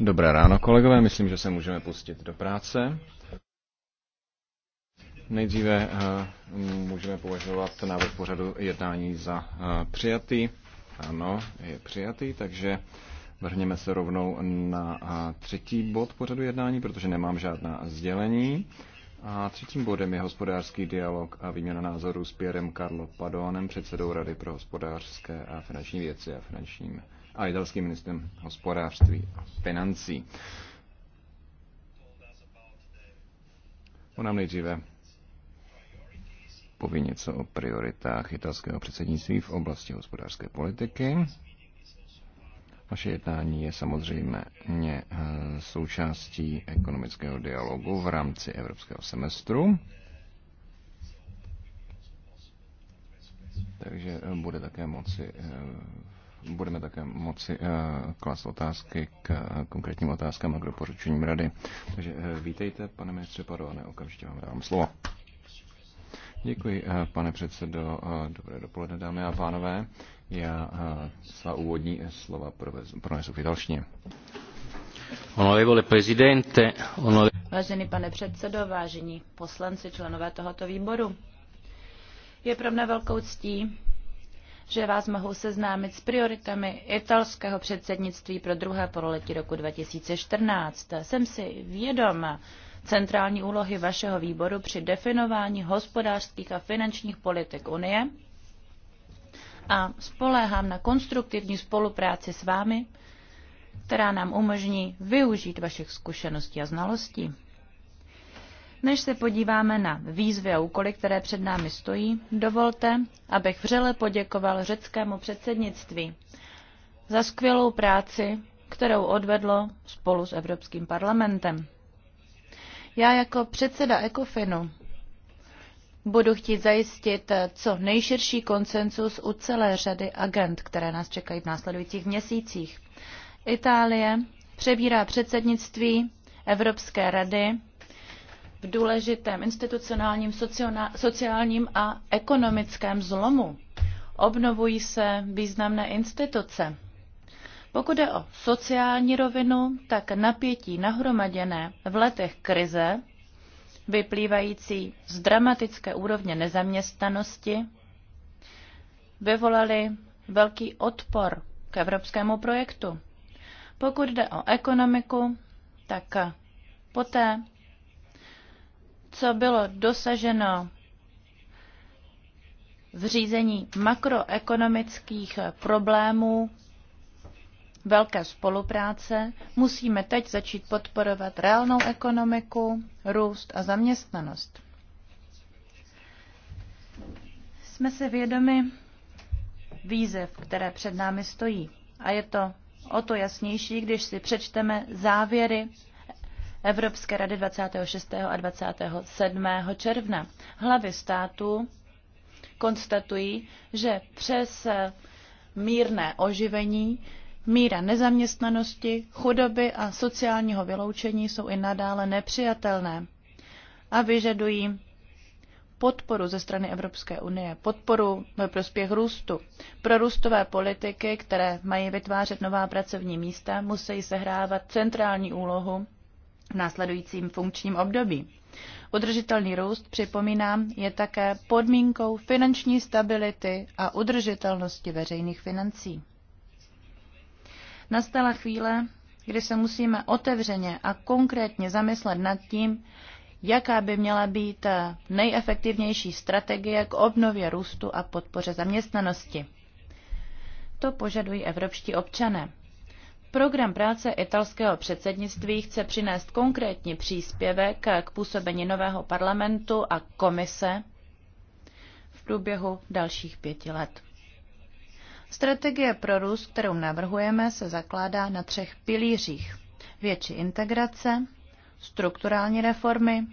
Dobré ráno, kolegové. Myslím, že se můžeme pustit do práce. Nejdříve eh, můžeme považovat návrh pořadu jednání za eh, přijatý. Ano, je přijatý, takže vrhněme se rovnou na eh, třetí bod pořadu jednání, protože nemám žádná sdělení. A třetím bodem je hospodářský dialog a výměna názorů s Pěrem Karlo Padonem, předsedou Rady pro hospodářské a finanční věci a finančním a italským ministrem hospodářství a financí. On nám nejdříve poví něco o prioritách italského předsednictví v oblasti hospodářské politiky. Vaše jednání je samozřejmě eh, součástí ekonomického dialogu v rámci evropského semestru. Takže eh, bude také moci eh, budeme také moci eh, klást otázky k eh, konkrétním otázkám a k doporučením rady. Takže eh, vítejte, pane ministře Padované, okamžitě vám dávám slovo. Děkuji, pane předsedo. Dobré dopoledne, dámy a pánové. Já svá úvodní slova pronesu vydalšně. Vážený pane předsedo, vážení poslanci, členové tohoto výboru, je pro mne velkou ctí, že vás mohu seznámit s prioritami italského předsednictví pro druhé pololetí roku 2014. Jsem si vědoma centrální úlohy vašeho výboru při definování hospodářských a finančních politik Unie a spoléhám na konstruktivní spolupráci s vámi, která nám umožní využít vašich zkušeností a znalostí. Než se podíváme na výzvy a úkoly, které před námi stojí, dovolte, abych vřele poděkoval řeckému předsednictví za skvělou práci, kterou odvedlo spolu s Evropským parlamentem. Já jako předseda ECOFINu budu chtít zajistit co nejširší konsensus u celé řady agent, které nás čekají v následujících měsících. Itálie přebírá předsednictví Evropské rady v důležitém institucionálním, sociálním a ekonomickém zlomu. Obnovují se významné instituce. Pokud je o sociální rovinu, tak napětí nahromaděné v letech krize, vyplývající z dramatické úrovně nezaměstnanosti, vyvolaly velký odpor k evropskému projektu. Pokud jde o ekonomiku, tak poté, co bylo dosaženo v řízení makroekonomických problémů velké spolupráce, musíme teď začít podporovat reálnou ekonomiku, růst a zaměstnanost. Jsme si vědomi výzev, které před námi stojí. A je to o to jasnější, když si přečteme závěry Evropské rady 26. a 27. června. Hlavy států konstatují, že přes mírné oživení míra nezaměstnanosti, chudoby a sociálního vyloučení jsou i nadále nepřijatelné a vyžadují podporu ze strany Evropské unie, podporu ve prospěch růstu. Pro růstové politiky, které mají vytvářet nová pracovní místa, musí sehrávat centrální úlohu v následujícím funkčním období. Udržitelný růst, připomínám, je také podmínkou finanční stability a udržitelnosti veřejných financí. Nastala chvíle, kdy se musíme otevřeně a konkrétně zamyslet nad tím, jaká by měla být nejefektivnější strategie k obnově růstu a podpoře zaměstnanosti. To požadují evropští občané. Program práce italského předsednictví chce přinést konkrétní příspěvek k působení nového parlamentu a komise v průběhu dalších pěti let. Strategie pro růst, kterou navrhujeme, se zakládá na třech pilířích. Větší integrace, strukturální reformy,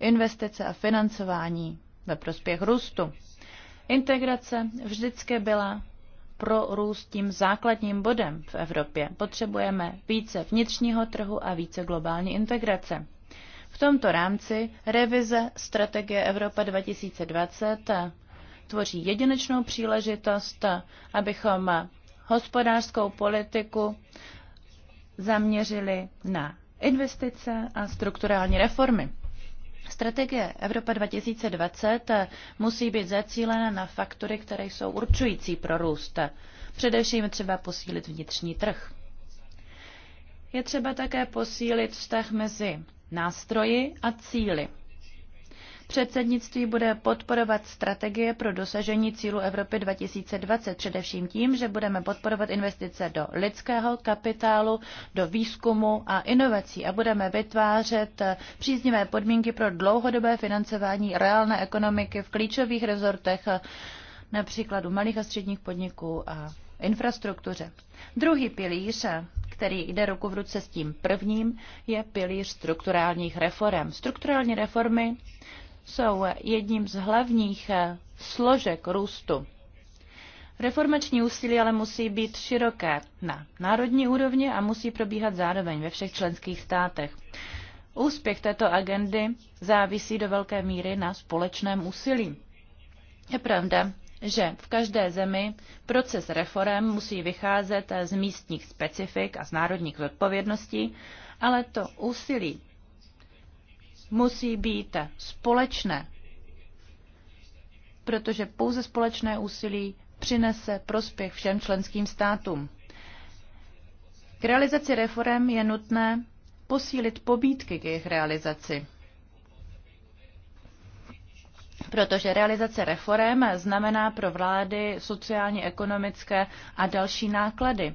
investice a financování ve prospěch růstu. Integrace vždycky byla pro růst tím základním bodem v Evropě. Potřebujeme více vnitřního trhu a více globální integrace. V tomto rámci revize strategie Evropa 2020 tvoří jedinečnou příležitost, abychom hospodářskou politiku zaměřili na investice a strukturální reformy. Strategie Evropa 2020 musí být zacílena na faktory, které jsou určující pro růst. Především třeba posílit vnitřní trh. Je třeba také posílit vztah mezi nástroji a cíly. Předsednictví bude podporovat strategie pro dosažení cílu Evropy 2020 především tím, že budeme podporovat investice do lidského kapitálu, do výzkumu a inovací a budeme vytvářet eh, příznivé podmínky pro dlouhodobé financování reálné ekonomiky v klíčových rezortech, eh, například u malých a středních podniků a infrastruktuře. Druhý pilíř, eh, který jde ruku v ruce s tím prvním, je pilíř strukturálních reform. Strukturální reformy jsou jedním z hlavních eh, složek růstu. Reformační úsilí ale musí být široké na národní úrovni a musí probíhat zároveň ve všech členských státech. Úspěch této agendy závisí do velké míry na společném úsilí. Je pravda, že v každé zemi proces reform musí vycházet z místních specifik a z národních odpovědností, ale to úsilí musí být společné, protože pouze společné úsilí přinese prospěch všem členským státům. K realizaci reform je nutné posílit pobídky k jejich realizaci. Protože realizace reform znamená pro vlády sociálně ekonomické a další náklady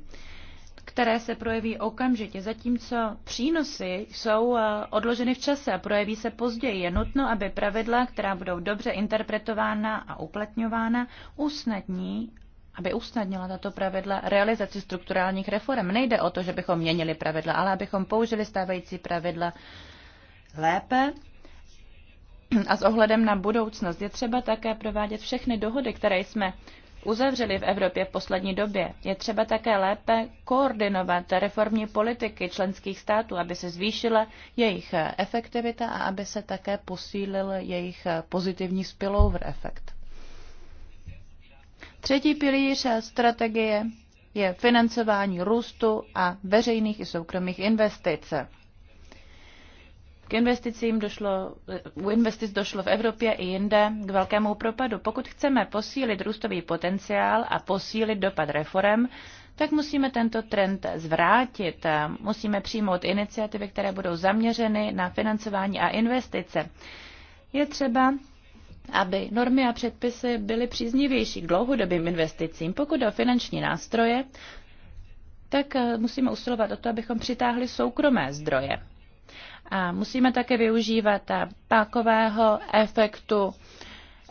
které se projeví okamžitě, zatímco přínosy jsou eh, odloženy v čase a projeví se později. Je nutno, aby pravidla, která budou dobře interpretována a uplatňována, usnadní aby usnadnila tato pravidla realizaci strukturálních reform. Nejde o to, že bychom měnili pravidla, ale abychom použili stávající pravidla lépe a s ohledem na budoucnost je třeba také provádět všechny dohody, které jsme uzavřely v Evropě v poslední době. Je třeba také lépe koordinovat reformní politiky členských států, aby se zvýšila jejich efektivita a aby se také posílil jejich pozitivní spillover efekt. Třetí pilíř strategie je financování růstu a veřejných i soukromých investic. K investicím došlo, eh, u investic došlo v Evropě i jinde k velkému propadu. Pokud chceme posílit růstový potenciál a posílit dopad reform, tak musíme tento trend zvrátit. Musíme přijmout iniciativy, které budou zaměřeny na financování a investice. Je třeba aby normy a předpisy byly příznivější k dlouhodobým investicím. Pokud o finanční nástroje, tak eh, musíme usilovat o to, abychom přitáhli soukromé zdroje. A musíme také využívat pákového efektu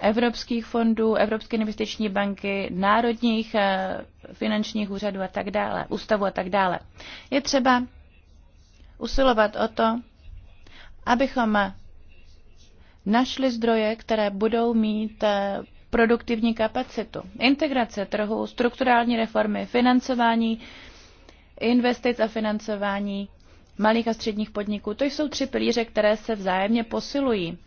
evropských fondů, Evropské investiční banky, národních eh, finančních úřadů a tak dále, ústavu a tak dále. Je třeba usilovat o to, abychom našli zdroje, které budou mít eh, produktivní kapacitu. Integrace trhu, strukturální reformy, financování investic a financování malých a středních podniků. To jsou tři pilíře, které se vzájemně posilují.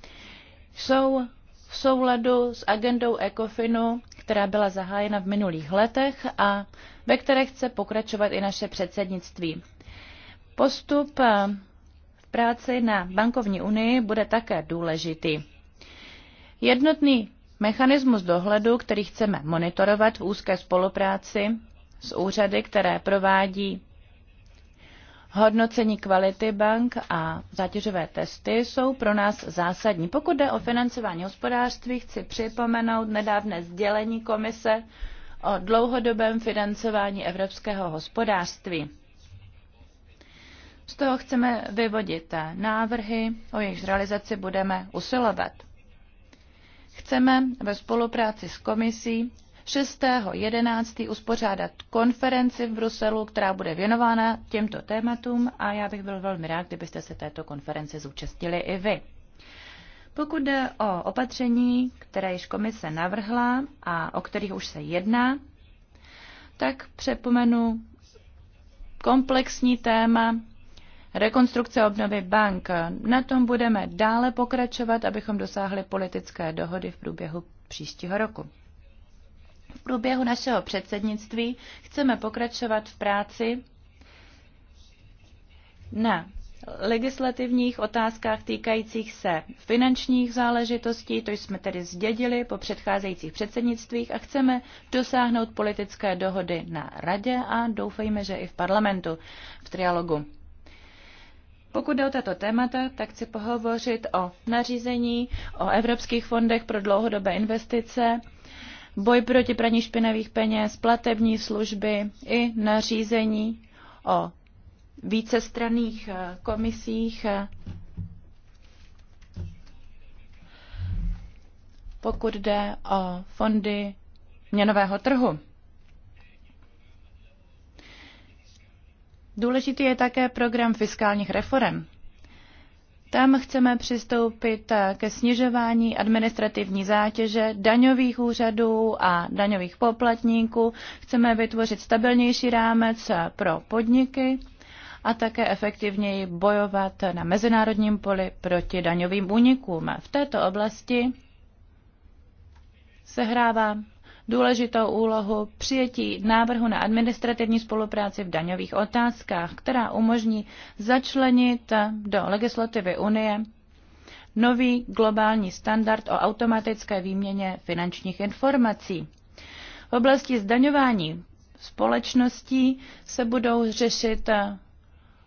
Jsou v souladu s agendou ECOFINu, která byla zahájena v minulých letech a ve které chce pokračovat i naše předsednictví. Postup eh, v práci na bankovní unii bude také důležitý. Jednotný mechanismus dohledu, který chceme monitorovat v úzké spolupráci s úřady, které provádí hodnocení kvality bank a zátěžové testy jsou pro nás zásadní. Pokud jde o financování hospodářství, chci připomenout nedávné sdělení komise o dlouhodobém financování evropského hospodářství. Z toho chceme vyvodit návrhy, o jejichž realizaci budeme usilovat. Chceme ve spolupráci s komisí 6.11. uspořádat konferenci v Bruselu, která bude věnována těmto tématům a já bych byl velmi rád, kdybyste se této konference zúčastnili i vy. Pokud jde o opatření, které již komise navrhla a o kterých už se jedná, tak přepomenu komplexní téma rekonstrukce obnovy bank. Na tom budeme dále pokračovat, abychom dosáhli politické dohody v průběhu příštího roku. V průběhu našeho předsednictví chceme pokračovat v práci na legislativních otázkách týkajících se finančních záležitostí, to jsme tedy zdědili po předcházejících předsednictvích a chceme dosáhnout politické dohody na radě a doufejme, že i v parlamentu v trialogu. Pokud jde o tato témata, tak chci pohovořit o nařízení, o evropských fondech pro dlouhodobé investice, boj proti praní špinavých peněz, platební služby i nařízení o vícestranných eh, komisích. Eh, pokud jde o fondy měnového trhu. Důležitý je také program fiskálních reform. Tam chceme přistoupit eh, ke snižování administrativní zátěže daňových úřadů a daňových poplatníků. Chceme vytvořit stabilnější rámec eh, pro podniky a také efektivněji bojovat na mezinárodním poli proti daňovým únikům. V této oblasti sehrává důležitou úlohu přijetí návrhu na administrativní spolupráci v daňových otázkách, která umožní začlenit do legislativy Unie nový globální standard o automatické výměně finančních informací. V oblasti zdaňování společností se budou řešit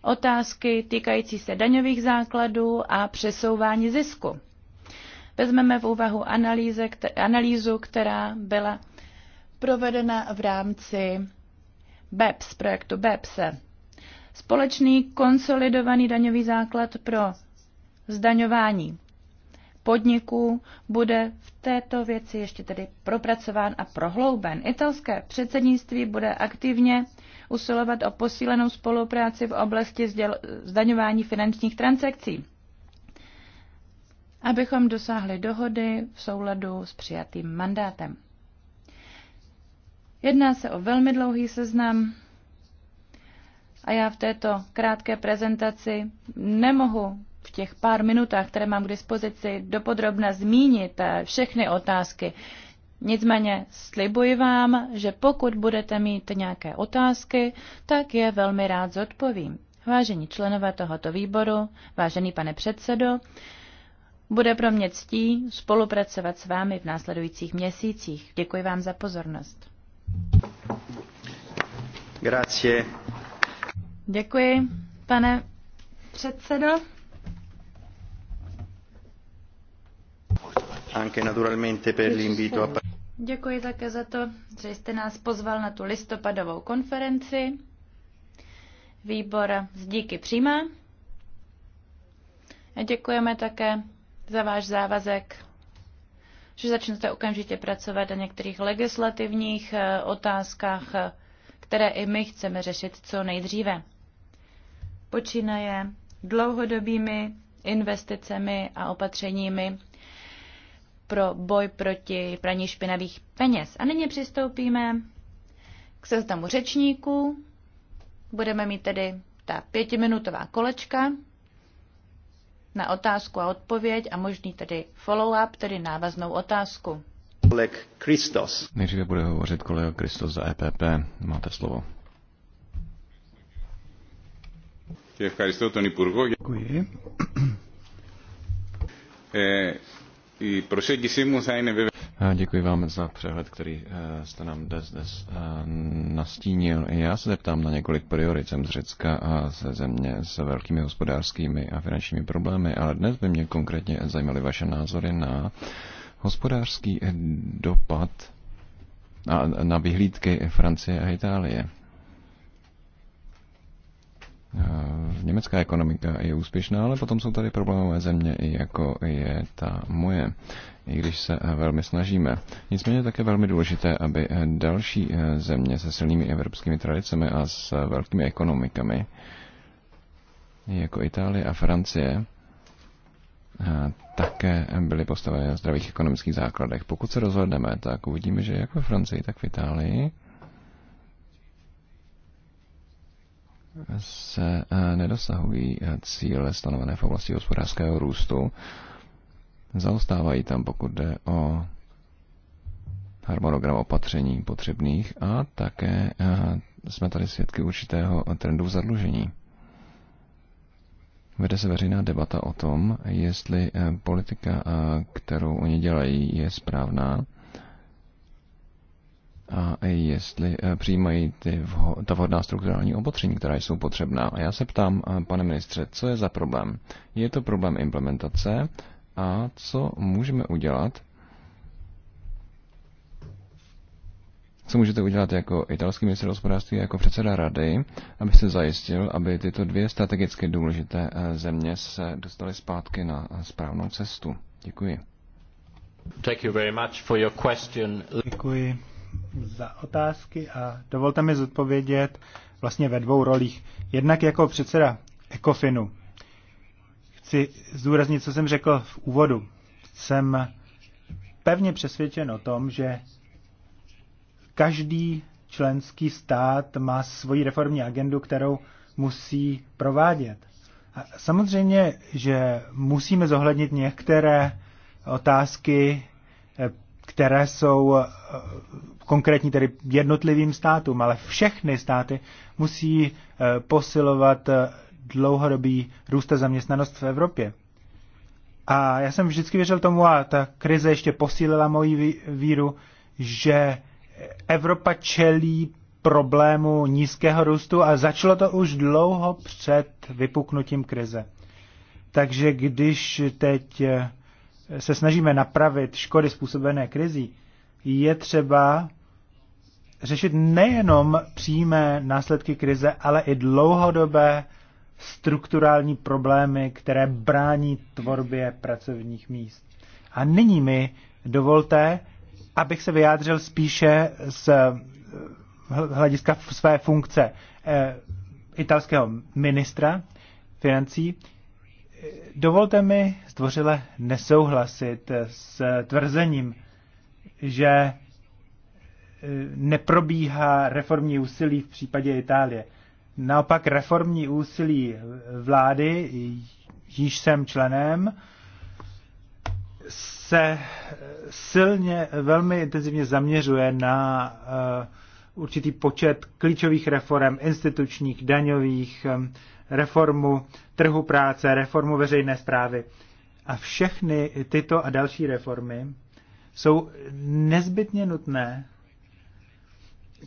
otázky týkající se daňových základů a přesouvání zisku. Vezmeme v úvahu analýze, analýzu, která byla provedena v rámci BEPS, projektu BEPSE. Společný konsolidovaný daňový základ pro zdaňování podniků bude v této věci ještě tedy propracován a prohlouben. Italské předsednictví bude aktivně usilovat o posílenou spolupráci v oblasti zdaňování finančních transakcí, abychom dosáhli dohody v souladu s přijatým mandátem. Jedná se o velmi dlouhý seznam a já v této krátké prezentaci nemohu v těch pár minutách, které mám k dispozici, dopodrobna zmínit eh, všechny otázky. Nicméně slibuji vám, že pokud budete mít nějaké otázky, tak je velmi rád zodpovím. Vážení členové tohoto výboru, vážený pane předsedo, bude pro mě ctí spolupracovat s vámi v následujících měsících. Děkuji vám za pozornost. Děkuji, pane předsedo. Anche naturalmente per l'invito a... Děkuji také za to, že jste nás pozval na tu listopadovou konferenci. Výbor z díky přijímá. A děkujeme také za váš závazek, že začnete okamžitě pracovat na některých legislativních eh, otázkách eh, které i my chceme řešit co nejdříve. Počínaje dlouhodobými investicemi a opatřeními pro boj proti praní špinavých peněz. A nyní přistoupíme k seznamu řečníků. Budeme mít tedy ta pětiminutová kolečka na otázku a odpověď a možný tedy follow-up, tedy návaznou otázku. Kolek Kristos. Nejdříve bude hovořit kolega Kristos za EPP. Máte slovo. Děkuji. Eh, eh, děkuji vám za přehled, který eh, jste nám dnes, dnes nastínil. Já se zeptám na několik priorit z Řecka a ze země s velkými hospodářskými a finančními problémy, ale dnes by mě konkrétně zajímaly vaše názory na uh, hospodářský dopad na vyhlídky Francie a Itálie. Eh, německá ekonomika je úspěšná, ale potom jsou tady problémové země, jako je ta moje, i když se eh, velmi snažíme. Nicméně je také velmi důležité, aby eh, další země se silnými evropskými tradicemi a s velkými ekonomikami, jako Itálie a Francie, také byly postaveny na zdravých ekonomických základech. Pokud se rozhodneme, tak uvidíme, že jak ve Francii, tak v Itálii se eh, nedosahují eh, cíle stanovené v oblasti hospodářského růstu. Zaostávají tam, pokud jde o harmonogram opatření potřebných a také eh, jsme tady svědky určitého trendu zadlužení. Vede se veřejná debata o tom, jestli eh, politika, eh, kterou oni dělají, je správná a jestli eh, přijímají ty vho, ta vhodná strukturální opatření, která jsou potřebná. A já se ptám, pane ministře, co je za problém? Je to problém implementace a co můžeme udělat, co můžete udělat jako italský minister hospodářství, jako předseda rady, abyste zajistil, aby tyto dvě strategicky důležité eh, země se dostaly zpátky na eh, správnou cestu? Děkuji. Thank you very much for your question. Děkuji za otázky a dovolte mi zodpovědět vlastně ve dvou rolích. Jednak jako předseda Ecofinu. Chci zdůraznit, co jsem řekl v úvodu. Jsem pevně přesvědčen o tom, že Každý členský stát má svoji reformní agendu, kterou musí provádět. A samozřejmě, že musíme zohlednit některé otázky, eh, které jsou eh, konkrétní tedy jednotlivým státům, ale všechny státy musí eh, posilovat dlouhodobý růst a zaměstnanost v Evropě. A já jsem vždycky věřil tomu, a ta krize ještě posílila moji víru, že Evropa čelí problému nízkého růstu a začalo to už dlouho před vypuknutím krize. Takže když teď eh, se snažíme napravit škody způsobené krizí, je třeba řešit nejenom přímé následky krize, ale i dlouhodobé strukturální problémy, které brání tvorbě pracovních míst. A nyní mi dovolte, abych se vyjádřil spíše z eh, hlediska své funkce eh, italského ministra financí. Dovolte mi zdvořile nesouhlasit eh, s tvrzením, že neprobíhá reformní úsilí v případě Itálie. Naopak reformní úsilí vlády, již jsem členem, se eh, silně, velmi intenzivně zaměřuje na eh, určitý počet klíčových reform, institučních, daňových, eh, reformu trhu práce, reformu veřejné zprávy. A všechny tyto a další reformy jsou nezbytně nutné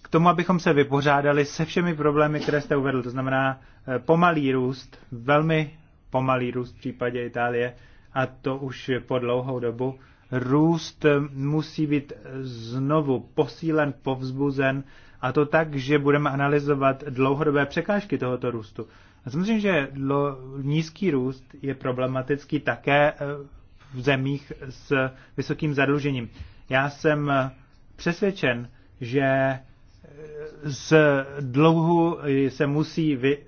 k tomu, abychom se vypořádali se všemi problémy, které jste uvedl. To znamená pomalý růst, velmi pomalý růst v případě Itálie, a to už po dlouhou dobu, růst musí být znovu posílen, povzbuzen a to tak, že budeme analyzovat dlouhodobé překážky tohoto růstu. A samozřejmě, že nízký růst je problematický také eh, v zemích s vysokým zadlužením. Já jsem eh, přesvědčen, že eh, z dlouhu se musí vy,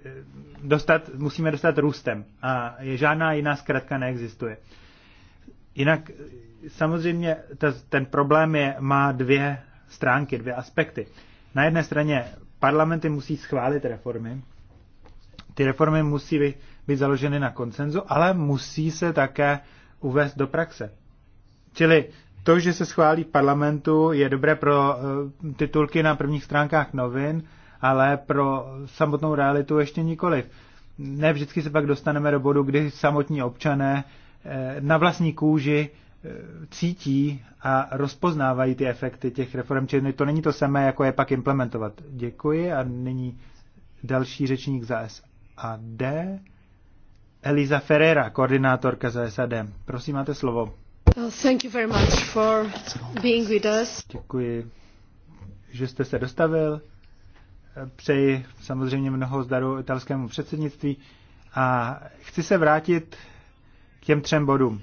dostat, musíme dostat růstem. A je žádná jiná zkratka neexistuje. Jinak samozřejmě ta, ten problém je, má dvě stránky, dvě aspekty. Na jedné straně parlamenty musí schválit reformy. Ty reformy musí být, být založeny na koncenzu, ale musí se také uvést do praxe. Čili to, že se schválí parlamentu, je dobré pro eh, titulky na prvních stránkách novin, ale pro samotnou realitu ještě nikoliv. Ne vždycky se pak dostaneme do bodu, kdy samotní občané eh, na vlastní kůži eh, cítí a rozpoznávají ty efekty těch reform, čili to není to samé, jako je pak implementovat. Děkuji a nyní další řečník za SAD, Eliza Ferreira, koordinátorka za SAD. Prosím, máte slovo. Thank you very much for being with us. Děkuji, že jste se dostavil přeji samozřejmě mnoho zdaru italskému předsednictví a chci se vrátit k těm třem bodům.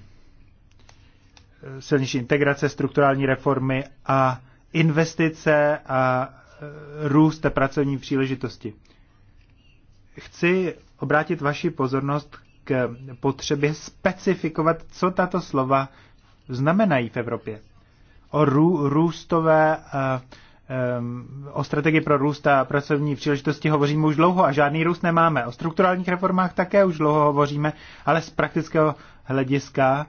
Silnější integrace, strukturální reformy a investice a e, růst té pracovní příležitosti. Chci obrátit vaši pozornost k potřebě specifikovat, co tato slova znamenají v Evropě. O rů, růstové e, Ehm, o strategii pro růst a pracovní příležitosti hovoříme už dlouho a žádný růst nemáme. O strukturálních reformách také už dlouho hovoříme, ale z praktického hlediska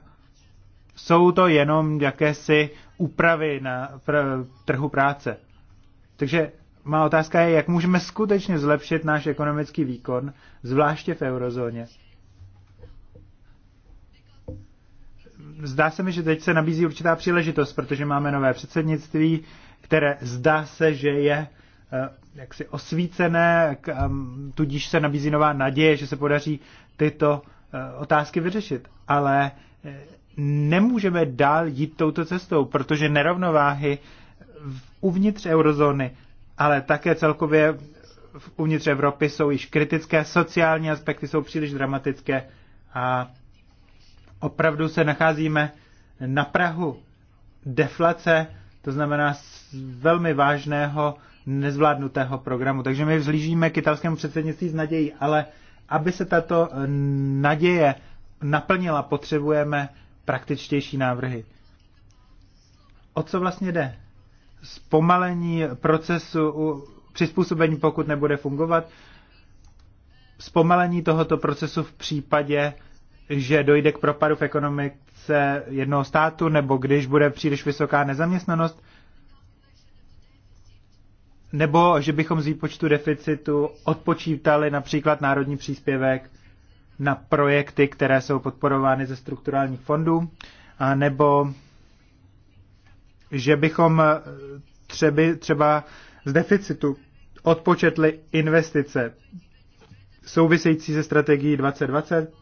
jsou to jenom jakési úpravy na pr- trhu práce. Takže má otázka je, jak můžeme skutečně zlepšit náš ekonomický výkon, zvláště v eurozóně. Zdá se mi, že teď se nabízí určitá příležitost, protože máme nové předsednictví, které zdá se, že je eh, jaksi osvícené, ehm, tudíž se nabízí nová naděje, že se podaří tyto eh, otázky vyřešit. Ale eh, nemůžeme dál jít touto cestou, protože nerovnováhy uvnitř eurozóny, ale také celkově uvnitř Evropy jsou již kritické, sociální aspekty jsou příliš dramatické a opravdu se nacházíme na Prahu deflace, to znamená velmi vážného nezvládnutého programu. Takže my vzlížíme k italskému předsednictví s nadějí, ale aby se tato eh, naděje naplnila, potřebujeme praktičtější návrhy. O co vlastně jde? Zpomalení procesu u přizpůsobení, pokud nebude fungovat, zpomalení tohoto procesu v případě, že dojde k propadu v ekonomice jednoho státu, nebo když bude příliš vysoká nezaměstnanost, nebo že bychom z výpočtu deficitu odpočítali například národní příspěvek na projekty, které jsou podporovány ze strukturálních fondů, a nebo že bychom třeby, třeba z deficitu odpočetli investice související se strategií 2020,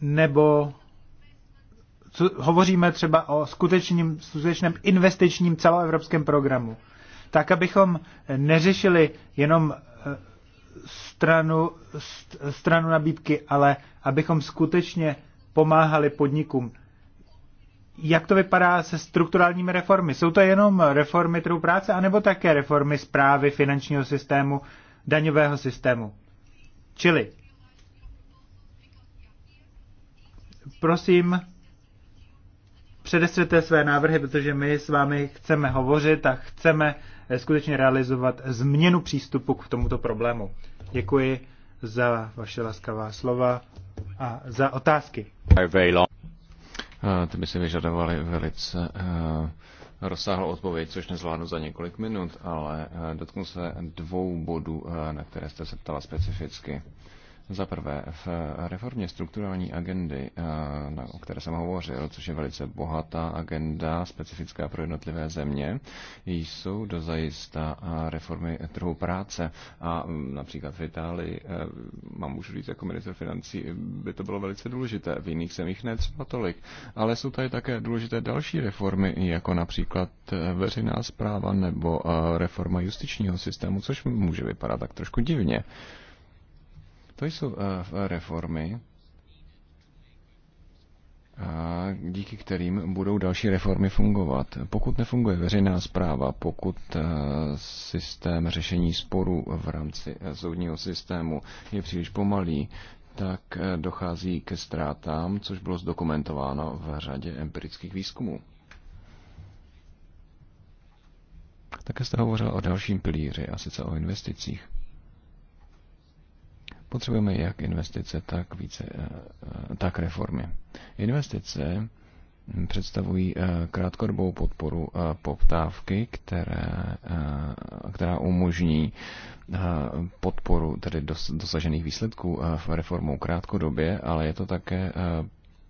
nebo hovoříme třeba o skutečným, skutečném investičním celoevropském programu, tak abychom neřešili jenom eh, stranu, stranu nabídky, ale abychom skutečně pomáhali podnikům. Jak to vypadá se strukturálními reformy? Jsou to jenom reformy trhu práce, anebo také reformy zprávy finančního systému, daňového systému? Čili, prosím, předestřete své návrhy, protože my s vámi chceme hovořit a chceme eh, skutečně realizovat změnu přístupu k tomuto problému. Děkuji za vaše laskavá slova a za otázky. Eh, ty by si vyžadovali velice eh, rozsáhlou odpověď, což nezvládnu za několik minut, ale dotknu se dvou bodů, na které jste se ptala specificky. Za prvé, v reformě strukturální agendy, eh, o které jsem hovořil, což je velice bohatá agenda, specifická pro jednotlivé země, jsou zajista eh, reformy trhu práce. A mm, například v Itálii, eh, mám můžu říct jako minister financí, by to bylo velice důležité, v jiných zemích ne třeba tolik. Ale jsou tady také důležité další reformy, jako například veřejná zpráva nebo reforma justičního systému, což může vypadat tak trošku divně. To jsou eh, eh, reformy, a díky kterým budou další reformy fungovat. Pokud nefunguje veřejná zpráva, pokud eh, systém řešení sporů v rámci soudního systému je příliš pomalý, tak dochází ke ztrátám, což bylo zdokumentováno v řadě empirických výzkumů. Také jste hovořil o dalším pilíři, a sice o investicích. Potřebujeme jak investice, tak, více, eh, eh, tak reformy. Investice hm, představují eh, krátkodobou podporu poptávky, které, která umožní podporu tedy dosažených výsledků v reformou krátkodobě, ale je to také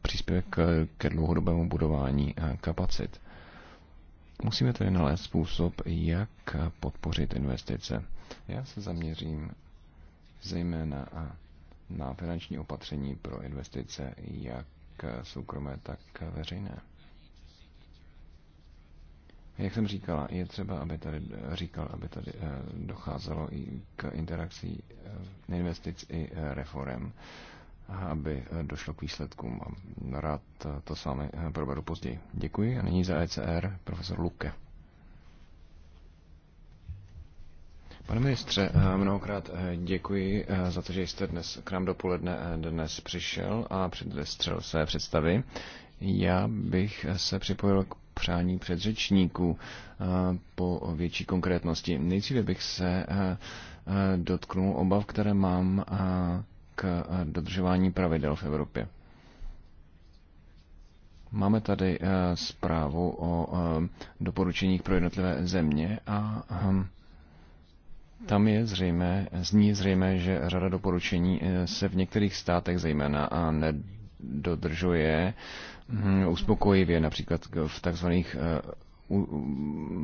příspěvek ke dlouhodobému budování kapacit. Musíme tedy nalézt způsob, jak podpořit investice. Já se zaměřím zejména na finanční opatření pro investice, jak soukromé, tak veřejné. Jak jsem říkala, je třeba, aby tady, říkal, aby tady eh, docházelo i k interakci eh, investic i eh, reform, aby došlo k výsledkům. Rád to s vámi proberu později. Děkuji a nyní za ECR profesor Luke. Pane ministře, eh, mnohokrát eh, děkuji eh, za to, že jste dnes k nám dopoledne dnes přišel a předvestřel své představy. Já bych se připojil k přání předřečníků po větší konkrétnosti. Nejdříve bych se dotknul obav, které mám k dodržování pravidel v Evropě. Máme tady zprávu o doporučeních pro jednotlivé země a hm, tam je zřejmé, zní zřejmé, že řada doporučení eh, se v některých státech zejména a nedodržuje hm, uspokojivě, například v takzvaných eh,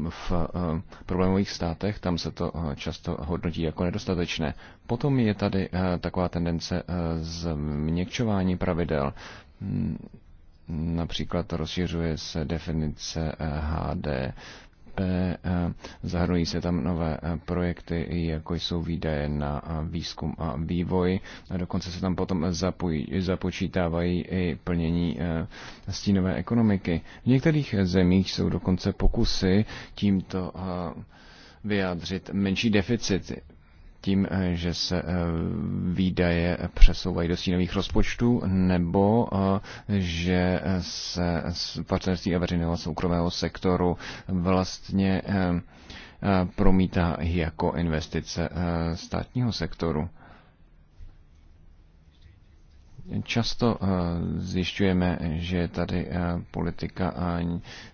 v eh, problémových státech, tam se to často hodnotí jako nedostatečné. Potom je tady taková tendence změkčování pravidel. Hm, například rozšiřuje se definice HD lépe, eh, Zahrnují se tam nové eh, projekty, jako jsou výdaje na eh, výzkum a vývoj. A dokonce se tam potom zapojí, započítávají i plnění stínové ekonomiky. V některých zemích jsou dokonce pokusy tímto vyjádřit menší deficity tím, eh, že se eh, výdaje přesouvají do stínových rozpočtů, nebo eh, že se z partnerství a veřejného soukromého sektoru vlastně promítá jako investice státního sektoru. Často zjišťujeme, že je tady politika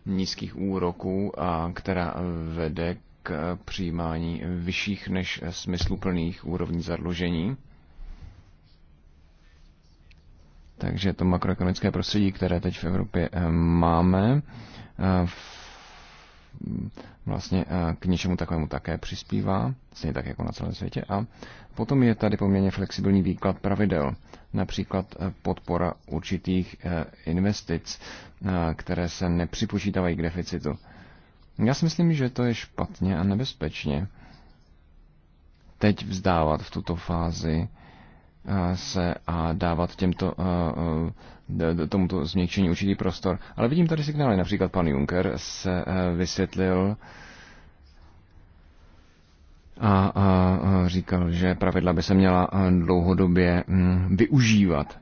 nízkých úroků, která vede k eh, přijímání vyšších než eh, smysluplných úrovní zadlužení. Takže to makroekonomické prostředí, které teď v Evropě eh, máme, vlastně k něčemu takovému také přispívá, stejně tak jako na celém světě. A potom je tady poměrně flexibilní výklad pravidel, například podpora určitých investic, které se nepřipočítávají k deficitu. Já si myslím, že to je špatně a nebezpečně. Teď vzdávat v tuto fázi eh, se a dávat těmto, eh, eh, tomuto změkčení určitý prostor. Ale vidím tady signály, například pan Juncker se vysvětlil a, říkal, že pravidla by se měla dlouhodobě hm, využívat.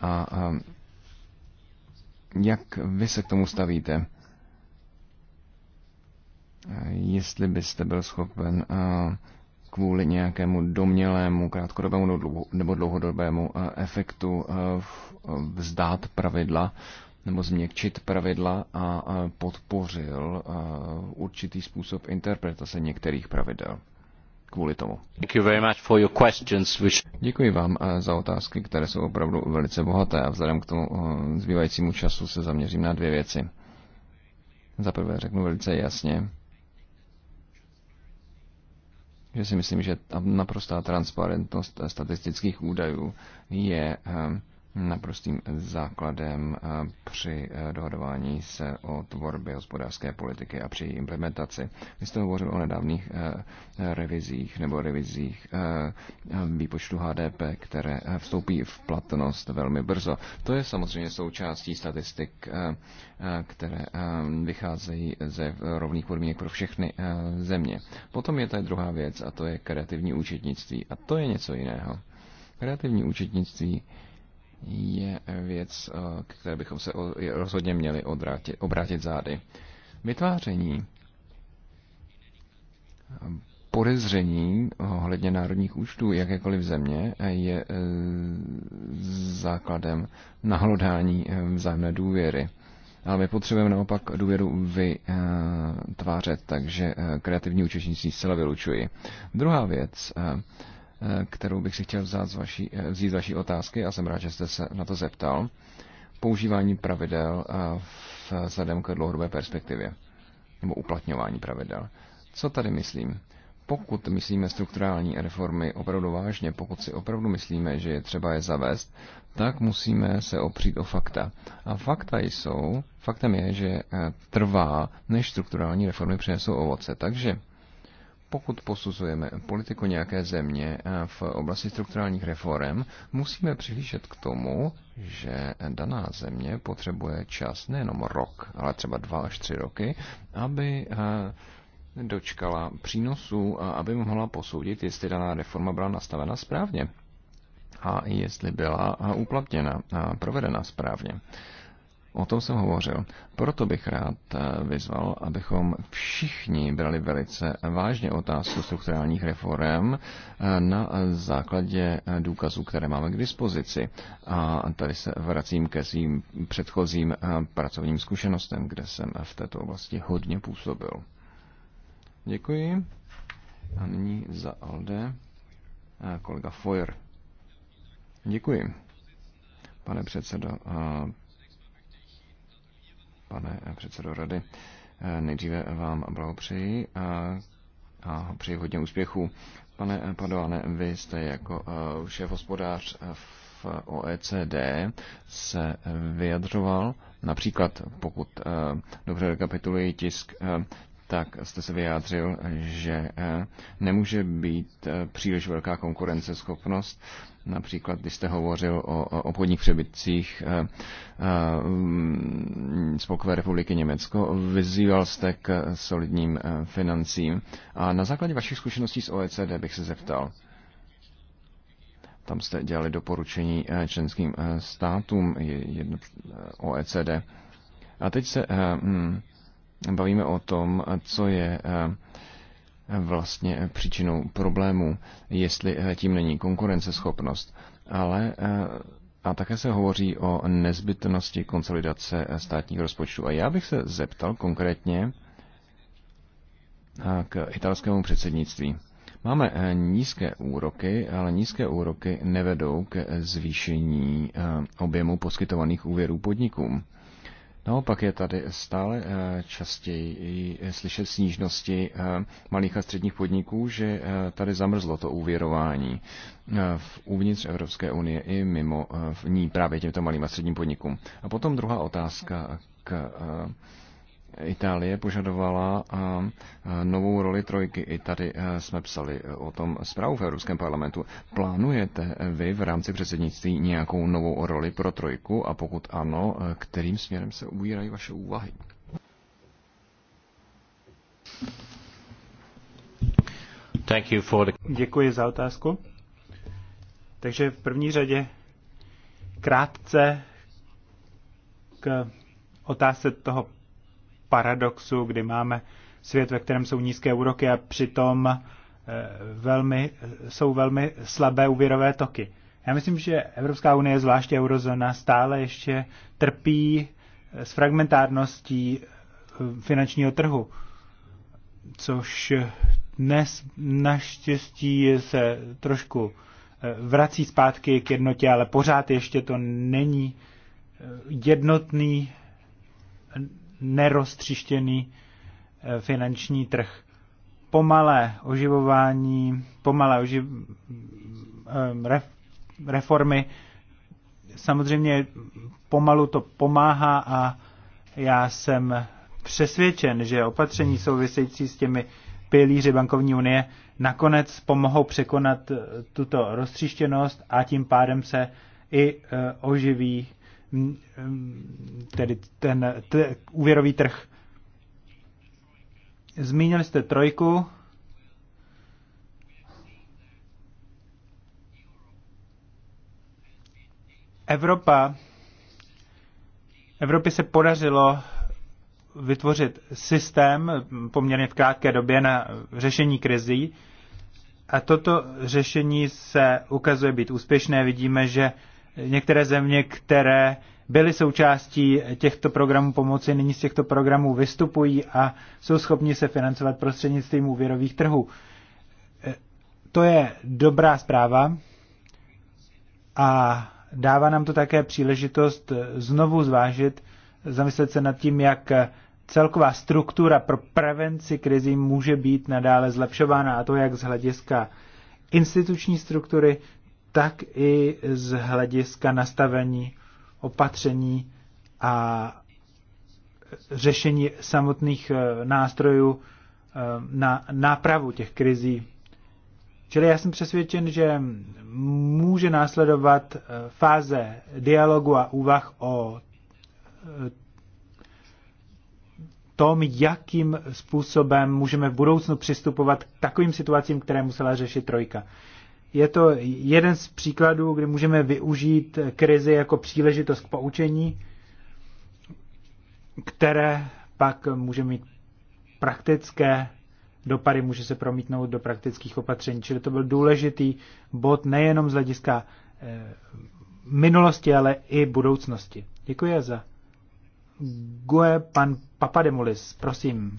A jak vy se k tomu stavíte? jestli byste byl schopen eh, kvůli nějakému domělému krátkodobému nebo dlouhodobému eh, efektu eh, vzdát pravidla nebo změkčit pravidla a podpořil určitý způsob interpretace některých pravidel kvůli tomu. Děkuji vám za otázky, které jsou opravdu velice bohaté a vzhledem k tomu zbývajícímu času se zaměřím na dvě věci. Za prvé řeknu velice jasně, že si myslím, že naprostá transparentnost statistických údajů je eh, naprostým základem eh, při eh, dohodování se o tvorbě hospodářské politiky a při její implementaci. Vy jste hovořil o nedávných eh, revizích nebo revizích výpočtu HDP, které vstoupí v platnost velmi brzo. To je samozřejmě součástí statistik, které vycházejí ze rovných podmínek pro všechny země. Potom je tady druhá věc a to je kreativní účetnictví. A to je něco jiného. Kreativní účetnictví je věc, eh, k které bychom se rozhodně měli odrátit, obrátit zády. Vytváření eh, podezření ohledně národních účtů jakékoliv země eh, je základem nahlodání vzájemné důvěry. Ale my potřebujeme naopak důvěru vytvářet, takže kreativní účetnictví zcela vylučuji. Druhá věc, kterou bych si chtěl vzít z vaší, eh, vzít z vaší otázky a jsem rád, že jste se na to zeptal. Používání pravidel eh, v vzhledem k dlouhodobé perspektivě nebo uplatňování pravidel. Co tady myslím? Pokud myslíme strukturální reformy opravdu vážně, pokud si opravdu myslíme, že je třeba je zavést, tak musíme se opřít o fakta. A fakta jsou, faktem je, že eh, trvá, než strukturální reformy přinesou ovoce. Takže pokud posuzujeme politiku nějaké země eh, v oblasti strukturálních reform, musíme přihlížet k tomu, že daná země potřebuje čas nejenom rok, ale třeba dva až tři roky, aby eh, dočkala přínosů a aby mohla posoudit, jestli daná reforma byla nastavena správně a jestli byla eh, uplatněna a provedena správně. O tom jsem hovořil. Proto bych rád eh, vyzval, abychom všichni brali velice vážně otázku strukturálních reform eh, na základě eh, důkazů, které máme k dispozici. A tady se vracím ke svým předchozím pracovním zkušenostem, kde jsem v této oblasti hodně působil. Děkuji. A nyní za Alde kolega Foyer. Děkuji. Pane předsedo, pane předsedo rady. Eh, nejdříve vám blahopřeji a, a přeji hodně úspěchů. Pane Padoane, vy jste jako eh, šéf hospodář eh, v OECD se vyjadřoval, například pokud dobře rekapituluji tisk, tak jste se vyjádřil, že nemůže být příliš velká konkurenceschopnost Například, když jste hovořil o, obchodních přebytcích Spolkové eh, eh, republiky Německo, vyzýval jste k solidním eh, financím. A na základě vašich zkušeností z OECD bych se zeptal, tam jste dělali doporučení členským státům OECD. E A teď se hm, bavíme o tom, co je vlastně příčinou problémů, jestli eh, tím není konkurenceschopnost. Ale eh, a také se hovoří o nezbytnosti konsolidace eh, státních rozpočtů. A já bych se zeptal konkrétně k italskému předsednictví. Máme nízké úroky, ale nízké úroky nevedou k zvýšení objemu poskytovaných úvěrů podnikům. Naopak je tady stále eh, častěji slyšet snížnosti eh, malých a středních podniků, že eh, tady zamrzlo to úvěrování v uvnitř Evropské unie i mimo v ní právě těmto malým a středním podnikům. A potom druhá otázka k Itálie požadovala novou roli trojky. I tady e, jsme psali o tom zprávu v Evropském parlamentu. Plánujete vy v rámci předsednictví nějakou novou roli pro trojku a pokud ano, e, kterým směrem se ubírají vaše úvahy? Thank you for the... Děkuji za otázku. Takže v první řadě krátce k otázce toho paradoxu, kdy máme svět, ve kterém jsou nízké úroky a přitom eh, velmi, jsou velmi slabé úvěrové toky. Já myslím, že Evropská unie, zvláště eurozona stále ještě trpí eh, s fragmentárností eh, finančního trhu, což dnes naštěstí se trošku vrací zpátky k jednotě, ale pořád ještě to není jednotný neroztřištěný eh, finanční trh. Pomalé oživování, pomalé oživ, eh, reformy, samozřejmě pomalu to pomáhá a já jsem přesvědčen, že opatření související s těmi pilíři bankovní unie nakonec pomohou překonat eh, tuto roztříštěnost a tím pádem se i oživí tedy ten t, úvěrový trh. Zmínili jste trojku. Evropa, Evropě se podařilo vytvořit systém poměrně v krátké době na řešení krizí. A toto řešení se ukazuje být úspěšné. Vidíme, že některé země, které byly součástí těchto programů pomoci, nyní z těchto programů vystupují a jsou schopni se financovat prostřednictvím úvěrových trhů. E, to je dobrá zpráva a dává nám to také příležitost e, znovu zvážit, zamyslet se nad tím, jak celková struktura pro prevenci krizí může být nadále zlepšována a to jak z hlediska instituční struktury, tak i z hlediska nastavení opatření a řešení samotných eh, nástrojů eh, na nápravu těch krizí. Čili já jsem přesvědčen, že může následovat eh, fáze dialogu a úvah o tom, jakým způsobem můžeme v budoucnu přistupovat k takovým situacím, které musela řešit trojka je to jeden z příkladů, kdy můžeme využít krizi jako příležitost k poučení, které pak může mít praktické dopady, může se promítnout do praktických opatření. Čili to byl důležitý bod nejenom z hlediska eh, minulosti, ale i budoucnosti. Děkuji za. Gue pan Papademulis, prosím.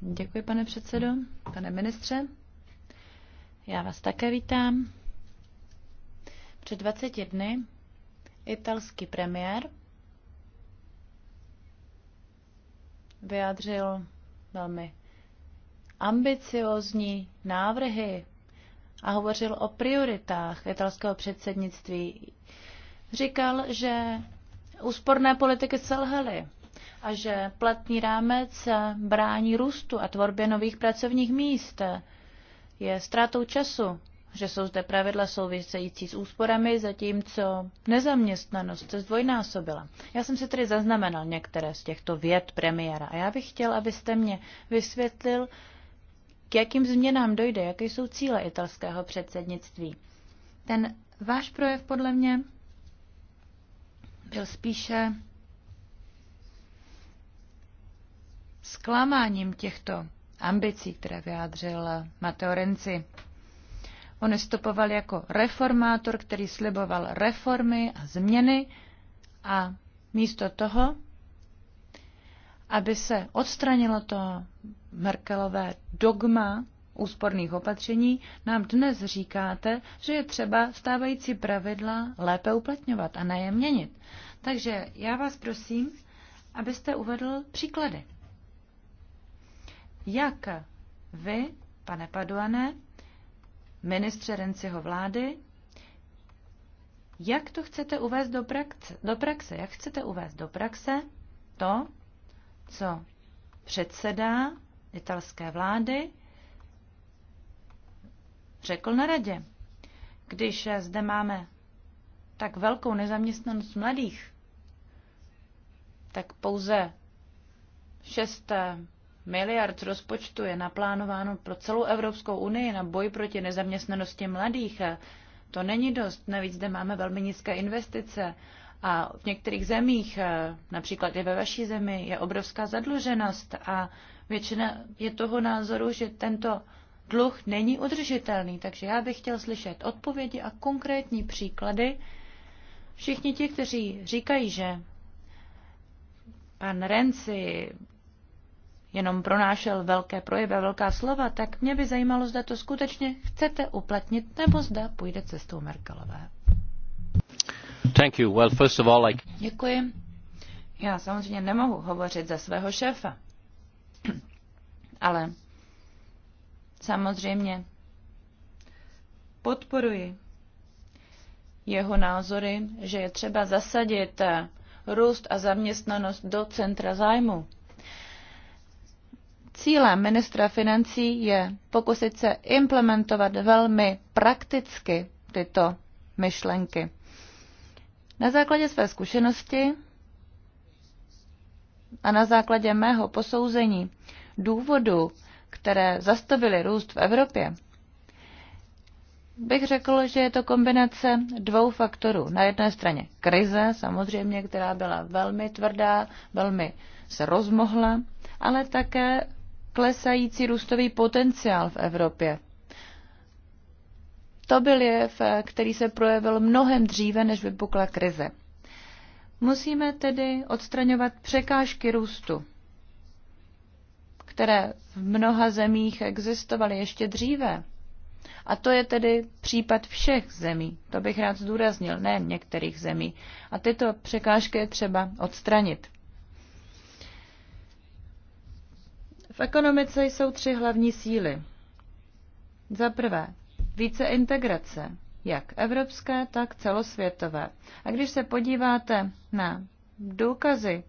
Děkuji, pane předsedo, pane ministře. Já vás také vítám. Před 20 dny italský premiér vyjádřil velmi ambiciozní návrhy a hovořil o prioritách italského předsednictví. Říkal, že úsporné politiky selhaly, a že platný rámec brání růstu a tvorbě nových pracovních míst. Je ztrátou času, že jsou zde pravidla související s úsporami, zatímco nezaměstnanost se zdvojnásobila. Já jsem si tedy zaznamenal některé z těchto věd premiéra a já bych chtěl, abyste mě vysvětlil, k jakým změnám dojde, jaké jsou cíle italského předsednictví. Ten váš projev podle mě byl spíše zklamáním těchto ambicí, které vyjádřil Mateo Renzi. On vystupoval jako reformátor, který sliboval reformy a změny a místo toho, aby se odstranilo to Merkelové dogma úsporných opatření, nám dnes říkáte, že je třeba stávající pravidla lépe uplatňovat a ne je měnit. Takže já vás prosím, abyste uvedl příklady jak vy, pane Paduane, ministře Renciho vlády, jak to chcete uvést do praxe, do praxe? Jak chcete uvést do praxe to, co předseda italské vlády řekl na radě? Když zde máme tak velkou nezaměstnanost mladých, tak pouze 6 miliard rozpočtu je naplánováno pro celou Evropskou unii na boj proti nezaměstnanosti mladých. To není dost, navíc zde máme velmi nízké investice a v některých zemích, eh, například i ve vaší zemi, je obrovská zadluženost a většina je toho názoru, že tento dluh není udržitelný. Takže já bych chtěl slyšet odpovědi a konkrétní příklady. Všichni ti, kteří říkají, že pan Renci, jenom pronášel velké projevy a velká slova, tak mě by zajímalo, zda to skutečně chcete uplatnit, nebo zda půjde cestou Merkelové. Thank you. Well, first of all, like... Děkuji. Já samozřejmě nemohu hovořit za svého šéfa, ale samozřejmě podporuji jeho názory, že je třeba zasadit růst a zaměstnanost do centra zájmu. Cílem ministra financí je pokusit se implementovat velmi prakticky tyto myšlenky. Na základě své zkušenosti a na základě mého posouzení důvodu, které zastavily růst v Evropě, bych řekl, že je to kombinace dvou faktorů. Na jedné straně krize, samozřejmě, která byla velmi tvrdá, velmi se rozmohla, ale také klesající růstový potenciál v Evropě. To byl jev, který se projevil mnohem dříve, než vypukla krize. Musíme tedy odstraňovat překážky růstu, které v mnoha zemích existovaly ještě dříve. A to je tedy případ všech zemí, to bych rád zdůraznil, ne některých zemí. A tyto překážky je třeba odstranit. ekonomice jsou tři hlavní síly. Za prvé, více integrace, jak evropské, tak celosvětové. A když se podíváte na důkazy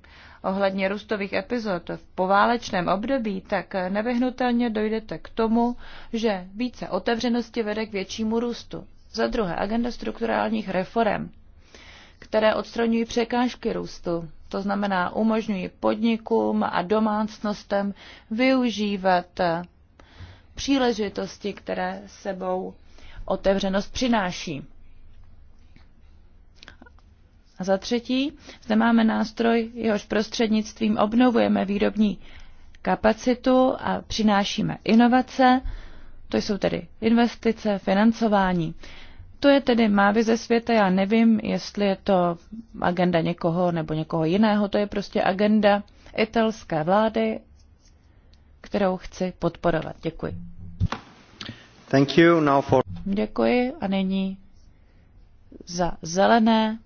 ohledně růstových epizod v poválečném období, tak nevyhnutelně dojdete k tomu, že více otevřenosti vede k většímu růstu. Za druhé, agenda strukturálních reform, které odstraňují překážky růstu, to znamená, umožňují podnikům a domácnostem využívat příležitosti, které sebou otevřenost přináší. A za třetí, zde máme nástroj, jehož prostřednictvím obnovujeme výrobní kapacitu a přinášíme inovace, to jsou tedy investice, financování. To je tedy má vize světa, já nevím, jestli je to agenda někoho nebo někoho jiného, to je prostě agenda italské vlády, kterou chci podporovat. Děkuji. Thank you now for... Děkuji a nyní za zelené.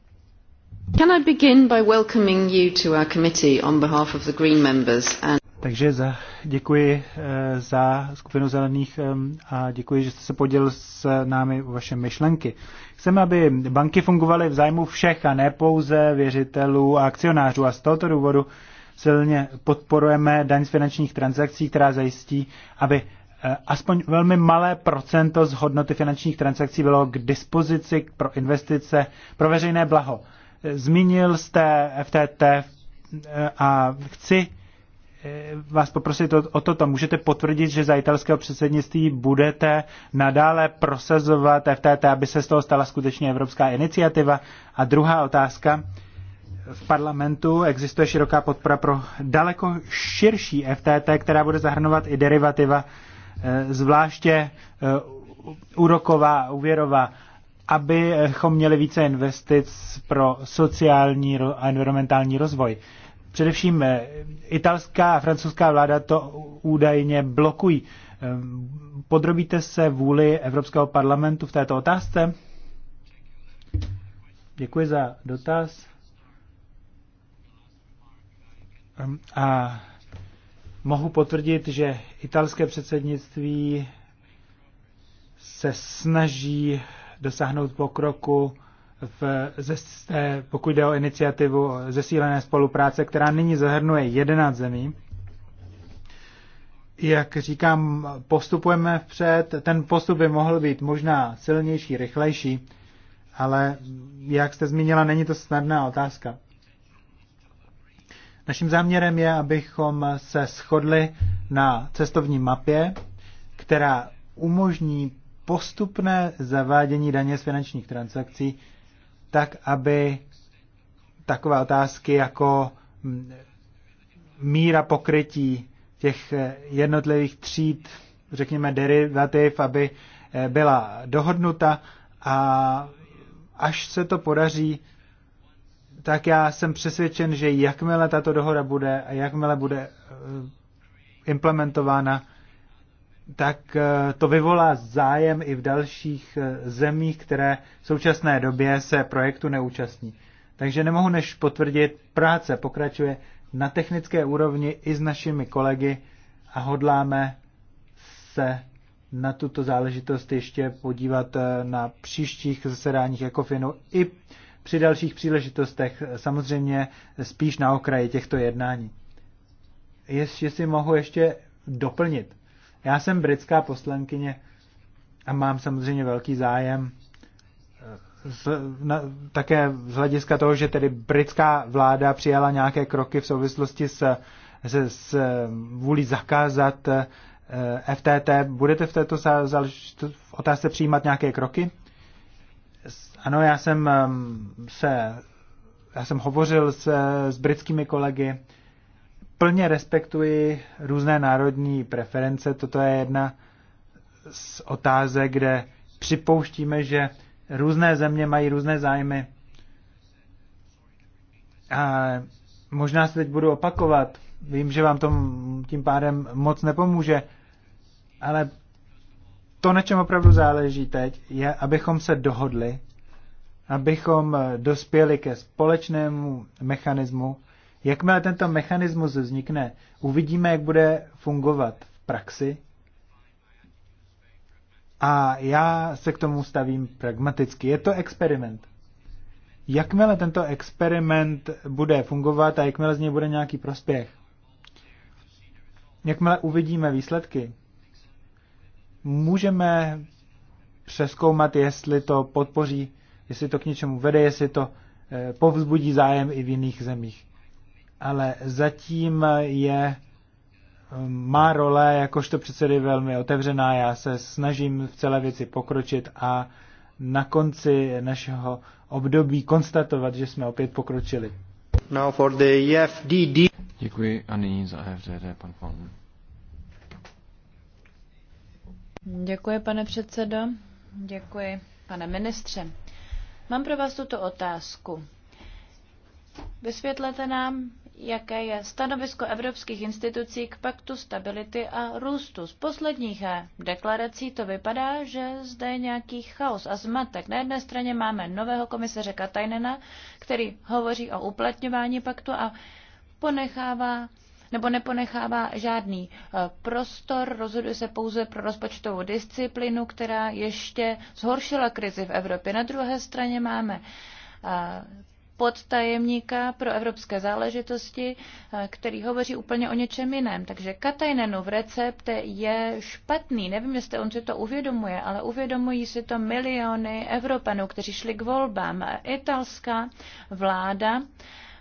Can I begin by welcoming you to our committee on behalf of the Green members and takže za, děkuji eh, za skupinu zelených a děkuji, že jste se podělil s námi o vaše myšlenky. Chceme, aby banky fungovaly v zájmu všech a ne pouze věřitelů a akcionářů a z tohoto důvodu silně podporujeme daň z finančních transakcí, která zajistí, aby eh, aspoň velmi malé procento z hodnoty finančních transakcí bylo k dispozici pro investice, pro veřejné blaho. Eh, zmínil jste FTT a chci Eh, vás poprosit o, o toto. Můžete potvrdit, že za italského předsednictví budete nadále prosazovat FTT, aby se z toho stala skutečně evropská iniciativa? A druhá otázka. V parlamentu existuje široká podpora pro daleko širší FTT, která bude zahrnovat i derivativa, eh, zvláště eh, úroková, úvěrová, abychom měli více investic pro sociální a environmentální rozvoj. Především eh, italská a francouzská vláda to údajně blokují. Ehm, podrobíte se vůli Evropského parlamentu v této otázce? Děkuji za dotaz. Ehm, a mohu potvrdit, že italské předsednictví se snaží dosáhnout pokroku v, ze, pokud jde o iniciativu zesílené spolupráce, která nyní zahrnuje 11 zemí. Jak říkám, postupujeme vpřed. Ten postup by mohl být možná silnější, rychlejší, ale jak jste zmínila, není to snadná otázka. Naším záměrem je, abychom se shodli na cestovní mapě, která umožní postupné zavádění daně z finančních transakcí tak aby takové otázky jako mm, míra pokrytí těch eh, jednotlivých tříd, řekněme derivativ, aby eh, byla dohodnuta a až se to podaří, tak já jsem přesvědčen, že jakmile tato dohoda bude a jakmile bude eh, implementována, tak eh, to vyvolá zájem i v dalších eh, zemích, které v současné době se projektu neúčastní. Takže nemohu než potvrdit, práce pokračuje na technické úrovni i s našimi kolegy a hodláme se na tuto záležitost ještě podívat eh, na příštích zasedáních Ekofinu i při dalších příležitostech, samozřejmě spíš na okraji těchto jednání. Jestli si mohu ještě doplnit. Já jsem britská poslankyně a mám samozřejmě velký zájem eh, z, na, také z hlediska toho, že tedy britská vláda přijala nějaké kroky v souvislosti s, s, s vůli zakázat eh, FTT. Budete v této v otázce přijímat nějaké kroky? Ano, já jsem ehm, se já jsem hovořil s, s britskými kolegy plně respektuji různé národní preference. Toto je jedna z otázek, kde připouštíme, že různé země mají různé zájmy. A možná se teď budu opakovat. Vím, že vám to tím pádem moc nepomůže, ale to, na čem opravdu záleží teď, je, abychom se dohodli, abychom dospěli ke společnému mechanismu, Jakmile tento mechanismus vznikne, uvidíme, jak bude fungovat v praxi. A já se k tomu stavím pragmaticky. Je to experiment. Jakmile tento experiment bude fungovat a jakmile z něj bude nějaký prospěch, jakmile uvidíme výsledky, můžeme přeskoumat, jestli to podpoří, jestli to k něčemu vede, jestli to eh, povzbudí zájem i v jiných zemích ale zatím je má role jakožto předsedy velmi otevřená. Já se snažím v celé věci pokročit a na konci našeho období konstatovat, že jsme opět pokročili. Now for the e FDD. Děkuji a nyní za e FDD, pan Fon. Děkuji, pane předsedo. Děkuji, pane ministře. Mám pro vás tuto otázku. Vysvětlete nám, jaké je stanovisko evropských institucí k paktu stability a růstu. Z posledních eh, deklarací to vypadá, že zde je nějaký chaos a zmatek. Na jedné straně máme nového komisaře Katajnena, který hovoří o uplatňování paktu a ponechává nebo neponechává žádný eh, prostor, rozhoduje se pouze pro rozpočtovou disciplinu, která ještě zhoršila krizi v Evropě. Na druhé straně máme eh, podtajemníka pro evropské záležitosti, eh, který hovoří úplně o něčem jiném. Takže Katajnenův recept je špatný. Nevím, jestli on si to uvědomuje, ale uvědomují si to miliony Evropanů, kteří šli k volbám. Italská vláda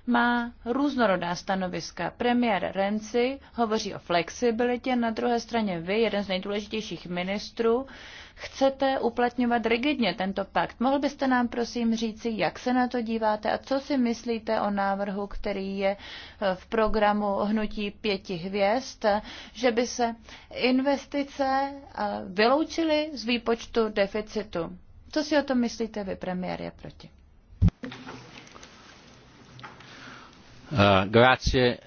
má různorodá stanoviska. Premiér Renzi hovoří o flexibilitě, na druhé straně vy, jeden z nejdůležitějších ministrů, chcete uplatňovat rigidně tento pakt. Mohl byste nám prosím říci, jak se na to díváte a co si myslíte o návrhu, který je eh, v programu Hnutí pěti hvězd, že by se investice eh, vyloučily z výpočtu deficitu. Co si o tom myslíte vy, premiér je proti? Eh, grazie.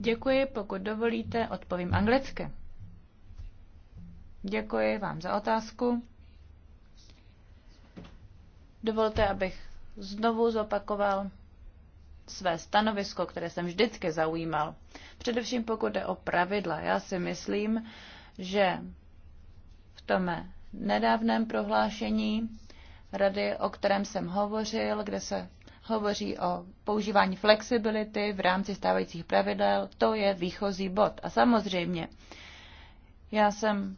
Děkuji, pokud dovolíte, odpovím anglicky. Děkuji vám za otázku. Dovolte, abych znovu zopakoval své stanovisko, které jsem vždycky zaujímal. Především pokud jde o pravidla. Já si myslím, že v tom nedávném prohlášení rady, o kterém jsem hovořil, kde se hovoří o používání flexibility v rámci stávajících pravidel. To je výchozí bod. A samozřejmě, já jsem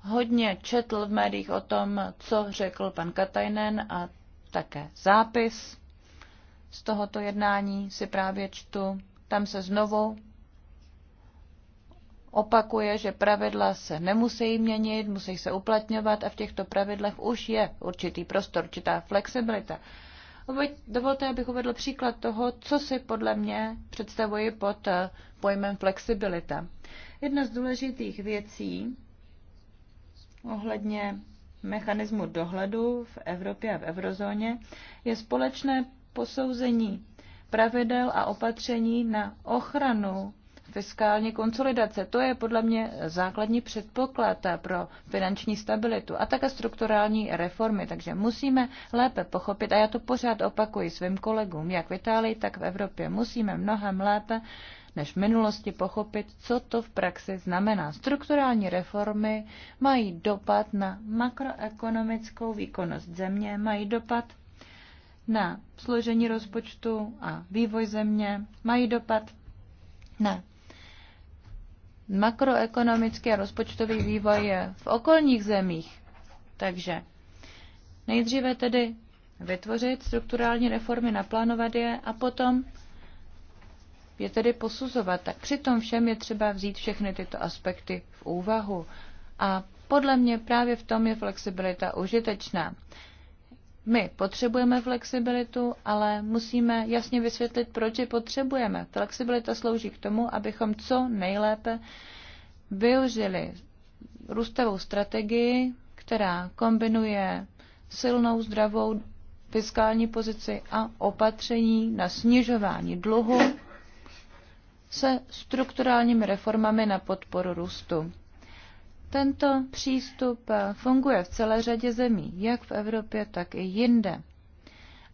hodně četl v médiích o tom, co řekl pan Katajnen a také zápis z tohoto jednání si právě čtu. Tam se znovu opakuje, že pravidla se nemusí měnit, musí se uplatňovat a v těchto pravidlech už je určitý prostor, určitá flexibilita. Dovolte, abych uvedl příklad toho, co si podle mě představuji pod eh, pojmem flexibilita. Jedna z důležitých věcí ohledně mechanismu dohledu v Evropě a v eurozóně je společné posouzení pravidel a opatření na ochranu fiskální konsolidace. To je podle mě základní předpoklad pro finanční stabilitu a také strukturální reformy. Takže musíme lépe pochopit, a já to pořád opakuji svým kolegům, jak v Itálii, tak v Evropě, musíme mnohem lépe než v minulosti pochopit, co to v praxi znamená. Strukturální reformy mají dopad na makroekonomickou výkonnost země, mají dopad na složení rozpočtu a vývoj země, mají dopad na makroekonomický a rozpočtový vývoj v okolních zemích. Takže nejdříve tedy vytvořit strukturální reformy, naplánovat je a potom je tedy posuzovat. Tak přitom všem je třeba vzít všechny tyto aspekty v úvahu. A podle mě právě v tom je flexibilita užitečná. My potřebujeme flexibilitu, ale musíme jasně vysvětlit, proč ji potřebujeme. Flexibilita slouží k tomu, abychom co nejlépe využili růstovou strategii, která kombinuje silnou, zdravou fiskální pozici a opatření na snižování dluhu se strukturálními reformami na podporu růstu. Tento přístup eh, funguje v celé řadě zemí, jak v Evropě, tak i jinde.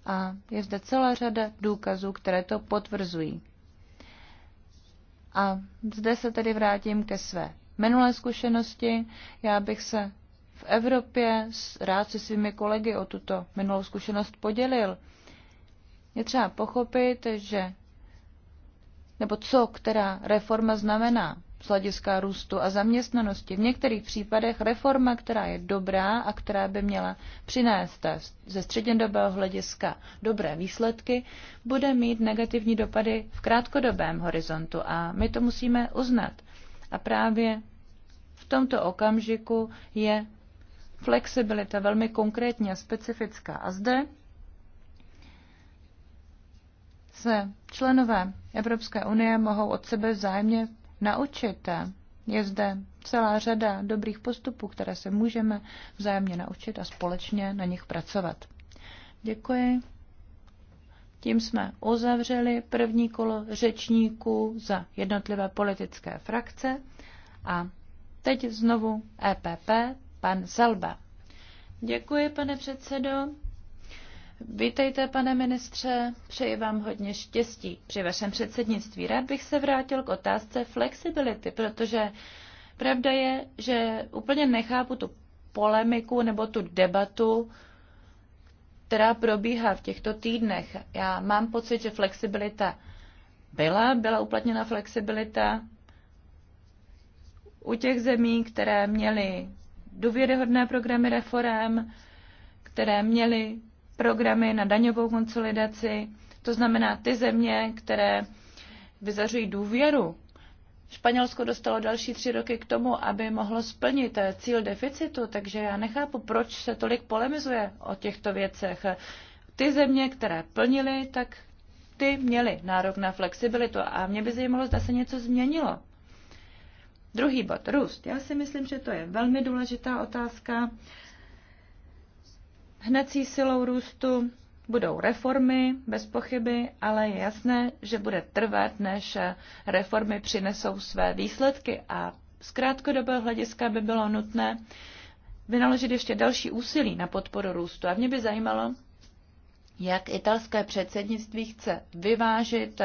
A je zde celá řada důkazů, které to potvrzují. A zde se tedy vrátím ke své minulé zkušenosti. Já bych se v Evropě rád se svými kolegy o tuto minulou zkušenost podělil. Je třeba pochopit, že nebo co která reforma znamená z hlediska růstu a zaměstnanosti. V některých případech reforma, která je dobrá a která by měla přinést ze střednědobého hlediska dobré výsledky, bude mít negativní dopady v krátkodobém horizontu a my to musíme uznat. A právě v tomto okamžiku je flexibilita velmi konkrétní a specifická. A zde se členové Evropské unie mohou od sebe vzájemně naučit. Je zde celá řada dobrých postupů, které se můžeme vzájemně naučit a společně na nich pracovat. Děkuji. Tím jsme uzavřeli první kolo řečníků za jednotlivé politické frakce a teď znovu EPP, pan Zalba. Děkuji, pane předsedo. Vítejte, pane ministře, přeji vám hodně štěstí při vašem předsednictví. Rád bych se vrátil k otázce flexibility, protože pravda je, že úplně nechápu tu polemiku nebo tu debatu, která probíhá v těchto týdnech. Já mám pocit, že flexibilita byla, byla uplatněna flexibilita u těch zemí, které měly důvěryhodné programy reform, které měly programy na daňovou konsolidaci. To znamená ty země, které vyzařují důvěru. Španělsko dostalo další tři roky k tomu, aby mohlo splnit eh, cíl deficitu, takže já nechápu, proč se tolik polemizuje o těchto věcech. Ty země, které plnily, tak ty měly nárok na flexibilitu a mě by zajímalo, zda se něco změnilo. Druhý bod, růst. Já si myslím, že to je velmi důležitá otázka. Hnací silou růstu budou reformy, bez pochyby, ale je jasné, že bude trvat, než reformy přinesou své výsledky a z krátkodobého hlediska by bylo nutné vynaložit ještě další úsilí na podporu růstu. A mě by zajímalo, jak italské předsednictví chce vyvážit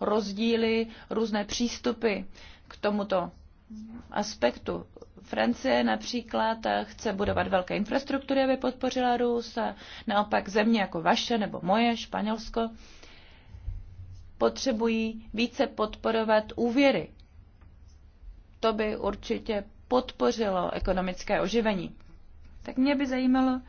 rozdíly, různé přístupy k tomuto aspektu Francie například eh, chce budovat velké infrastruktury, aby podpořila růst a naopak země jako vaše nebo moje, Španělsko, potřebují více podporovat úvěry. To by určitě podpořilo ekonomické oživení. Tak mě by zajímalo,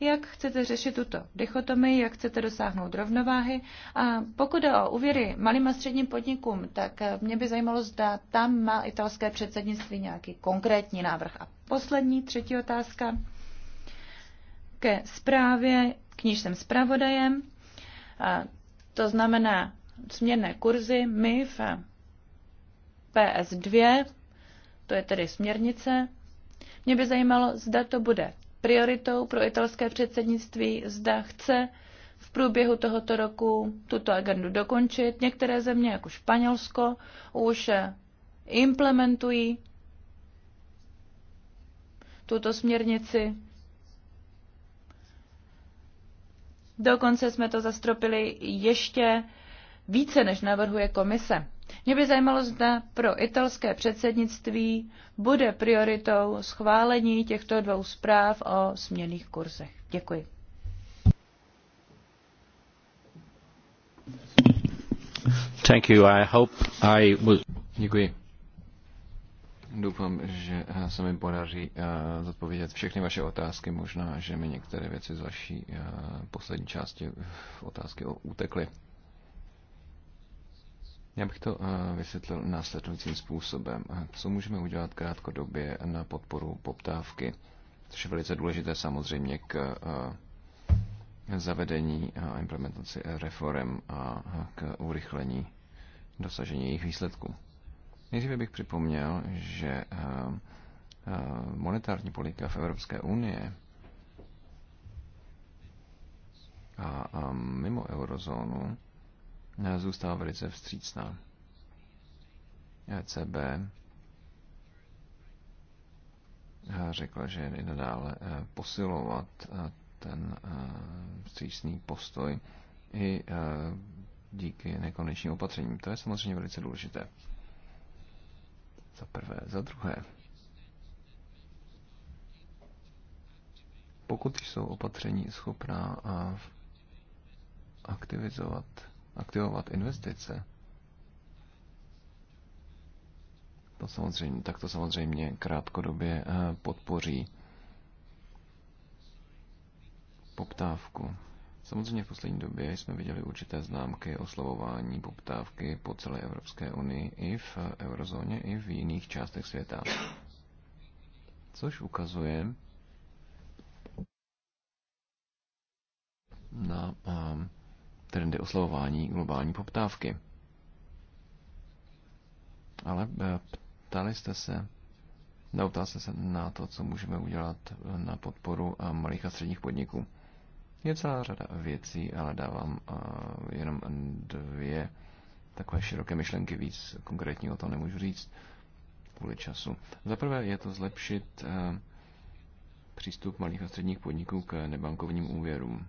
jak chcete řešit tuto dichotomii, jak chcete dosáhnout rovnováhy. A pokud o úvěry malým a středním podnikům, tak eh, mě by zajímalo, zda tam má italské předsednictví nějaký konkrétní návrh. A poslední, třetí otázka ke zprávě, k níž jsem zpravodajem. A to znamená směrné kurzy MIF PS2, to je tedy směrnice. Mě by zajímalo, zda to bude prioritou pro italské předsednictví, zda chce v průběhu tohoto roku tuto agendu dokončit. Některé země, jako Španělsko, už implementují tuto směrnici. Dokonce jsme to zastropili ještě více, než navrhuje komise. Mě by zajímalo, zda pro italské předsednictví bude prioritou schválení těchto dvou zpráv o směných kurzech. Děkuji. Thank you. I hope I will... Děkuji. Doufám, že eh, se mi podaří uh, zodpovědět všechny vaše otázky. Možná, že mi některé věci z vaší uh, eh, poslední části otázky utekly. Já bych to eh, vysvětlil následujícím způsobem. Co můžeme udělat krátkodobě na podporu poptávky, což je velice důležité samozřejmě k eh, zavedení a implementaci reform a k urychlení dosažení jejich výsledků. Nejdříve bych připomněl, že eh, monetární politika v Evropské unie a mimo eurozónu zůstala velice vstřícná. ECB eh, řekla, že je nadále eh, posilovat eh, ten vstřícný postoj i díky nekonečným opatřením. To je samozřejmě velice důležité. Za prvé. Za druhé. Pokud jsou opatření schopná aktivizovat aktivovat investice. To samozřejmě, tak to samozřejmě krátkodobě eh, podpoří poptávku. Samozřejmě v poslední době jsme viděli určité známky oslovování poptávky po celé Evropské unii i v eurozóně, i v jiných částech světa. Což ukazuje na um, trendy oslovování globální poptávky. Ale eh, ptali jste se, Neoptal jste se na to, co můžeme udělat na podporu eh, malých a středních podniků. Je celá řada věcí, ale dávám eh, jenom dvě takové široké myšlenky víc. Konkrétního to nemůžu říct kvůli času. Za prvé je to zlepšit přístup malých a středních podniků k nebankovním úvěrům.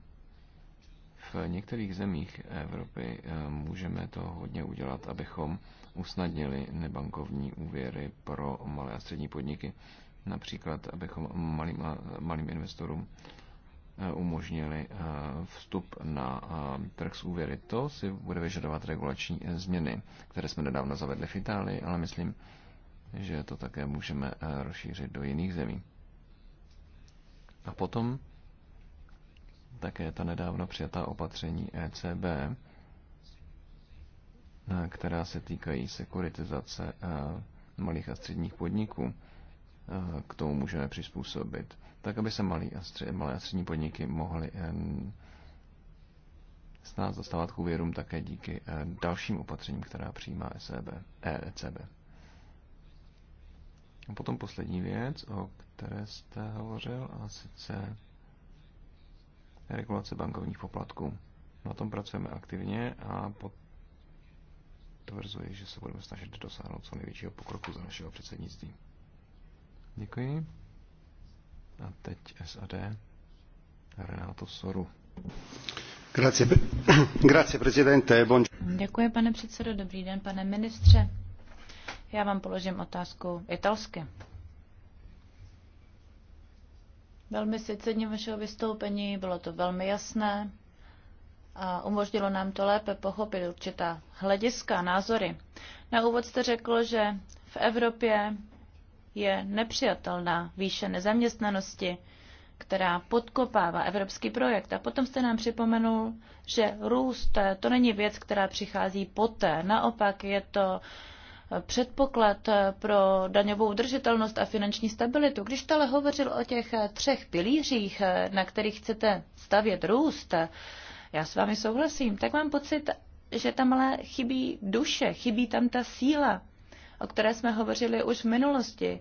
V některých zemích Evropy eh, můžeme to hodně udělat, abychom usnadnili nebankovní úvěry pro malé a střední podniky. Například, abychom malým, malým investorům eh, umožnili eh, vstup na trh s úvěry. To si bude vyžadovat regulační změny, které jsme nedávno zavedli v Itálii, ale myslím, že to také můžeme rozšířit do jiných zemí. A potom také ta nedávno přijatá opatření ECB, eh, která se týkají sekuritizace eh, malých a středních podniků. Eh, k tomu můžeme přizpůsobit, tak aby se malé a, střed, malé a střední podniky mohly s nás dostávat k úvěrům také díky dalším opatřením, která přijímá ECB. ECB. E a potom poslední věc, o které jste hovořil, a sice regulace bankovních poplatků. Na tom pracujeme aktivně a potvrzuji, že se budeme snažit dosáhnout co největšího pokroku za našeho předsednictví. Děkuji. A teď SAD Renato Soru. Grazie, grazie presidente. Děkuji, pane předsedo. Dobrý den, pane ministře. Já vám položím otázku italsky. Velmi si cením vašeho vystoupení, bylo to velmi jasné a umožnilo nám to lépe pochopit určitá hlediska, názory. Na úvod jste řekl, že v Evropě je nepřijatelná výše nezaměstnanosti, která podkopává evropský projekt. A potom jste nám připomenul, že růst to není věc, která přichází poté. Naopak je to uh, předpoklad pro daňovou udržitelnost a finanční stabilitu. Když ale hovořil o těch třech pilířích, na kterých chcete stavět růst, já s vámi souhlasím, tak mám pocit, že tam ale chybí duše, chybí tam ta síla, o které jsme hovořili už v minulosti.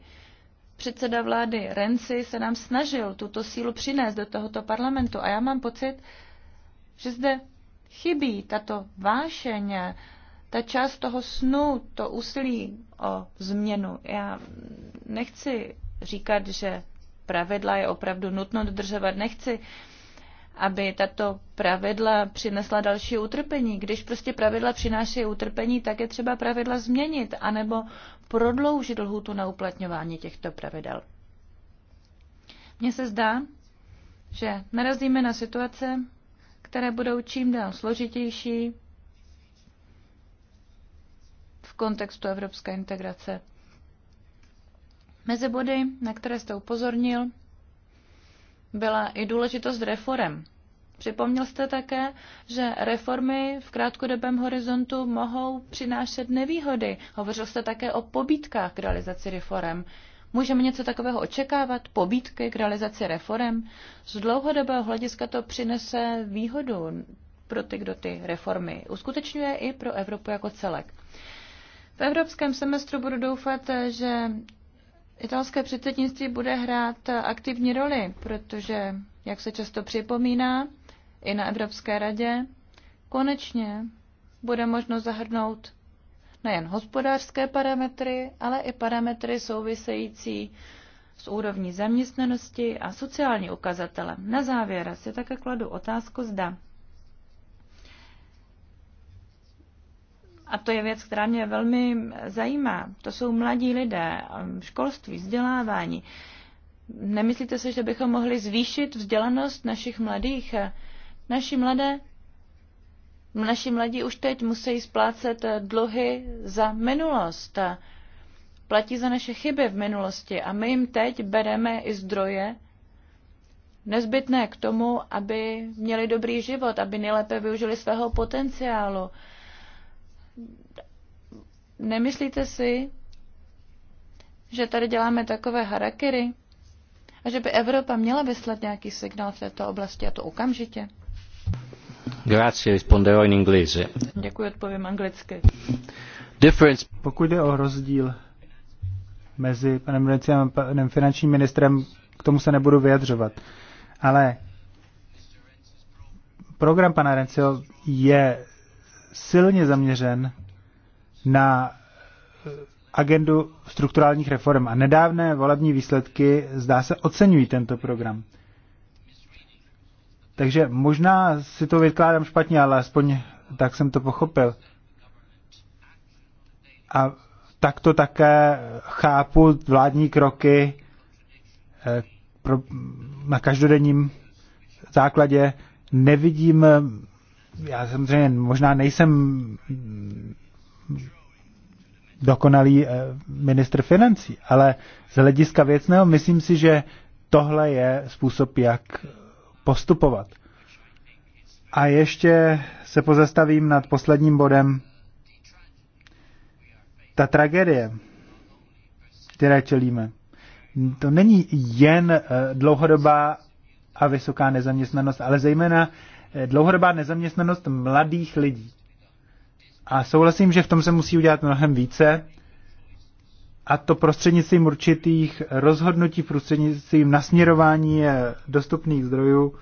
Předseda vlády Renci se nám snažil tuto sílu přinést do tohoto parlamentu a já mám pocit, že zde chybí tato vášeň, ta část toho snu, to úsilí o změnu. Já nechci říkat, že pravidla je opravdu nutno dodržovat. Nechci, aby tato pravidla přinesla další utrpení. Když prostě pravidla přinášejí utrpení, tak je třeba pravidla změnit anebo prodloužit lhůtu na uplatňování těchto pravidel. Mně se zdá, že narazíme na situace, které budou čím dál složitější, kontextu evropské integrace. Mezi body, na které jste upozornil, byla i důležitost reform. Připomněl jste také, že reformy v krátkodobém horizontu mohou přinášet nevýhody. Hovořil jste také o pobítkách k realizaci reform. Můžeme něco takového očekávat? Pobítky k realizaci reform? Z dlouhodobého hlediska to přinese výhodu pro ty, kdo ty reformy uskutečňuje i pro Evropu jako celek. V evropském semestru budu doufat, že italské předsednictví bude hrát aktivní roli, protože, jak se často připomíná, i na Evropské radě, konečně bude možno zahrnout nejen hospodářské parametry, ale i parametry související s úrovní zaměstnanosti a sociální ukazatele. Na závěr si také kladu otázku, zda a to je věc, která mě velmi zajímá, to jsou mladí lidé, um, školství, vzdělávání. Nemyslíte si, že bychom mohli zvýšit vzdělanost našich mladých? Naši mladé, naši mladí už teď musí splácet dluhy za minulost. Platí za naše chyby v minulosti a my jim teď bereme i zdroje nezbytné k tomu, aby měli dobrý život, aby nejlépe využili svého potenciálu Nemyslíte si, že tady děláme takové harakery a že by Evropa měla vyslat nějaký signál v této oblasti a to okamžitě? Grazie, risponderò in inglese. Děkuji, odpovím anglicky. Difference. Pokud jde o rozdíl mezi panem Valencianem a panem finančním ministrem, k tomu se nebudu vyjadřovat. Ale program pana Rencio je silně zaměřen na agendu strukturálních reform a nedávné volební výsledky zdá se oceňují tento program. Takže možná si to vykládám špatně, ale aspoň tak jsem to pochopil. A tak to také chápu vládní kroky eh, na každodenním základě. Nevidím, já samozřejmě možná nejsem dokonalý eh, ministr financí, ale z hlediska věcného myslím si, že tohle je způsob, jak postupovat. A ještě se pozastavím nad posledním bodem. Ta tragédie, které čelíme, to není jen eh, dlouhodobá a vysoká nezaměstnanost, ale zejména eh, dlouhodobá nezaměstnanost mladých lidí. A souhlasím, že v tom se musí udělat mnohem více, a to prostřednictvím určitých rozhodnutí, prostřednictvím nasměrování dostupných zdrojů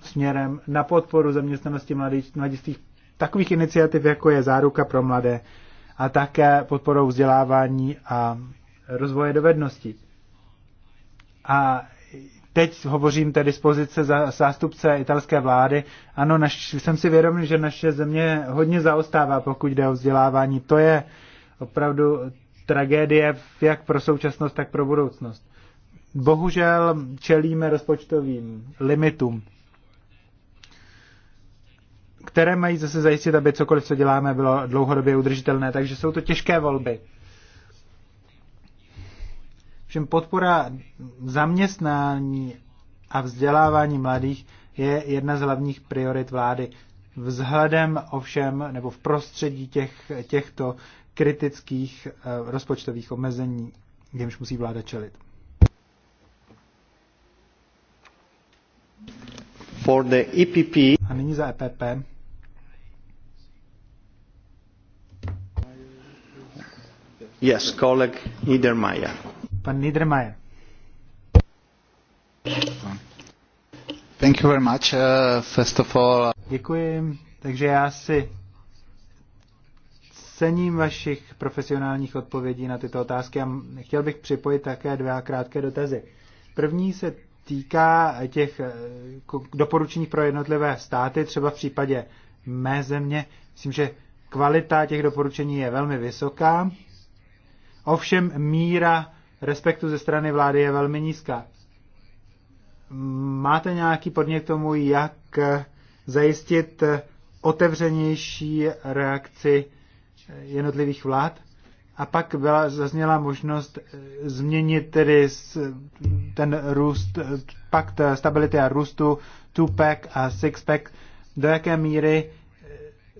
směrem na podporu zaměstnanosti mladistvých takových iniciativ, jako je záruka pro mladé a také podporou vzdělávání a rozvoje dovedností. A Teď hovořím tedy z pozice za zástupce italské vlády. Ano, naš, jsem si vědom, že naše země hodně zaostává, pokud jde o vzdělávání. To je opravdu tragédie jak pro současnost, tak pro budoucnost. Bohužel čelíme rozpočtovým limitům, které mají zase zajistit, aby cokoliv, co děláme, bylo dlouhodobě udržitelné. Takže jsou to těžké volby. Všem podpora zaměstnání a vzdělávání mladých je jedna z hlavních priorit vlády. Vzhledem ovšem, nebo v prostředí těch, těchto kritických eh, rozpočtových omezení, jimž musí vláda čelit. For the EPP. A nyní za EPP. Yes, kolega Niedermayer. Pan Niedermayer. Thank you very much. Uh, first of all... Uh, Děkuji. Takže já si cením vašich profesionálních odpovědí na tyto otázky a chtěl bych připojit také dvě krátké dotazy. První se týká těch eh, doporučení pro jednotlivé státy, třeba v případě mé země. Myslím, že kvalita těch doporučení je velmi vysoká. Ovšem míra respektu ze strany vlády je velmi nízká. Máte nějaký podnět k tomu, jak zajistit otevřenější reakci jednotlivých vlád? A pak byla, zazněla možnost změnit tedy ten růst, pakt stability a růstu, two-pack a six-pack, do jaké míry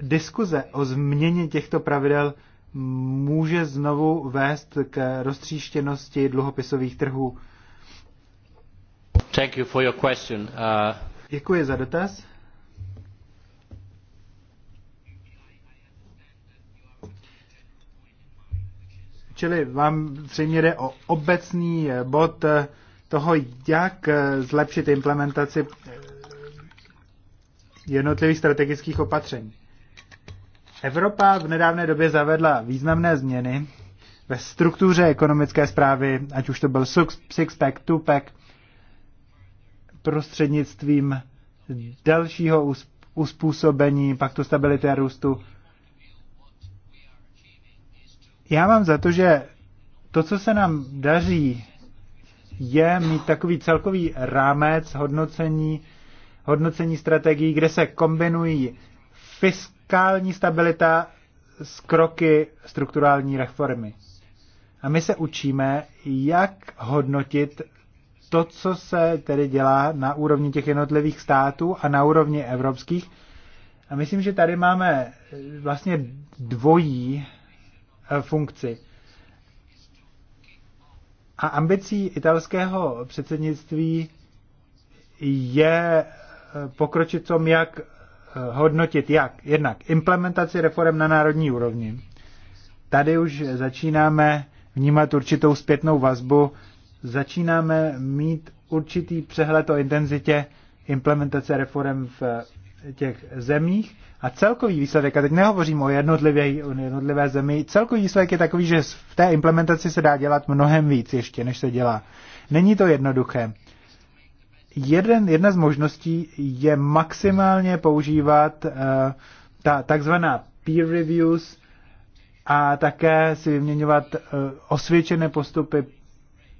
diskuze o změně těchto pravidel může znovu vést k roztříštěnosti dluhopisových trhů. Thank you for your question. Uh... Děkuji za dotaz. Čili vám zřejmě jde o obecný bod toho, jak zlepšit implementaci jednotlivých strategických opatření. Evropa v nedávné době zavedla významné změny ve struktuře ekonomické zprávy, ať už to byl six-pack, two-pack, prostřednictvím dalšího uspůsobení paktu stability a růstu. Já mám za to, že to, co se nám daří, je mít takový celkový rámec hodnocení, hodnocení strategií, kde se kombinují fisk, fiskální stabilita z kroky strukturální reformy. A my se učíme, jak hodnotit to, co se tedy dělá na úrovni těch jednotlivých států a na úrovni evropských. A myslím, že tady máme eh, vlastně dvojí eh, funkci. A ambicí italského předsednictví je eh, pokročit tom, jak Eh, hodnotit jak jednak implementaci reform na národní úrovni. Tady už začínáme vnímat určitou zpětnou vazbu, začínáme mít určitý přehled o intenzitě implementace reform v těch zemích a celkový výsledek, a teď nehovořím o jednotlivé, o jednotlivé zemi, celkový výsledek je takový, že v té implementaci se dá dělat mnohem víc ještě, než se dělá. Není to jednoduché. Jeden, jedna z možností je maximálně používat uh, ta takzvaná peer reviews a také si vyměňovat uh, osvědčené postupy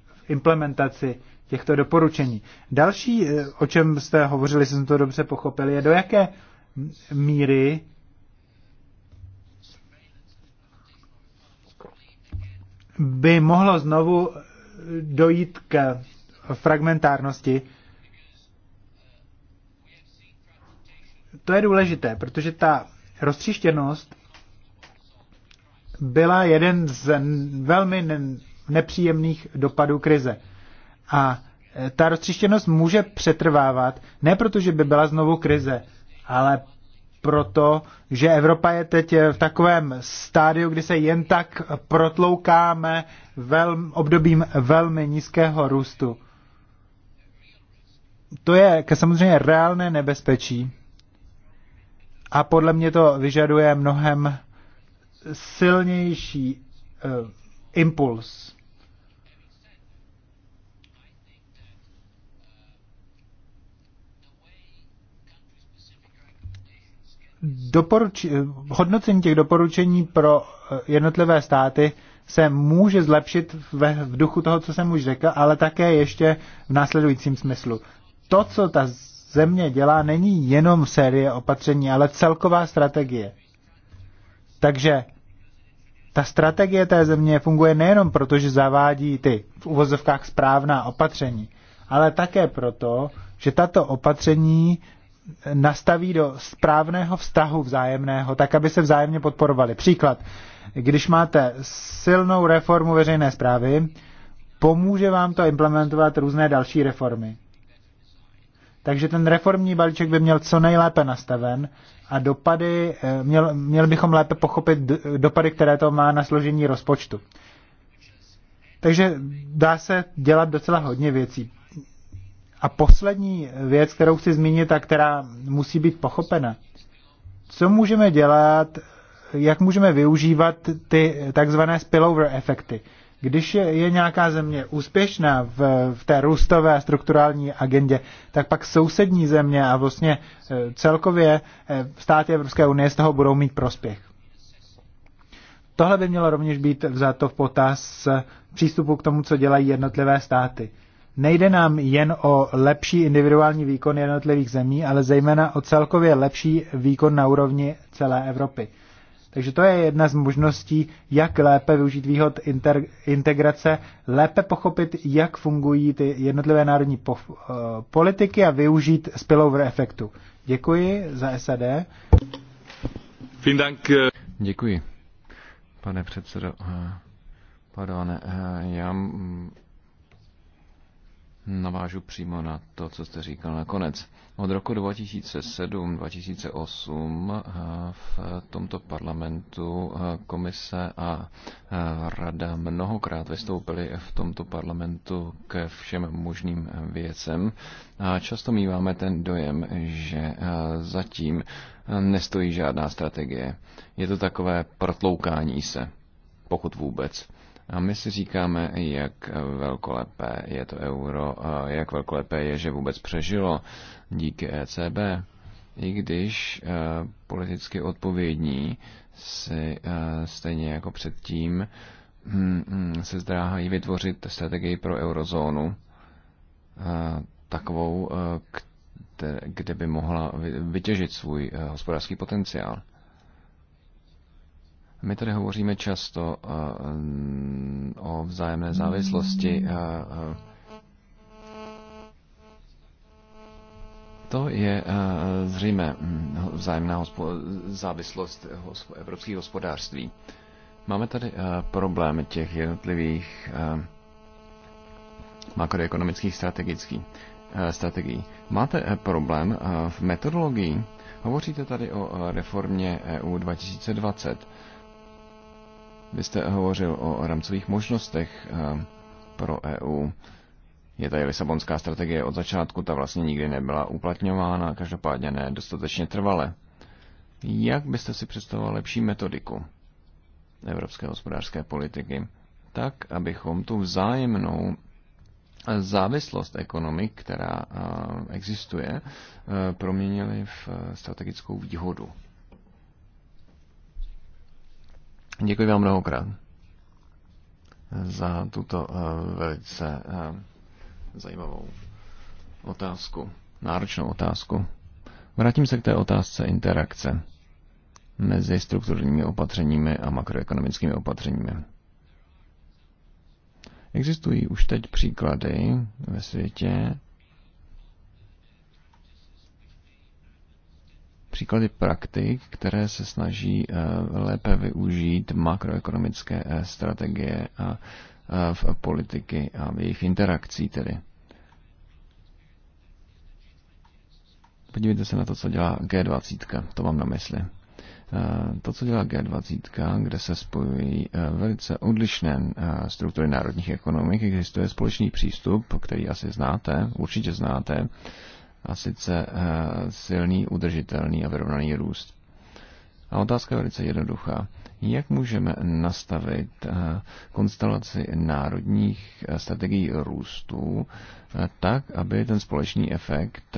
v implementaci těchto doporučení. Další, eh, o čem jste hovořili, jsem to dobře pochopil, je do jaké míry by mohlo znovu dojít k fragmentárnosti To je důležité, protože ta roztříštěnost byla jeden z velmi nepříjemných dopadů krize. A e, ta roztříštěnost může přetrvávat, ne proto, že by byla znovu krize, ale proto, že Evropa je teď e, v takovém stádiu, kdy se jen tak protloukáme vel, obdobím velmi nízkého růstu. To je samozřejmě reálné nebezpečí, a podle mě to vyžaduje mnohem silnější uh, impuls. Doporuč- hodnocení těch doporučení pro eh, jednotlivé státy se může zlepšit ve, v duchu toho, co jsem už řekl, ale také ještě v následujícím smyslu. To, co ta země dělá, není jenom série opatření, ale celková strategie. Takže ta strategie té země funguje nejenom proto, že zavádí ty v uvozovkách správná opatření, ale také proto, že tato opatření nastaví do správného vztahu vzájemného, tak aby se vzájemně podporovali. Příklad, když máte silnou reformu veřejné zprávy, pomůže vám to implementovat různé další reformy. Takže ten reformní balíček by měl co nejlépe nastaven a dopady, eh, měl, měl bychom lépe pochopit dopady, které to má na složení rozpočtu. Takže dá se dělat docela hodně věcí. A poslední věc, kterou chci zmínit a která musí být pochopena. Co můžeme dělat, jak můžeme využívat ty takzvané spillover efekty? Když je nějaká země úspěšná v, v té růstové a strukturální agendě, tak pak sousední země a vlastně e, celkově e, státy Evropské unie z toho budou mít prospěch. Tohle by mělo rovněž být vzato v potaz přístupu k tomu, co dělají jednotlivé státy. Nejde nám jen o lepší individuální výkon jednotlivých zemí, ale zejména o celkově lepší výkon na úrovni celé Evropy. Takže to je jedna z možností, jak lépe využít výhod inter, integrace, lépe pochopit, jak fungují ty jednotlivé národní po, uh, eh, politiky a využít spillover efektu. Děkuji za SAD. Eh. Děkuji, pane předsedo. Eh, pardon, já mm, navážu přímo na to, co jste říkal nakonec. Od roku 2007-2008 eh, v tomto parlamentu eh, komise a eh, rada mnohokrát vystoupily v tomto parlamentu ke všem možným věcem a často míváme ten dojem, že zatím nestojí žádná strategie. Je to takové protloukání se, pokud vůbec. A my si říkáme, jak velkolepé je to euro, jak velkolepé je, že vůbec přežilo díky ECB, i když e, politicky odpovědní si e, stejně jako předtím hm, hm, se zdráhají vytvořit strategii pro eurozónu e, takovou, kde by mohla vytěžit svůj hospodářský potenciál. My tady hovoříme často eh, mm, o vzájemné závislosti. Eh, eh. To je zřejmé hm, vzájemná závislost evropských hospodářství. Máme tady problém těch jednotlivých makroekonomických strategických strategií. Máte problém v metodologii? Hovoříte tady o reformě EU 2020. Vy jste hovořil o rámcových možnostech eh, pro EU. Je tady Lisabonská strategie od začátku, ta vlastně nikdy nebyla uplatňována, každopádně ne dostatečně trvale. Jak byste si představoval lepší metodiku evropské hospodářské politiky, tak abychom tu vzájemnou závislost ekonomik, která eh, existuje, eh, proměnili v strategickou výhodu? Děkuji vám mnohokrát za tuto eh, velice eh, zajímavou otázku, náročnou otázku. Vrátím se k té otázce interakce mezi strukturními opatřeními a makroekonomickými opatřeními. Existují už teď příklady ve světě, příklady praktik, které se snaží eh, lépe využít makroekonomické eh, strategie a eh, v politiky a v jejich interakcí tedy. Podívejte se na to, co dělá G20, to mám na mysli. To, co dělá G20, kde se spojují velice odlišné struktury národních ekonomik, existuje společný přístup, který asi znáte, určitě znáte, a sice eh, silný, udržitelný a vyrovnaný růst. A otázka je velice jednoduchá. Jak můžeme nastavit eh, konstelaci národních eh, strategií růstu tak, aby ten společný efekt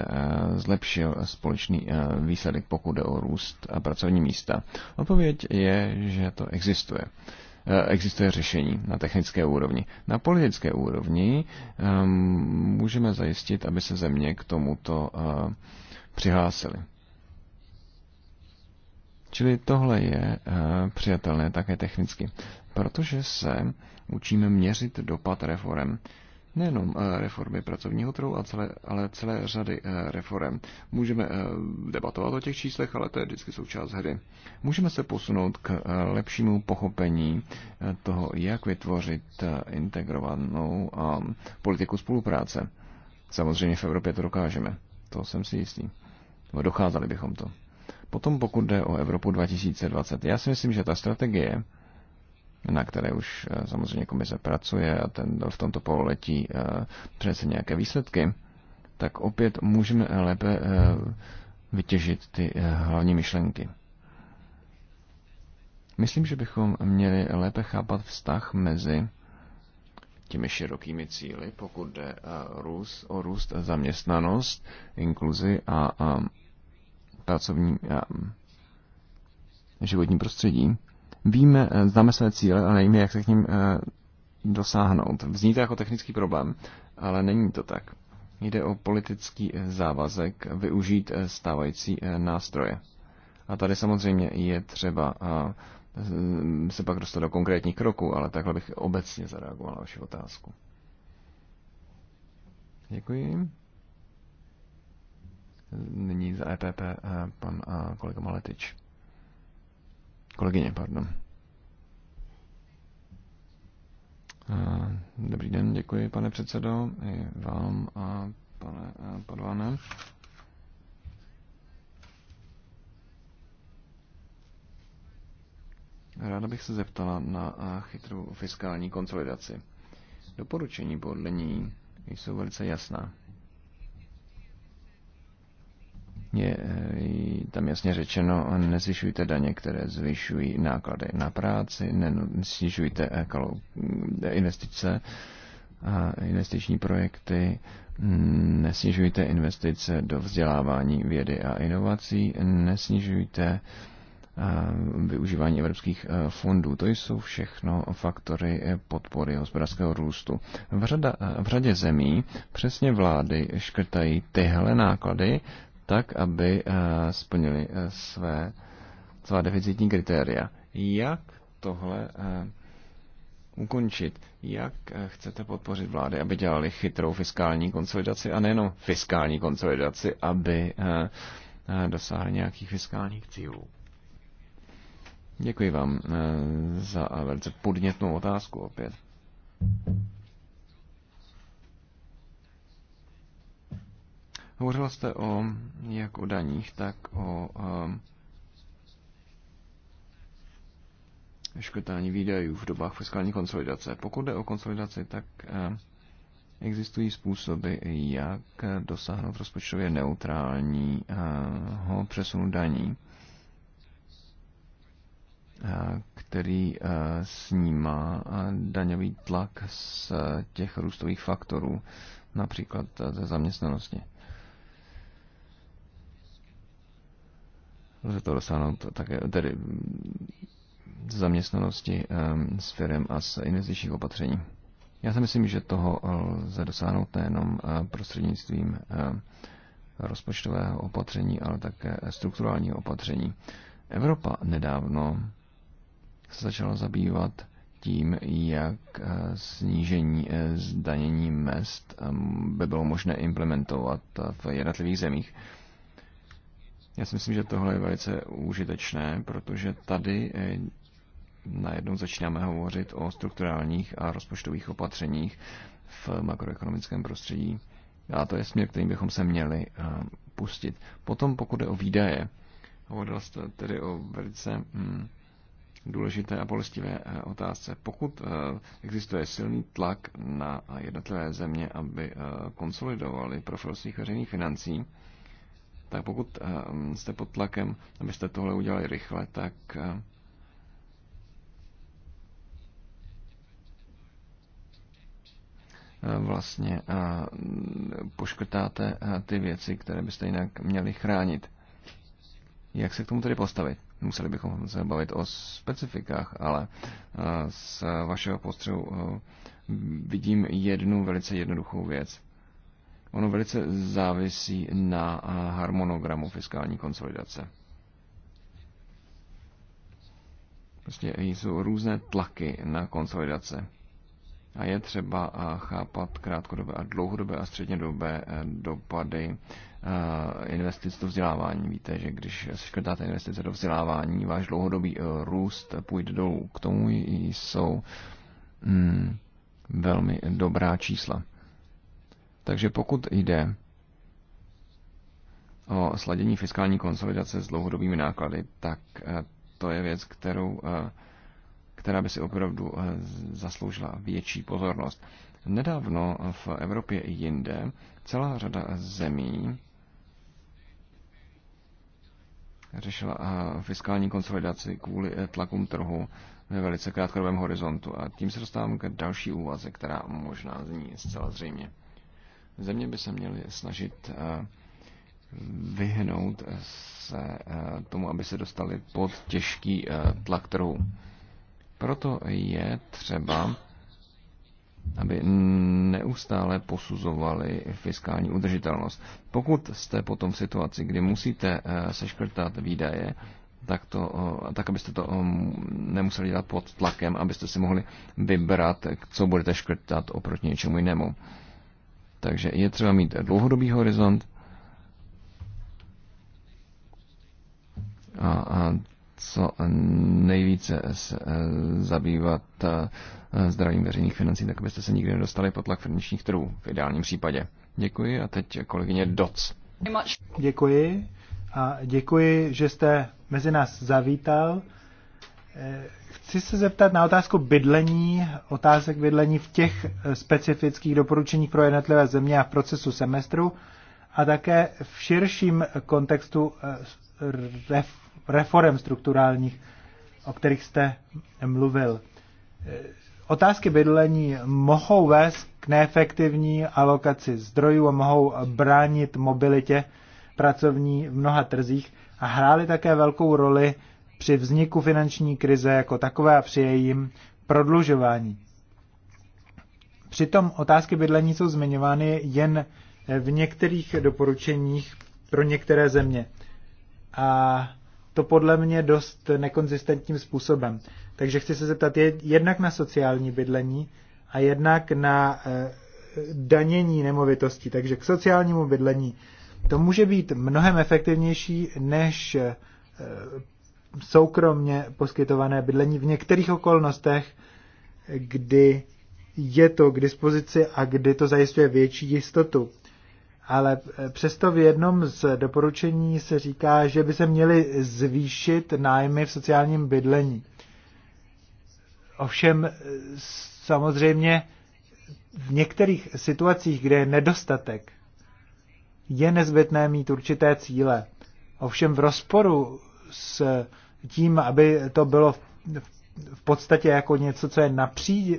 zlepšil společný výsledek, pokud jde o růst a pracovní místa? Odpověď je, že to existuje. Eh, existuje řešení na technické úrovni. Na politické úrovni ehm, můžeme zajistit, aby se země k tomuto eh, přihlásily. Čili tohle je eh, přijatelné také technicky, protože se učíme měřit dopad reform nejenom eh, reformy pracovního trhu, celé, ale celé řady eh, reform. Můžeme eh, debatovat o těch číslech, ale to je vždycky součást hry. Můžeme se posunout k lepšímu pochopení toho, jak vytvořit integrovanou politiku spolupráce. Samozřejmě v Evropě to dokážeme. To jsem si jistý. No, docházeli bychom to. Potom pokud jde o Evropu 2020, já si myslím, že ta strategie, na které už eh, samozřejmě komise pracuje a ten v tomto pololetí eh, přinese nějaké výsledky, tak opět můžeme lépe eh, vytěžit ty hlavní myšlenky. Myslím, že bychom měli lépe chápat vztah mezi těmi širokými cíly, pokud jde růst, o růst zaměstnanost, inkluzi a, a pracovní a životní prostředí Víme, eh, známe své cíle a nevíme, jak se k ním eh, dosáhnout. Vzní to jako technický problém, ale není to tak. Jde o politický eh, závazek využít stávající nástroje. A tady samozřejmě je třeba se pak dostat do konkrétních kroků, ale takhle bych obecně zareagoval na vaši otázku. Děkuji. Nyní za EPP pan kolega Maletič. Kolegyně, pardon. Dobrý den, děkuji pane předsedo, i vám a pane Podvane. Ráda bych se zeptala na chytrou fiskální konsolidaci. Doporučení podle ní jsou velice jasná. je eh, tam jasně řečeno, nezvyšujte daně, které zvyšují náklady na práci, nesnižujte eh, eh, investice, a investiční projekty, mm, nesnižujte investice do vzdělávání vědy a inovací, nesnižujte využívání evropských fondů. To jsou všechno faktory podpory hospodářského růstu. V, řada, v řadě zemí přesně vlády škrtají tyhle náklady, tak, aby eh, splnili eh, své, svá deficitní kritéria. Jak tohle eh, ukončit? Jak chcete podpořit vlády, aby dělali chytrou fiskální konsolidaci a nejenom fiskální konsolidaci, aby dosáhli nějakých fiskálních cílů? Děkuji vám za velice podnětnou otázku opět. Hovořil jste o, jak o daních, tak o um, škrtání výdajů v dobách fiskální konsolidace. Pokud jde o konsolidaci, tak um, existují způsoby, jak dosáhnout rozpočtově neutrálního přesunu daní, který snímá daňový tlak z těch růstových faktorů, například ze zaměstnanosti. Lze to dosáhnout také tedy z zaměstnanosti ehm, s firem a z investičních opatření. Já si myslím, že toho lze dosáhnout nejenom eh, prostřednictvím eh, rozpočtového opatření, ale také strukturálního opatření. Evropa nedávno se začala zabývat tím, jak eh, snížení zdanění mest ehm, by bylo možné implementovat v jednotlivých zemích. Já si myslím, že tohle je velice užitečné, protože tady eh, najednou začínáme hovořit o strukturálních a rozpočtových opatřeních v makroekonomickém prostředí. A to je směr, kterým bychom se měli eh, pustit. Potom, pokud jde o výdaje, hovořil jste tedy o velice hmm, důležité a bolestivé eh, otázce. Pokud existuje silný tlak na jednotlivé země, aby konsolidovali profil svých veřejných financí, tak pokud ehm, jste pod tlakem, abyste tohle udělali rychle, tak ehm, ehm, vlastně poškrtáte eh, ty věci, které byste jinak měli chránit. Jak se k tomu tedy postavit? Museli bychom se bavit o specifikách, ale eh, z vašeho postřehu eh, vidím jednu velice jednoduchou věc. Ono velice závisí na eh, harmonogramu fiskální konsolidace. Prostě jsou různé tlaky na konsolidace. A je třeba eh, chápat krátkodobé a dlouhodobé a střednědobé eh, dopady investic do vzdělávání. Víte, že když škrtáte investice do vzdělávání, váš dlouhodobý růst půjde dolů. K tomu jsou mm, velmi dobrá čísla. Takže pokud jde o sladění fiskální konsolidace s dlouhodobými náklady, tak eh, to je věc, kterou, eh, která by si opravdu eh, zasloužila větší pozornost. Nedávno v Evropě i jinde celá řada zemí řešila fiskální konsolidaci kvůli tlakům trhu ve velice krátkodobém horizontu. A tím se dostávám k další úvaze, která možná zní zcela zřejmě. Země by se měly snažit eh, vyhnout se eh, tomu, aby se dostali pod těžký eh, tlak trhu. Proto je třeba, aby neustále posuzovali fiskální udržitelnost. Pokud jste potom v situaci, kdy musíte seškrtat výdaje, tak, to, tak abyste to nemuseli dělat pod tlakem, abyste si mohli vybrat, co budete škrtat oproti něčemu jinému. Takže je třeba mít dlouhodobý horizont a, a co nejvíce se e, zabývat e, zdravím veřejných financí, tak abyste se nikdy nedostali pod tlak finančních trhů v ideálním případě. Děkuji a teď kolegyně Doc. Děkuji a děkuji, že jste mezi nás zavítal. E, Chci se zeptat na otázku bydlení, otázek bydlení v těch eh, specifických doporučeních pro jednotlivé země a v procesu semestru a také v širším kontextu eh, reform strukturálních, o kterých jste mluvil. Eh, otázky bydlení mohou vést k neefektivní alokaci zdrojů a mohou bránit mobilitě pracovní v mnoha trzích a hrály také velkou roli při vzniku finanční krize jako takové a při jejím prodlužování. Přitom otázky bydlení jsou zmiňovány jen v některých doporučeních pro některé země. A to podle mě dost nekonzistentním způsobem. Takže chci se zeptat jednak na sociální bydlení a jednak na eh, danění nemovitostí. Takže k sociálnímu bydlení. To může být mnohem efektivnější než eh, soukromně poskytované bydlení v některých okolnostech, kdy je to k dispozici a kdy to zajišťuje větší jistotu. Ale eh, přesto v jednom z doporučení se říká, že by se měly zvýšit nájmy v sociálním bydlení. Ovšem eh, samozřejmě v některých situacích, kde je nedostatek, je nezbytné mít určité cíle. Ovšem v rozporu s tím, aby to bylo v podstatě jako něco, co je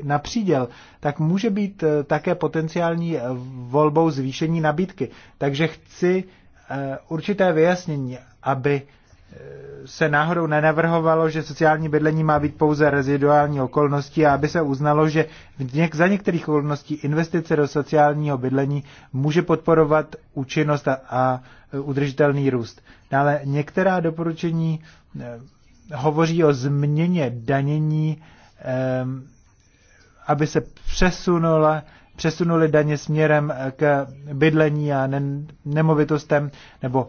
napříděl, tak může být eh, také potenciální volbou zvýšení nabídky. Takže chci eh, určité vyjasnění, aby se náhodou nenavrhovalo, že sociální bydlení má být pouze reziduální okolností a aby se uznalo, že něk, za některých okolností investice do sociálního bydlení může podporovat účinnost a, a udržitelný růst. Dále některá doporučení eh, hovoří o změně danění, eh, aby se přesunula přesunuli daně směrem eh, k bydlení a nemovitostem, nebo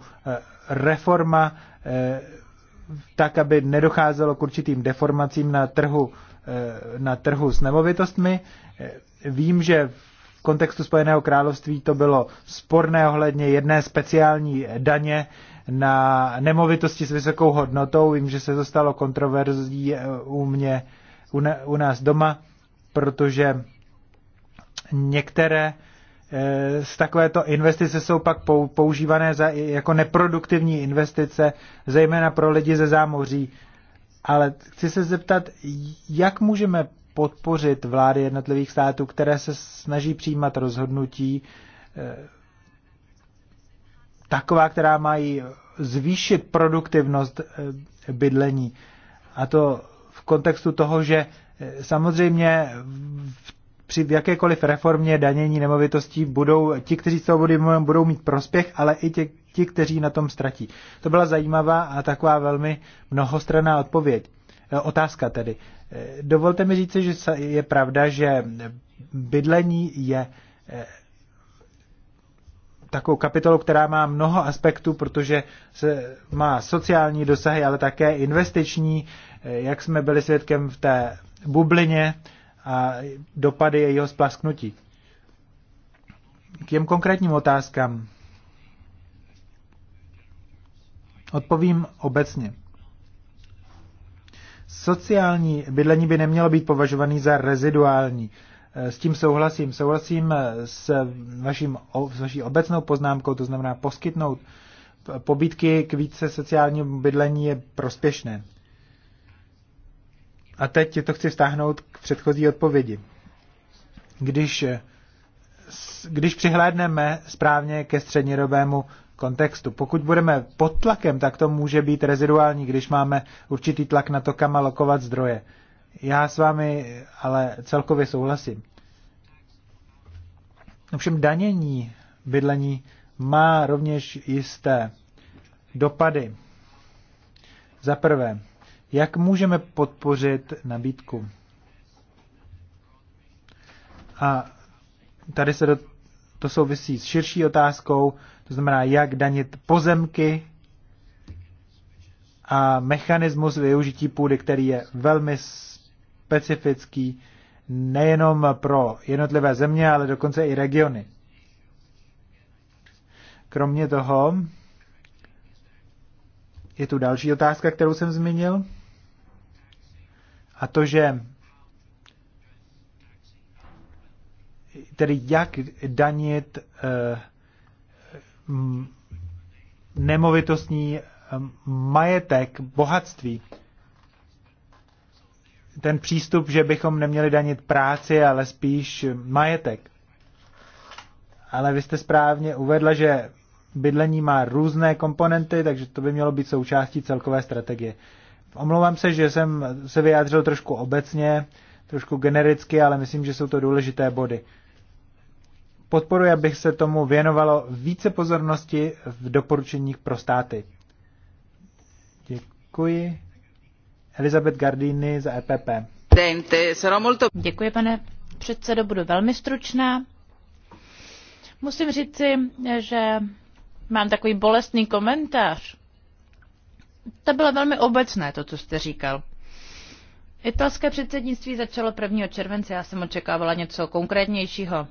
reforma Eh, tak, aby nedocházelo k určitým deformacím na trhu, eh, na trhu s nemovitostmi. Eh, vím, že v kontextu Spojeného království to bylo sporné ohledně jedné speciální daně na nemovitosti s vysokou hodnotou. Vím, že se to stalo kontroverzí u mě, u, u nás doma, protože některé z eh, takovéto investice jsou pak používané za, jako neproduktivní investice, zejména pro lidi ze zámoří. Ale chci se zeptat, jak můžeme podpořit vlády jednotlivých států, které se snaží přijímat rozhodnutí eh, taková, která mají zvýšit produktivnost eh, bydlení. A to v kontextu toho, že samozřejmě v při jakékoliv reformě danění nemovitostí budou ti, kteří z toho budou, budou mít prospěch, ale i ti, ti, kteří na tom ztratí. To byla zajímavá a taková velmi mnohostranná odpověď. E, otázka tedy. E, dovolte mi říci, že je pravda, že bydlení je e, takovou kapitolu, která má mnoho aspektů, protože se má sociální dosahy, ale také investiční, jak jsme byli svědkem v té bublině, a dopady jejího splasknutí. K těm konkrétním otázkám odpovím obecně. Sociální bydlení by nemělo být považovaný za reziduální. E, s tím souhlasím. Souhlasím e, s, vaším, s vaší obecnou poznámkou, to znamená poskytnout e, pobytky k více sociálnímu bydlení je prospěšné. A teď to chci stáhnout k předchozí odpovědi. Když, eh, když přihlédneme správně ke střednědobému kontextu, pokud budeme pod tlakem, tak to může být reziduální, když máme určitý tlak na to, kam alokovat zdroje. Já s vámi ale celkově souhlasím. Ovšem danění bydlení má rovněž jisté dopady. Za prvé, jak můžeme podpořit nabídku? A tady se do, to souvisí s širší otázkou, to znamená, jak danit pozemky a mechanismus využití půdy, který je velmi specifický nejenom pro jednotlivé země, ale dokonce i regiony. Kromě toho je tu další otázka, kterou jsem zmínil. A to, že tedy jak danit eh, nemovitostní eh, majetek, bohatství. Ten přístup, že bychom neměli danit práci, ale spíš majetek. Ale vy jste správně uvedla, že bydlení má různé komponenty, takže to by mělo být součástí celkové strategie. Omlouvám se, že jsem se vyjádřil trošku obecně, trošku genericky, ale myslím, že jsou to důležité body. Podporuji, abych se tomu věnovalo více pozornosti v doporučeních pro státy. Děkuji. Elizabeth Gardini za EPP. Děkuji, pane předsedo, budu velmi stručná. Musím říci, že mám takový bolestný komentář to bylo velmi obecné, to, co jste říkal. Italské předsednictví začalo 1. července, já jsem očekávala něco konkrétnějšího.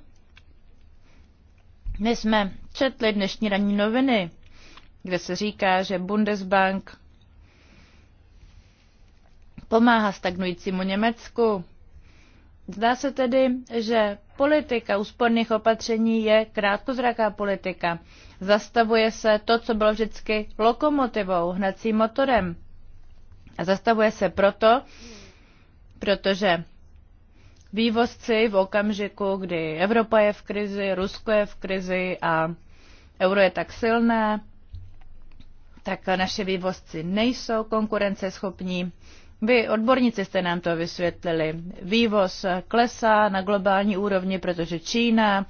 My jsme četli dnešní ranní noviny, kde se říká, že Bundesbank pomáhá stagnujícímu Německu Zdá se tedy, že politika úsporných opatření je krátkozraká politika. Zastavuje se to, co bylo vždycky lokomotivou, hnacím motorem. A zastavuje se proto, protože vývozci v okamžiku, kdy Evropa je v krizi, Rusko je v krizi a euro je tak silné, tak naše vývozci nejsou konkurenceschopní vy, odborníci, jste nám to vysvětlili. Vývoz klesá na globální úrovni, protože Čína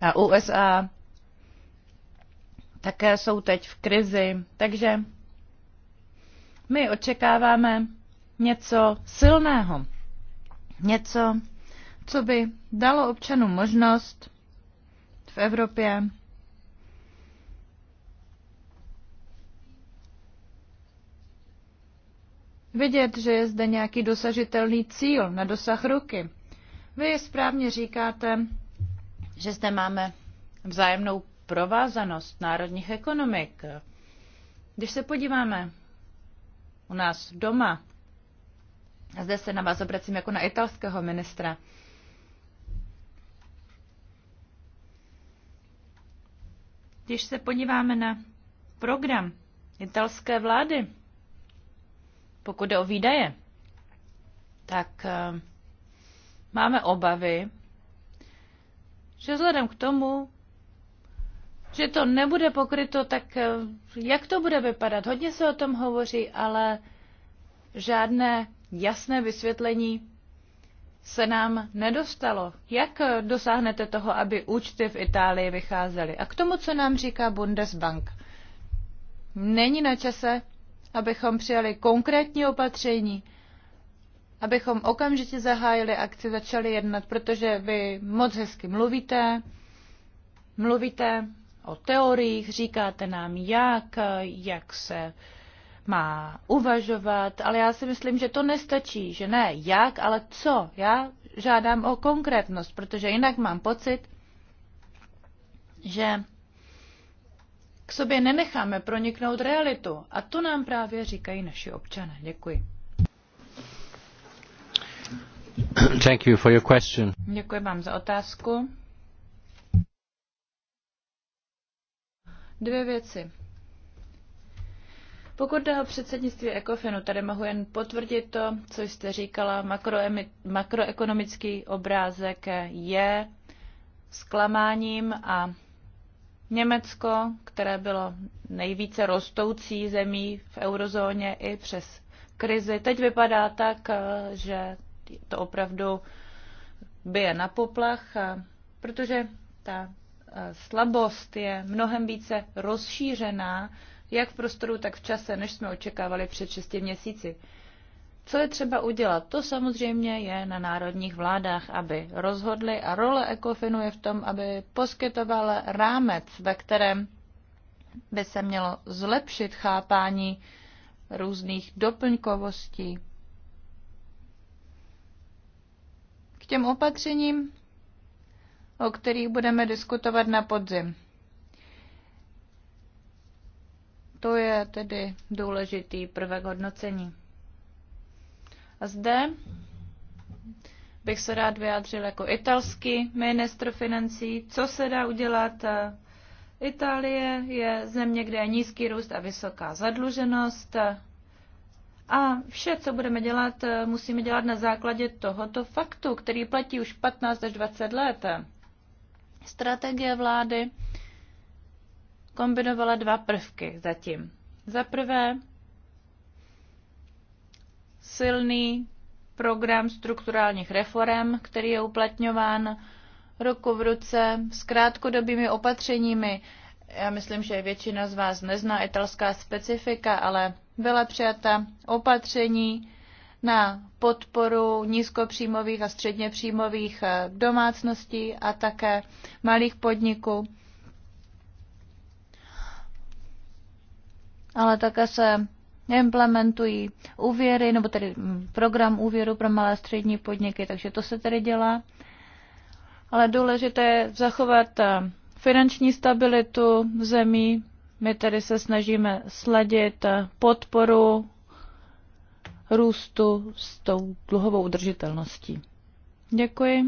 a USA také jsou teď v krizi. Takže my očekáváme něco silného, něco, co by dalo občanům možnost v Evropě vidět, že je zde nějaký dosažitelný cíl na dosah ruky. Vy správně říkáte, že zde máme vzájemnou provázanost národních ekonomik. Když se podíváme u nás doma, a zde se na vás obracím jako na italského ministra, když se podíváme na program italské vlády, pokud jde o výdaje, tak eh, máme obavy, že vzhledem k tomu, že to nebude pokryto, tak eh, jak to bude vypadat? Hodně se o tom hovoří, ale žádné jasné vysvětlení se nám nedostalo. Jak eh, dosáhnete toho, aby účty v Itálii vycházely? A k tomu, co nám říká Bundesbank. Není na čase, abychom přijali konkrétní opatření, abychom okamžitě zahájili akci, začali jednat, protože vy moc hezky mluvíte, mluvíte o teoriích, říkáte nám jak, jak se má uvažovat, ale já si myslím, že to nestačí, že ne jak, ale co. Já žádám o konkrétnost, protože jinak mám pocit, že k sobě nenecháme proniknout realitu. A to nám právě říkají naši občané. Děkuji. Thank you for your question. Děkuji vám za otázku. Dvě věci. Pokud jde o předsednictví ECOFINu, tady mohu jen potvrdit to, co jste říkala. makroekonomický obrázek je zklamáním a Německo, které bylo nejvíce rostoucí zemí v eurozóně i přes krizi, teď vypadá tak, eh, že to opravdu bije na poplach, eh, protože ta eh, slabost je mnohem více rozšířená, jak v prostoru, tak v čase, než jsme očekávali před 6 měsíci. Co je třeba udělat? To samozřejmě je na národních vládách, aby rozhodly a role ECOFINu je v tom, aby poskytoval rámec, ve kterém by se mělo zlepšit chápání různých doplňkovostí. K těm opatřením, o kterých budeme diskutovat na podzim. To je tedy důležitý prvek hodnocení. A zde bych se rád vyjádřil jako italský ministr financí, co se dá udělat. Itálie je země, kde je nízký růst a vysoká zadluženost. A vše, co budeme dělat, musíme dělat na základě tohoto faktu, který platí už 15 až 20 let. Strategie vlády kombinovala dva prvky zatím. Za prvé, silný program strukturálních reform, který je uplatňován roku v ruce s krátkodobými opatřeními. Já myslím, že většina z vás nezná italská specifika, ale byla přijata opatření na podporu nízkopříjmových a středně příjmových eh, domácností a také malých podniků. Ale také se implementují úvěry, nebo tedy mm, program úvěru pro malé a střední podniky, takže to se tedy dělá. Ale důležité je zachovat eh, finanční stabilitu zemí. My tedy se snažíme sladit eh, podporu růstu s tou dluhovou udržitelností. Děkuji.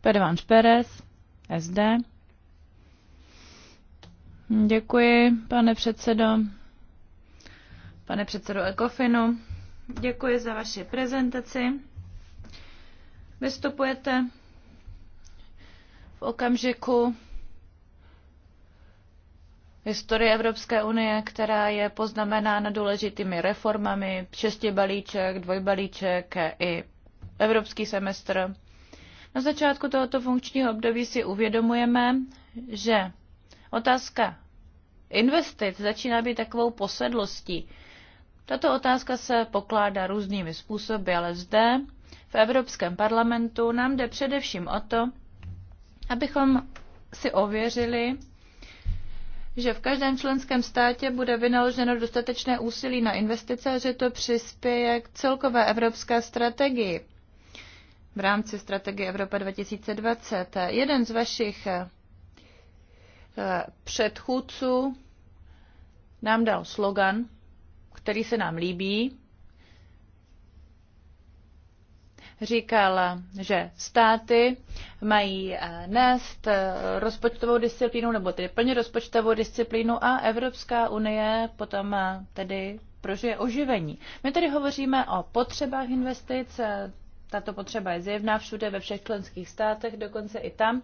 Pedván Pérez, SD. Děkuji, pane předsedo. Pane předsedo Ekofinu, děkuji za vaši prezentaci. Vystupujete v okamžiku historie Evropské unie, která je poznamenána důležitými reformami, šesti balíček, dvojbalíček i evropský semestr. Na začátku tohoto funkčního období si uvědomujeme, že otázka investic začíná být takovou posedlostí. Tato otázka se pokládá různými způsoby, ale zde v Evropském parlamentu nám jde především o to, abychom si ověřili, že v každém členském státě bude vynaloženo dostatečné úsilí na investice a že to přispěje k celkové evropské strategii. V rámci strategie Evropa 2020 jeden z vašich eh, předchůdců nám dal slogan, který se nám líbí, říkal, že státy mají eh, nést eh, rozpočtovou disciplínu, nebo tedy plně rozpočtovou disciplínu a Evropská unie potom eh, tedy prožije oživení. My tedy hovoříme o potřebách investic, tato potřeba je zjevná všude ve všech členských státech, dokonce i tam,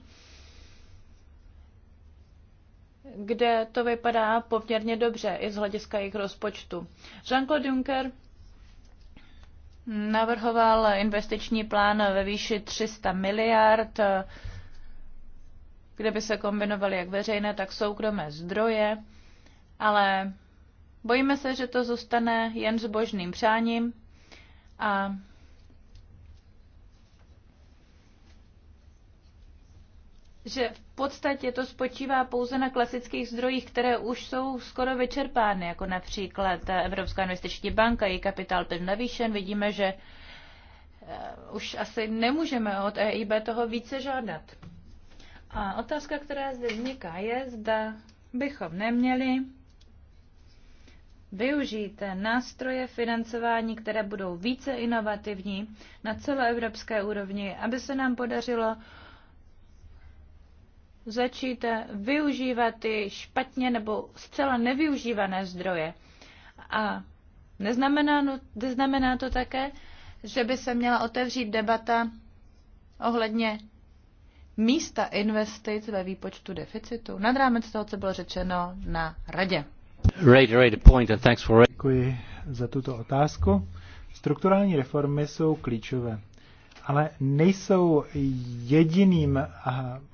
kde to vypadá poměrně dobře i z hlediska jejich rozpočtu. Jean-Claude Juncker navrhoval investiční plán ve výši 300 miliard, kde by se kombinovaly jak veřejné, tak soukromé zdroje, ale bojíme se, že to zůstane jen zbožným přáním a že v podstatě to spočívá pouze na klasických zdrojích, které už jsou skoro vyčerpány, jako například eh, Evropská investiční banka, její kapitál byl navýšen. Vidíme, že eh, už asi nemůžeme od EIB toho více žádat. A otázka, která zde vzniká, je, zda bychom neměli využít nástroje financování, které budou více inovativní na celoevropské úrovni, aby se nám podařilo začít využívat ty špatně nebo zcela nevyužívané zdroje. A neznamená, no, neznamená to také, že by se měla otevřít debata ohledně místa investic ve výpočtu deficitu nad rámec toho, co bylo řečeno na radě. point Děkuji za tuto otázku. Strukturální reformy jsou klíčové ale nejsou jediným eh,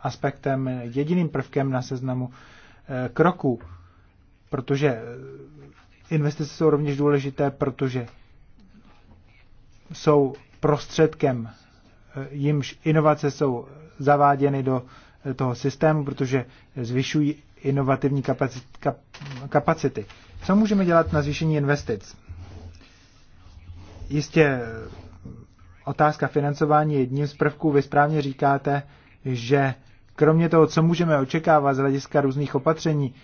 aspektem, jediným prvkem na seznamu eh, kroku, protože eh, investice jsou rovněž důležité, protože jsou prostředkem, jimž inovace jsou zaváděny do toho systému, protože zvyšují inovativní kapacity. Co můžeme dělat na zvýšení investic? Jistě otázka financování je jedním z prvků. Vy správně říkáte, že kromě toho, co můžeme očekávat z hlediska různých opatření,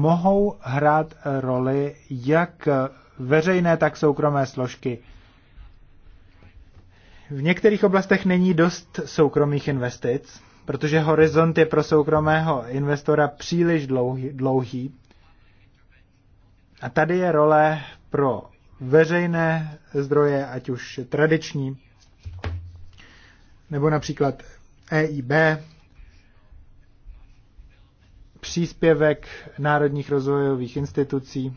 mohou hrát roli jak veřejné, tak soukromé složky. V některých oblastech není dost soukromých investic, protože horizont je pro soukromého investora příliš dlouhý. A tady je role pro veřejné zdroje, ať už tradiční, nebo například EIB, příspěvek národních rozvojových institucí,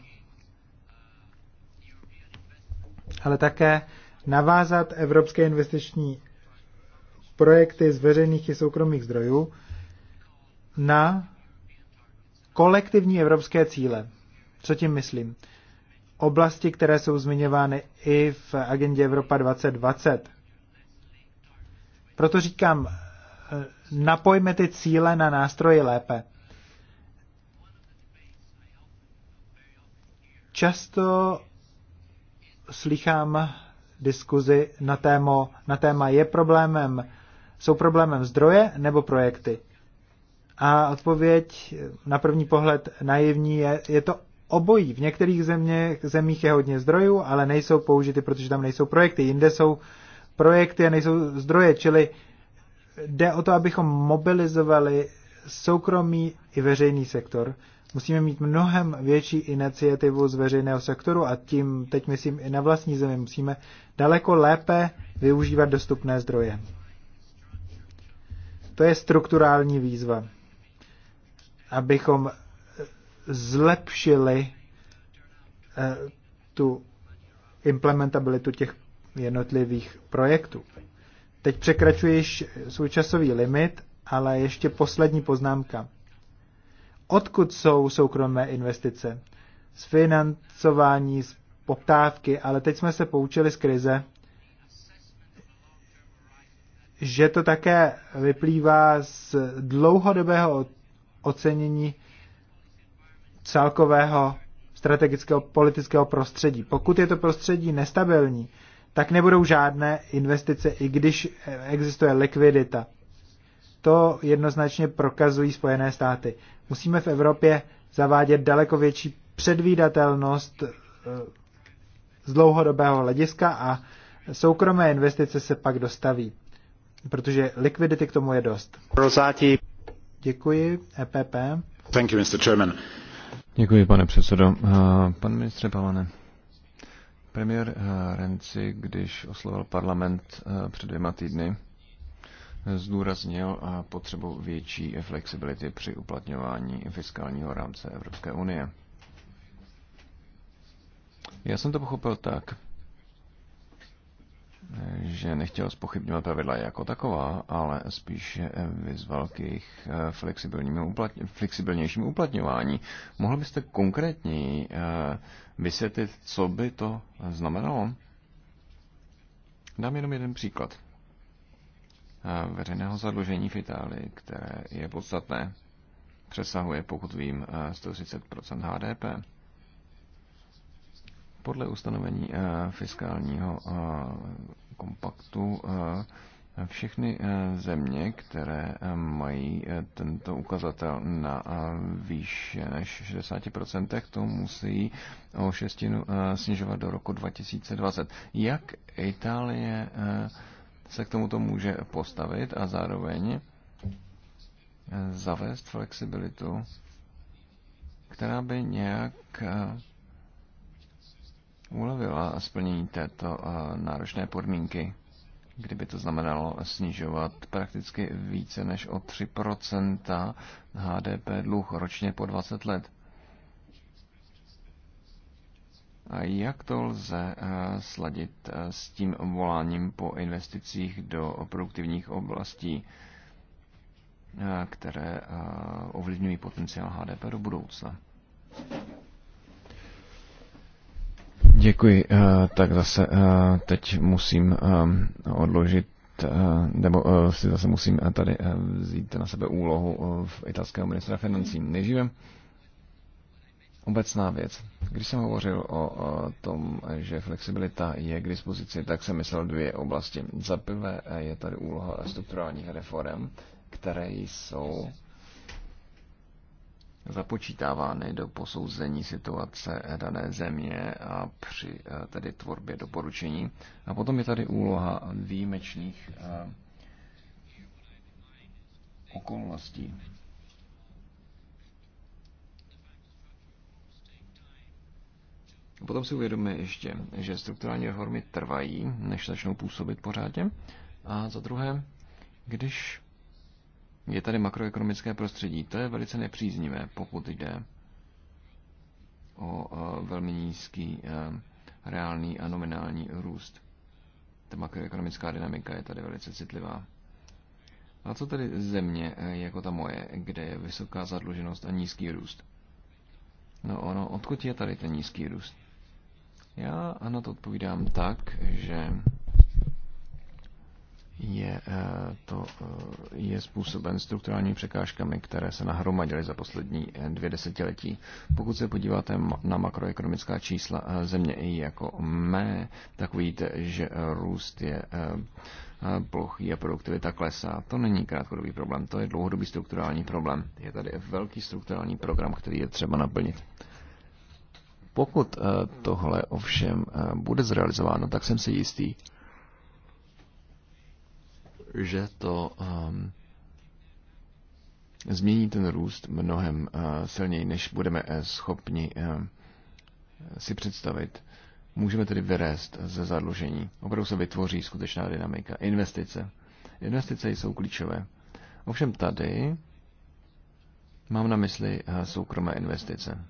ale také navázat evropské investiční projekty z veřejných i soukromých zdrojů na kolektivní evropské cíle. Co tím myslím? oblasti, které jsou zmiňovány i v agendě Evropa 2020. Proto říkám, eh, napojme ty cíle na nástroje lépe. Často slychám diskuzi na, témo, na téma, je problémem, jsou problémem zdroje nebo projekty. A odpověď na první pohled naivní je, je to obojí. V některých zeměch, zemích je hodně zdrojů, ale nejsou použity, protože tam nejsou projekty. Jinde jsou projekty a nejsou zdroje, čili jde o to, abychom mobilizovali soukromý i veřejný sektor. Musíme mít mnohem větší iniciativu z veřejného sektoru a tím, teď myslím, i na vlastní zemi musíme daleko lépe využívat dostupné zdroje. To je strukturální výzva, abychom zlepšili eh, tu implementabilitu těch jednotlivých projektů. Teď překračuješ současový limit, ale ještě poslední poznámka. Odkud jsou soukromé investice? Z financování, z poptávky, ale teď jsme se poučili z krize, že to také vyplývá z dlouhodobého ocenění celkového strategického politického prostředí. Pokud je to prostředí nestabilní, tak nebudou žádné investice, i když existuje likvidita. To jednoznačně prokazují Spojené státy. Musíme v Evropě zavádět daleko větší předvídatelnost eh, z dlouhodobého hlediska a soukromé investice se pak dostaví, protože likvidity k tomu je dost. Děkuji, EPP. Thank you, Mr. Chairman. Děkuji, pane předsedo. Eh, pan ministře Pavane, premiér eh, Renci, když oslovil parlament eh, před dvěma týdny, zdůraznil potřebu větší flexibility při uplatňování fiskálního rámce Evropské unie. Já jsem to pochopil tak, že nechtěl spochybňovat pravidla jako taková, ale spíše vyzval k jejich eh, uplatň, flexibilnějšímu uplatňování. Mohl byste konkrétně eh, vysvětlit, co by to znamenalo? Dám jenom jeden příklad eh, veřejného zadlužení v Itálii, které je podstatné. Přesahuje, pokud vím, 130 HDP. Podle ustanovení eh, fiskálního eh, kompaktu eh, všechny země, které mají tento ukazatel na výše než 60%, to musí o šestinu snižovat do roku 2020. Jak Itálie se k tomuto může postavit a zároveň zavést flexibilitu, která by nějak ulevila splnění této eh, náročné podmínky, kdyby to znamenalo snižovat prakticky více než o 3% HDP dluh ročně po 20 let. A jak to lze eh, sladit eh, s tím voláním po investicích do produktivních oblastí, které ovlivňují potenciál HDP do budoucna? Děkuji. Eh, tak zase eh, teď musím eh, odložit nebo si zase musím tady vzít na sebe úlohu v italského ministra financí. Nejdříve obecná věc. Když jsem hovořil o tom, že flexibilita je k dispozici, tak jsem myslel dvě oblasti. Za prvé je tady úloha strukturálních reform, které jsou započítávány do posouzení situace dané země a při eh, tedy tvorbě doporučení. A potom je tady úloha výjimečných eh, okolností. Potom si uvědomíme ještě, že strukturální reformy trvají, než začnou působit pořádně. A za druhé, když je tady makroekonomické prostředí. To je velice nepříznivé, pokud jde o e, velmi nízký e, reálný a nominální růst. Ta makroekonomická dynamika je tady velice citlivá. A co tedy země e, jako ta moje, kde je vysoká zadluženost a nízký růst? No ono, odkud je tady ten nízký růst? Já na to odpovídám tak, že je, eh, to, eh, je způsoben strukturálními překážkami, které se nahromadily za poslední eh, dvě desetiletí. Pokud se podíváte na makroekonomická čísla země i jako mé, tak vidíte, že růst je plochý a produktivita klesá. To není krátkodobý problém, to je dlouhodobý strukturální problém. Je tady velký strukturální program, který je třeba naplnit. Pokud tohle ovšem bude zrealizováno, tak jsem si jistý, že to um, změní ten růst mnohem uh, silněji, než budeme eh, schopni uh, si představit. Můžeme tedy vyrést ze zadlužení. Opravdu se vytvoří skutečná dynamika. Investice. Investice jsou klíčové. Ovšem tady mám na mysli eh, soukromé investice.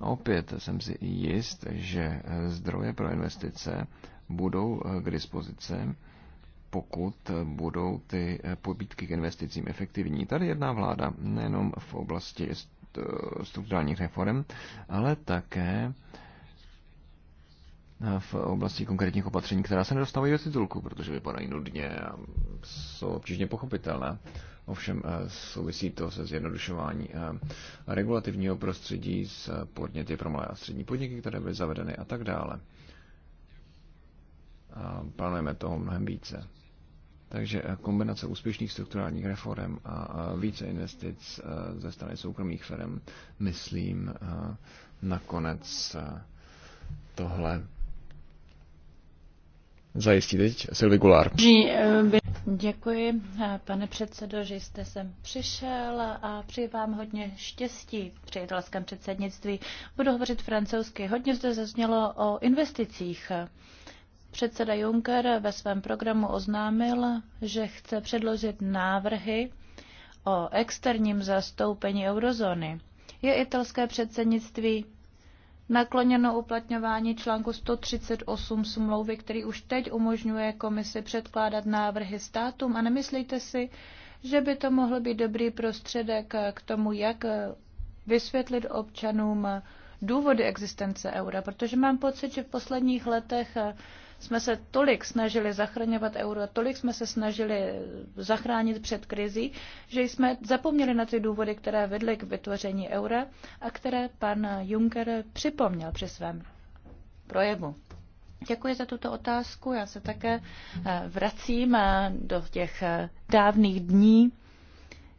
A opět jsem si jist, že zdroje pro investice budou k dispozici pokud budou ty eh, pobítky k investicím efektivní. Tady jedná vláda nejenom v oblasti strukturálních reform, ale také eh, v oblasti konkrétních opatření, která se nedostávají do titulku, protože vypadají nudně a jsou obtížně pochopitelné. Ovšem eh, souvisí to se zjednodušování regulativního prostředí s podněty pro malé a střední podniky, které byly zavedeny a tak dále a plánujeme toho mnohem více. Takže eh, kombinace úspěšných strukturálních reform a více investic eh, ze strany soukromých firm, myslím, eh, nakonec tohle zajistí teď Sylvie Gulár. Děkuji, pane předsedo, že jste sem přišel a přeji vám hodně štěstí při italském předsednictví. Budu hovořit francouzsky. Hodně zde zaznělo o investicích. Předseda Juncker ve svém programu oznámil, že chce předložit návrhy o externím zastoupení eurozóny. Je italské předsednictví nakloněno uplatňování článku 138 smlouvy, který už teď umožňuje komisi předkládat návrhy státům a nemyslíte si, že by to mohl být dobrý prostředek k tomu, jak vysvětlit občanům důvody existence eura, protože mám pocit, že v posledních letech jsme se tolik snažili zachraňovat euro, tolik jsme se snažili zachránit před krizí, že jsme zapomněli na ty důvody, které vedly k vytvoření eura a které pan Juncker připomněl při svém projevu. Děkuji za tuto otázku. Já se také eh, vracím eh, do těch eh, dávných dní,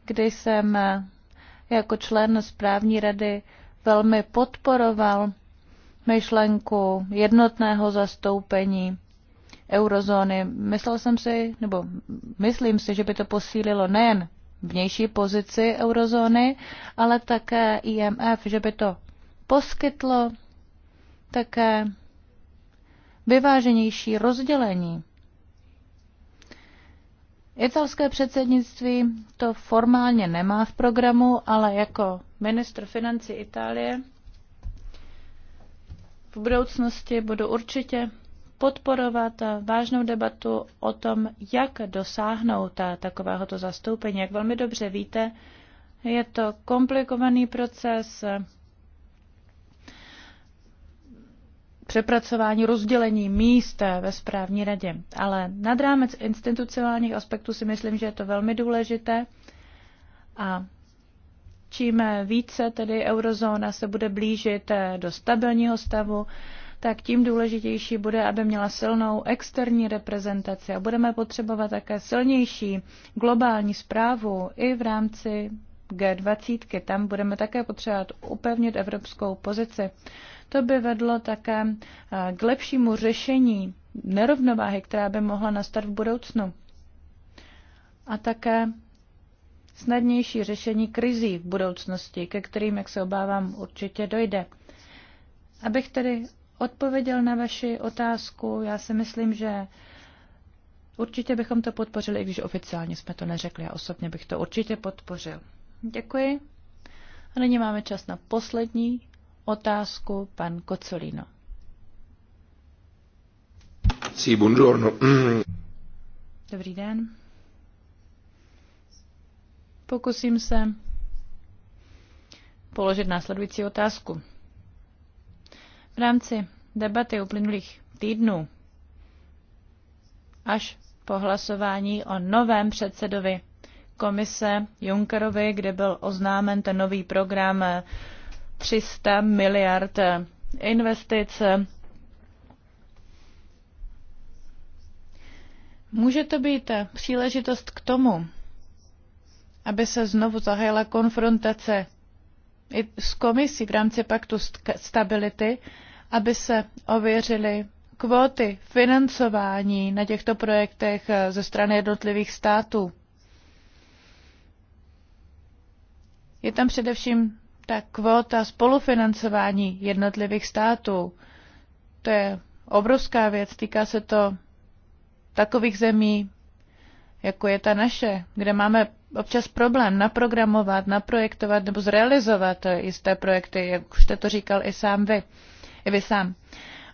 kdy jsem jako člen správní rady velmi podporoval myšlenku jednotného zastoupení eurozóny. Myslel jsem si, nebo myslím si, že by to posílilo nejen vnější pozici eurozóny, ale také IMF, že by to poskytlo také vyváženější rozdělení. Italské předsednictví to formálně nemá v programu, ale jako ministr financí Itálie v budoucnosti budu určitě podporovat vážnou debatu o tom, jak dosáhnout takovéhoto zastoupení. Jak velmi dobře víte, je to komplikovaný proces přepracování, rozdělení míst ve správní radě. Ale nad rámec institucionálních aspektů si myslím, že je to velmi důležité a čím více tedy eurozóna se bude blížit eh, do stabilního stavu, tak tím důležitější bude, aby měla silnou externí reprezentaci a budeme potřebovat také silnější globální zprávu i v rámci G20. Tam budeme také potřebovat upevnit evropskou pozici. To by vedlo také eh, k lepšímu řešení nerovnováhy, která by mohla nastat v budoucnu. A také snadnější řešení krizí v budoucnosti, ke kterým, jak se obávám, určitě dojde. Abych tedy odpověděl na vaši otázku, já si myslím, že určitě bychom to podpořili, i když oficiálně jsme to neřekli. Já osobně bych to určitě podpořil. Děkuji. A nyní máme čas na poslední otázku, pan Kocolino. buongiorno. Dobrý den. Pokusím se položit následující otázku. V rámci debaty uplynulých týdnů až po hlasování o novém předsedovi komise Junckerovi, kde byl oznámen ten nový program 300 eh, miliard eh, investic. Může to být eh, příležitost k tomu, aby se znovu zahájila konfrontace i s komisí v rámci paktu stability, aby se ověřily kvóty financování na těchto projektech eh, ze strany jednotlivých států. Je tam především ta kvóta spolufinancování jednotlivých států. To je obrovská věc, týká se to takových zemí, jako je ta naše, kde máme občas problém naprogramovat, naprojektovat nebo zrealizovat jisté projekty, jak už jste to říkal i sám vy, i vy sám.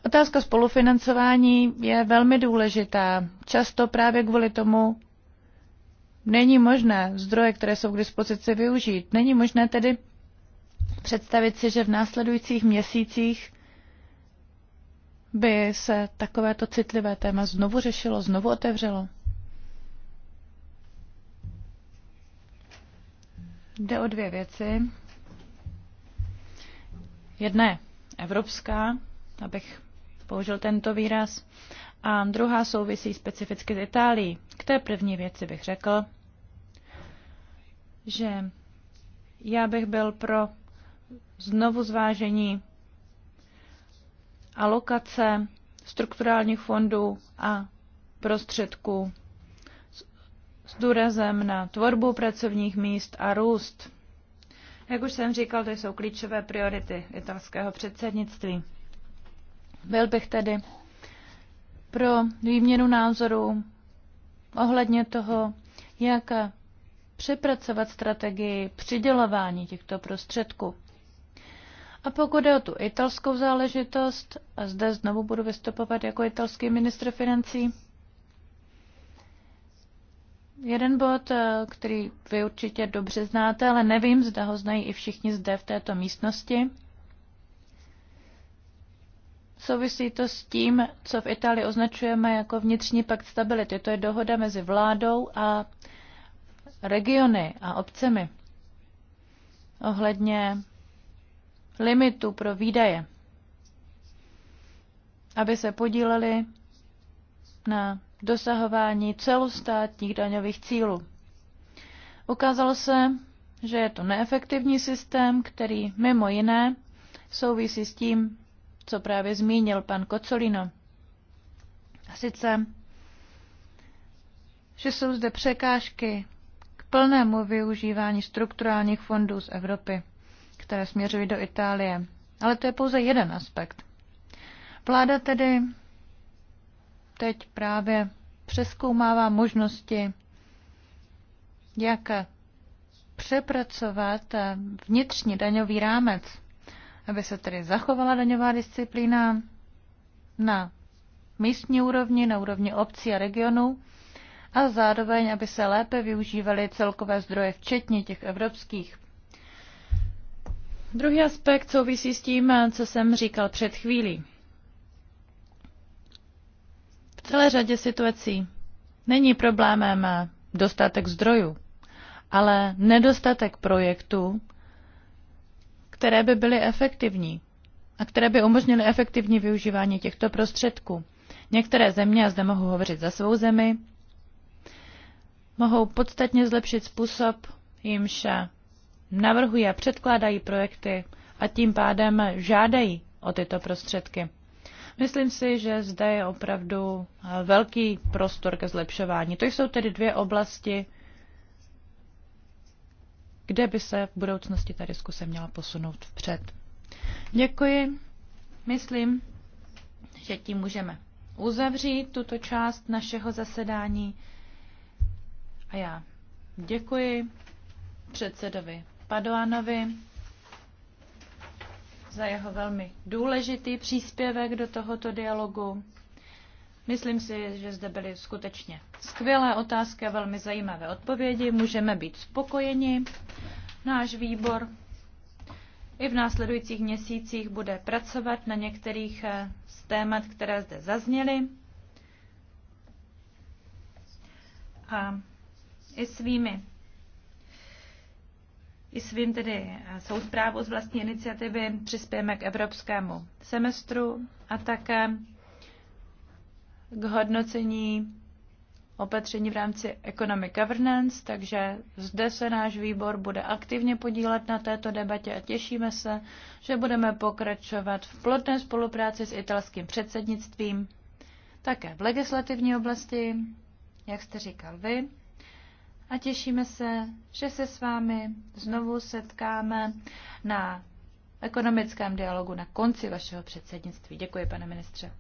Otázka spolufinancování je velmi důležitá. Často právě kvůli tomu není možné zdroje, které jsou k dispozici, využít. Není možné tedy představit si, že v následujících měsících by se takovéto citlivé téma znovu řešilo, znovu otevřelo. Jde o dvě věci. Jedna je evropská, abych použil tento výraz, a druhá souvisí specificky s Itálií. K té první věci bych řekl, že já bych byl pro znovu zvážení alokace strukturálních fondů a prostředků důrazem na tvorbu pracovních míst a růst. Jak už jsem říkal, to jsou klíčové priority italského předsednictví. Byl bych tedy pro výměnu názorů ohledně toho, jak přepracovat strategii přidělování těchto prostředků. A pokud je o tu italskou záležitost, a zde znovu budu vystupovat jako italský ministr financí, Jeden bod, eh, který vy určitě dobře znáte, ale nevím, zda ho znají i všichni zde v této místnosti. Souvisí to s tím, co v Itálii označujeme jako vnitřní pakt stability. To je dohoda mezi vládou a regiony a obcemi ohledně limitu pro výdaje, aby se podíleli na dosahování celostátních daňových cílů. Ukázalo se, že je to neefektivní systém, který mimo jiné souvisí s tím, co právě zmínil pan Kocolino. Sice, že jsou zde překážky k plnému využívání strukturálních fondů z Evropy, které směřují do Itálie. Ale to je pouze jeden aspekt. Vláda tedy teď právě přeskoumává možnosti, jak přepracovat vnitřní daňový rámec, aby se tedy zachovala daňová disciplína na místní úrovni, na úrovni obcí a regionů a zároveň, aby se lépe využívaly celkové zdroje, včetně těch evropských. Druhý aspekt souvisí s tím, co jsem říkal před chvílí celé řadě situací není problémem dostatek zdrojů, ale nedostatek projektů, které by byly efektivní a které by umožnily efektivní využívání těchto prostředků. Některé země, a zde mohu hovořit za svou zemi, mohou podstatně zlepšit způsob, jimž navrhují a předkládají projekty a tím pádem žádají o tyto prostředky. Myslím si, že zde je opravdu eh, velký prostor ke zlepšování. To jsou tedy dvě oblasti, kde by se v budoucnosti ta diskuse měla posunout vpřed. Děkuji. Myslím, že tím můžeme uzavřít tuto část našeho zasedání. A já děkuji předsedovi Padoánovi za jeho velmi důležitý příspěvek do tohoto dialogu. Myslím si, že zde byly skutečně skvělé otázky a velmi zajímavé odpovědi. Můžeme být spokojeni. Náš výbor i v následujících měsících bude pracovat na některých eh, z témat, které zde zazněly. A i svými i svým tedy eh, souzprávu z vlastní iniciativy přispějeme k evropskému semestru a také k hodnocení opatření v rámci Economic Governance, takže zde se náš výbor bude aktivně podílet na této debatě a těšíme se, že budeme pokračovat v plodné spolupráci s italským předsednictvím, také v legislativní oblasti, jak jste říkal vy a těšíme se, že se s vámi znovu setkáme na ekonomickém dialogu na konci vašeho předsednictví. Děkuji, pane ministře.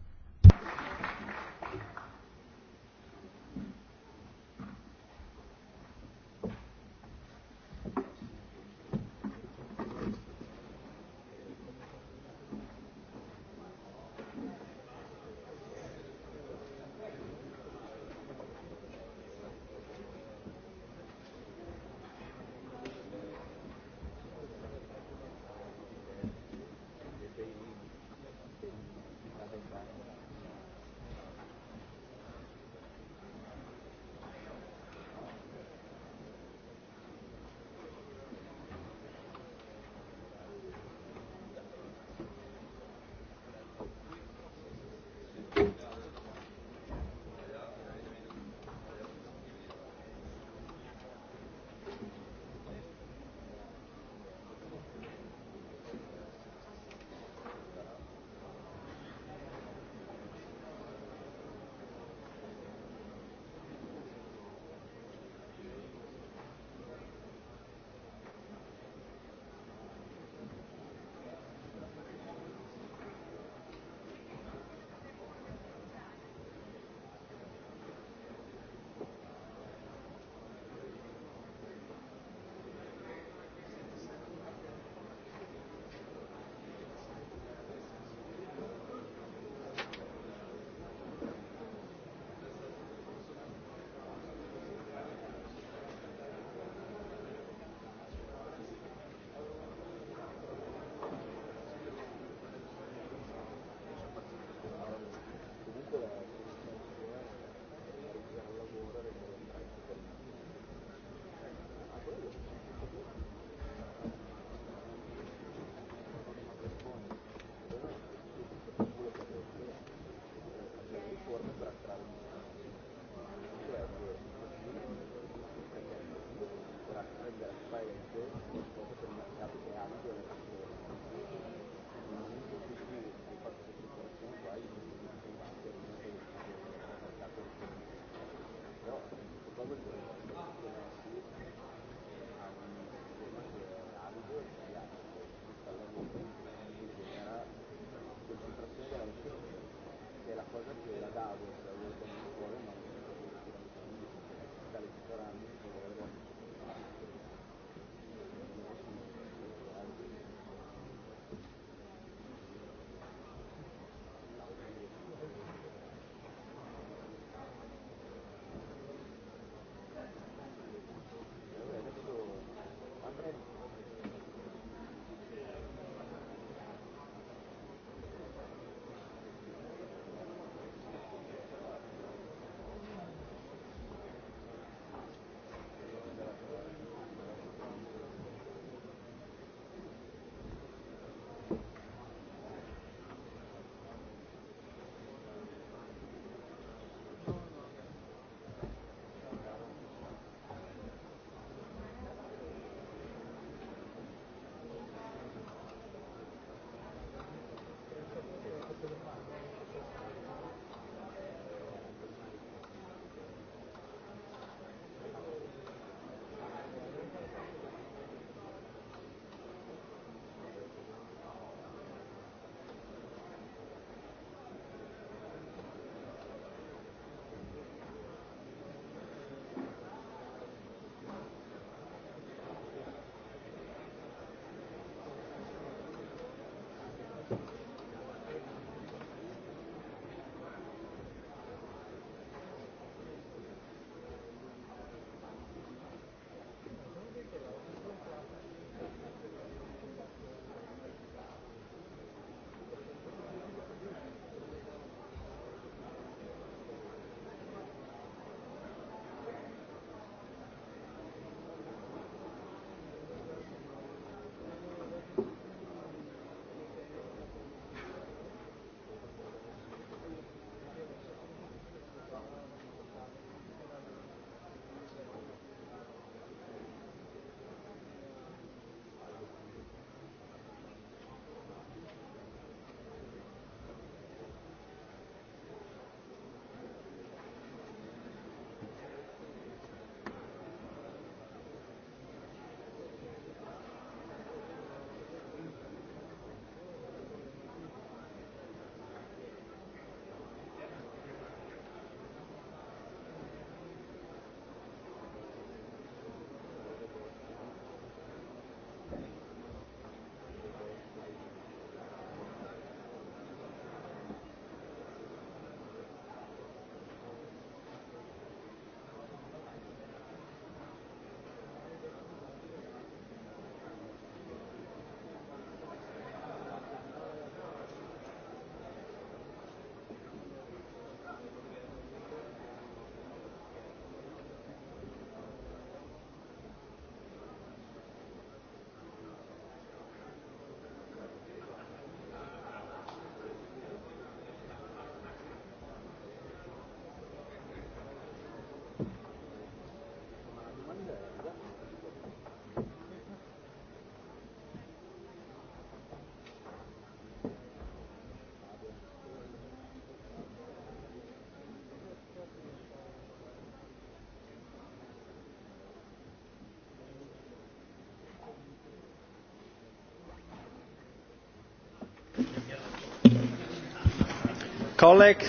Koleg.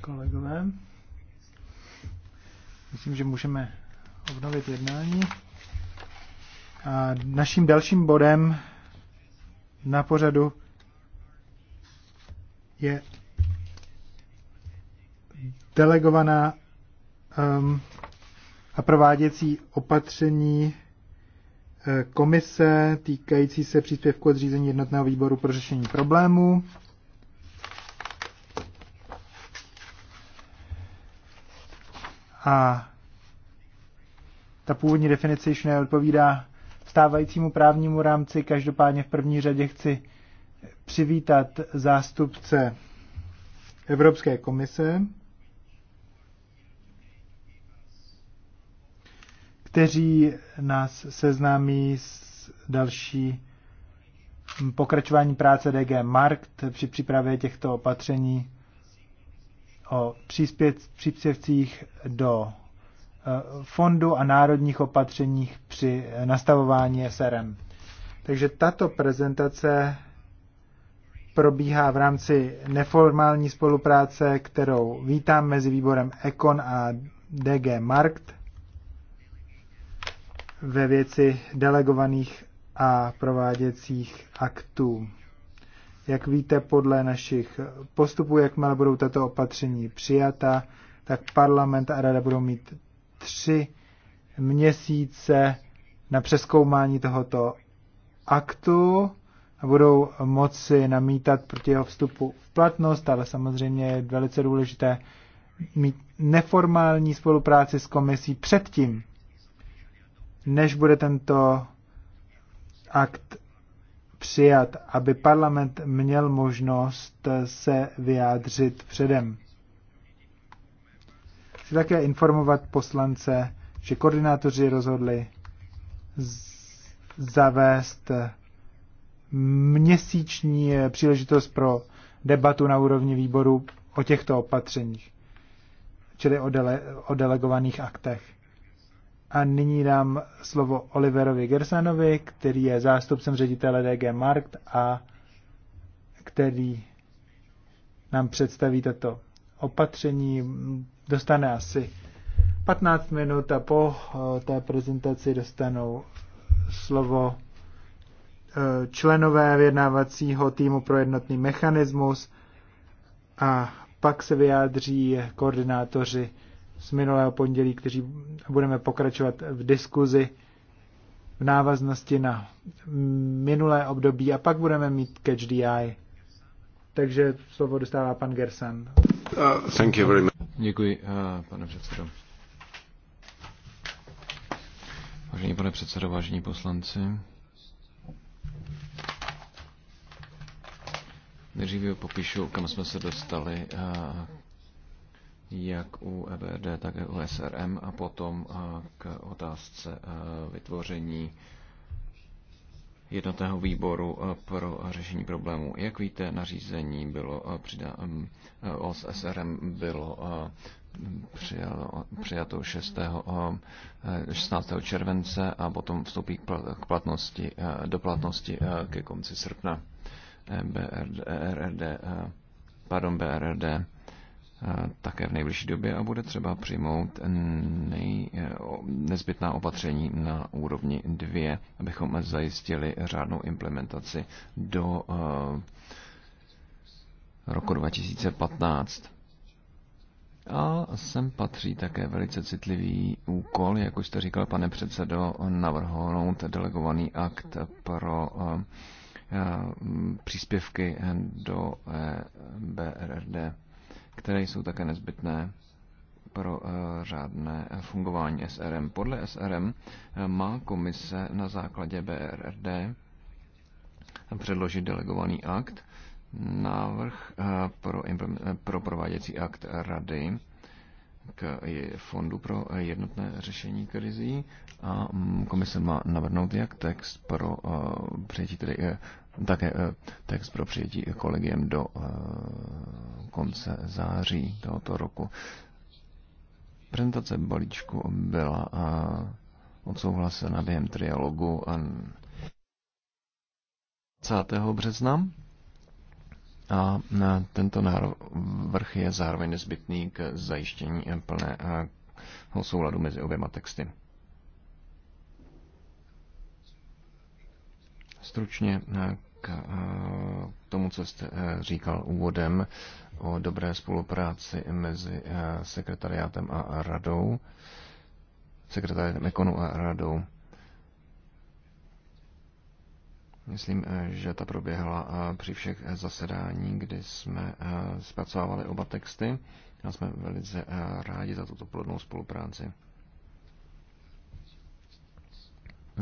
Kolegové, myslím, že můžeme obnovit jednání. A naším dalším bodem na pořadu je delegovaná um, a prováděcí opatření e, komise týkající se příspěvku od řízení jednotného výboru pro řešení problémů. A ta původní definice již neodpovídá stávajícímu právnímu rámci. Každopádně v první řadě chci přivítat zástupce Evropské komise, kteří nás seznámí s další pokračování práce DG Markt při přípravě těchto opatření o příspěvcích do eh, fondu a národních opatřeních při eh, nastavování SRM. Takže tato prezentace probíhá v rámci neformální spolupráce, kterou vítám mezi výborem Econ a DG Markt ve věci delegovaných a prováděcích aktů. Jak víte, podle našich postupů, jakmile budou tato opatření přijata, tak parlament a rada budou mít tři měsíce na přeskoumání tohoto aktu a budou moci namítat proti jeho vstupu v platnost, ale samozřejmě je velice důležité mít neformální spolupráci s komisí předtím, než bude tento akt přijat, aby parlament měl možnost se vyjádřit předem. Chci také informovat poslance, že koordinátoři rozhodli zavést měsíční příležitost pro debatu na úrovni výboru o těchto opatřeních, čili o, dele- o delegovaných aktech. A nyní dám slovo Oliverovi Gersanovi, který je zástupcem ředitele DG Markt a který nám představí toto opatření. Dostane asi 15 minut a po eh, té prezentaci dostanou slovo eh, členové vyjednávacího týmu pro jednotný mechanismus a pak se vyjádří koordinátoři z minulého pondělí, kteří budeme pokračovat v diskuzi v návaznosti na minulé období a pak budeme mít catch the eye. Takže slovo dostává pan Gersand. Uh, thank you very much. Děkuji, uh, pane předsedo. Vážení pane předsedo, vážení poslanci. Nejdřív popíšu, kam jsme se dostali eh, jak u EBRD, tak i u SRM a potom k otázce vytvoření jednotného výboru pro řešení problémů. Jak víte, nařízení bylo přidá, OS SRM bylo přijato 6. 16. července a potom vstoupí k platnosti, do platnosti ke konci srpna. E BRD, e RRD, pardon, BRD Eh, také v nejbližší době a bude třeba přijmout nej, eh, nezbytná opatření na úrovni 2, abychom zajistili řádnou implementaci do eh, roku 2015. A sem patří také velice citlivý úkol, jak už jste říkal, pane předsedo, navrhnout delegovaný akt pro příspěvky do BRD které jsou také nezbytné pro eh, řádné eh, fungování SRM. Podle SRM eh, má komise na základě BRRD předložit delegovaný akt, návrh pro, pro prováděcí akt rady k Fondu pro jednotné řešení krizí a mm, komise má navrhnout jak text pro přijetí tedy také eh, text pro přijetí kolegiem do eh, konce září tohoto roku. Prezentace balíčku byla eh, odsouhlasena během trialogu 20. března a tento návrh je zároveň nezbytný k zajištění plného souladu mezi oběma texty. Stručně k eh, tomu, co jste eh, říkal úvodem o dobré spolupráci mezi eh, sekretariátem a radou, sekretariátem ekonu a radou. Myslím, že ta proběhla při všech zasedání, kdy jsme zpracovávali oba texty a jsme velice rádi za tuto plodnou spolupráci.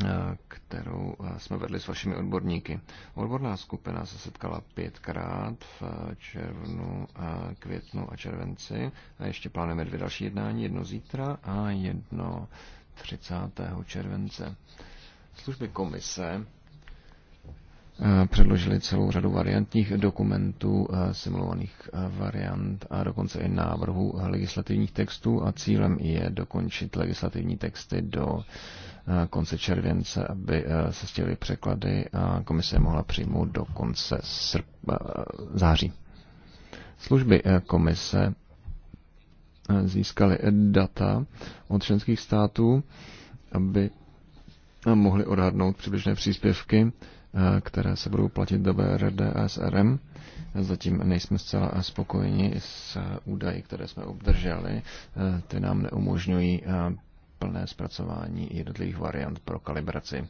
Eh, kterou eh, jsme vedli s vašimi odborníky. Odborná skupina se setkala pětkrát v červnu, eh, květnu a červenci a ještě plánujeme dvě další jednání, jedno zítra a jedno 30. července. Služby komise předložili celou řadu variantních dokumentů, simulovaných variant a dokonce i návrhů legislativních textů a cílem je dokončit legislativní texty do Eh, konce července, aby eh, se stěly překlady a komise mohla přijmout do konce srp, eh, září. Služby komise získaly data od členských států, aby mohli odhadnout přibližné příspěvky, které se budou platit do BRD a SRM. Zatím nejsme zcela spokojeni s údaji, které jsme obdrželi. Ty nám neumožňují plné zpracování jednotlivých variant pro kalibraci.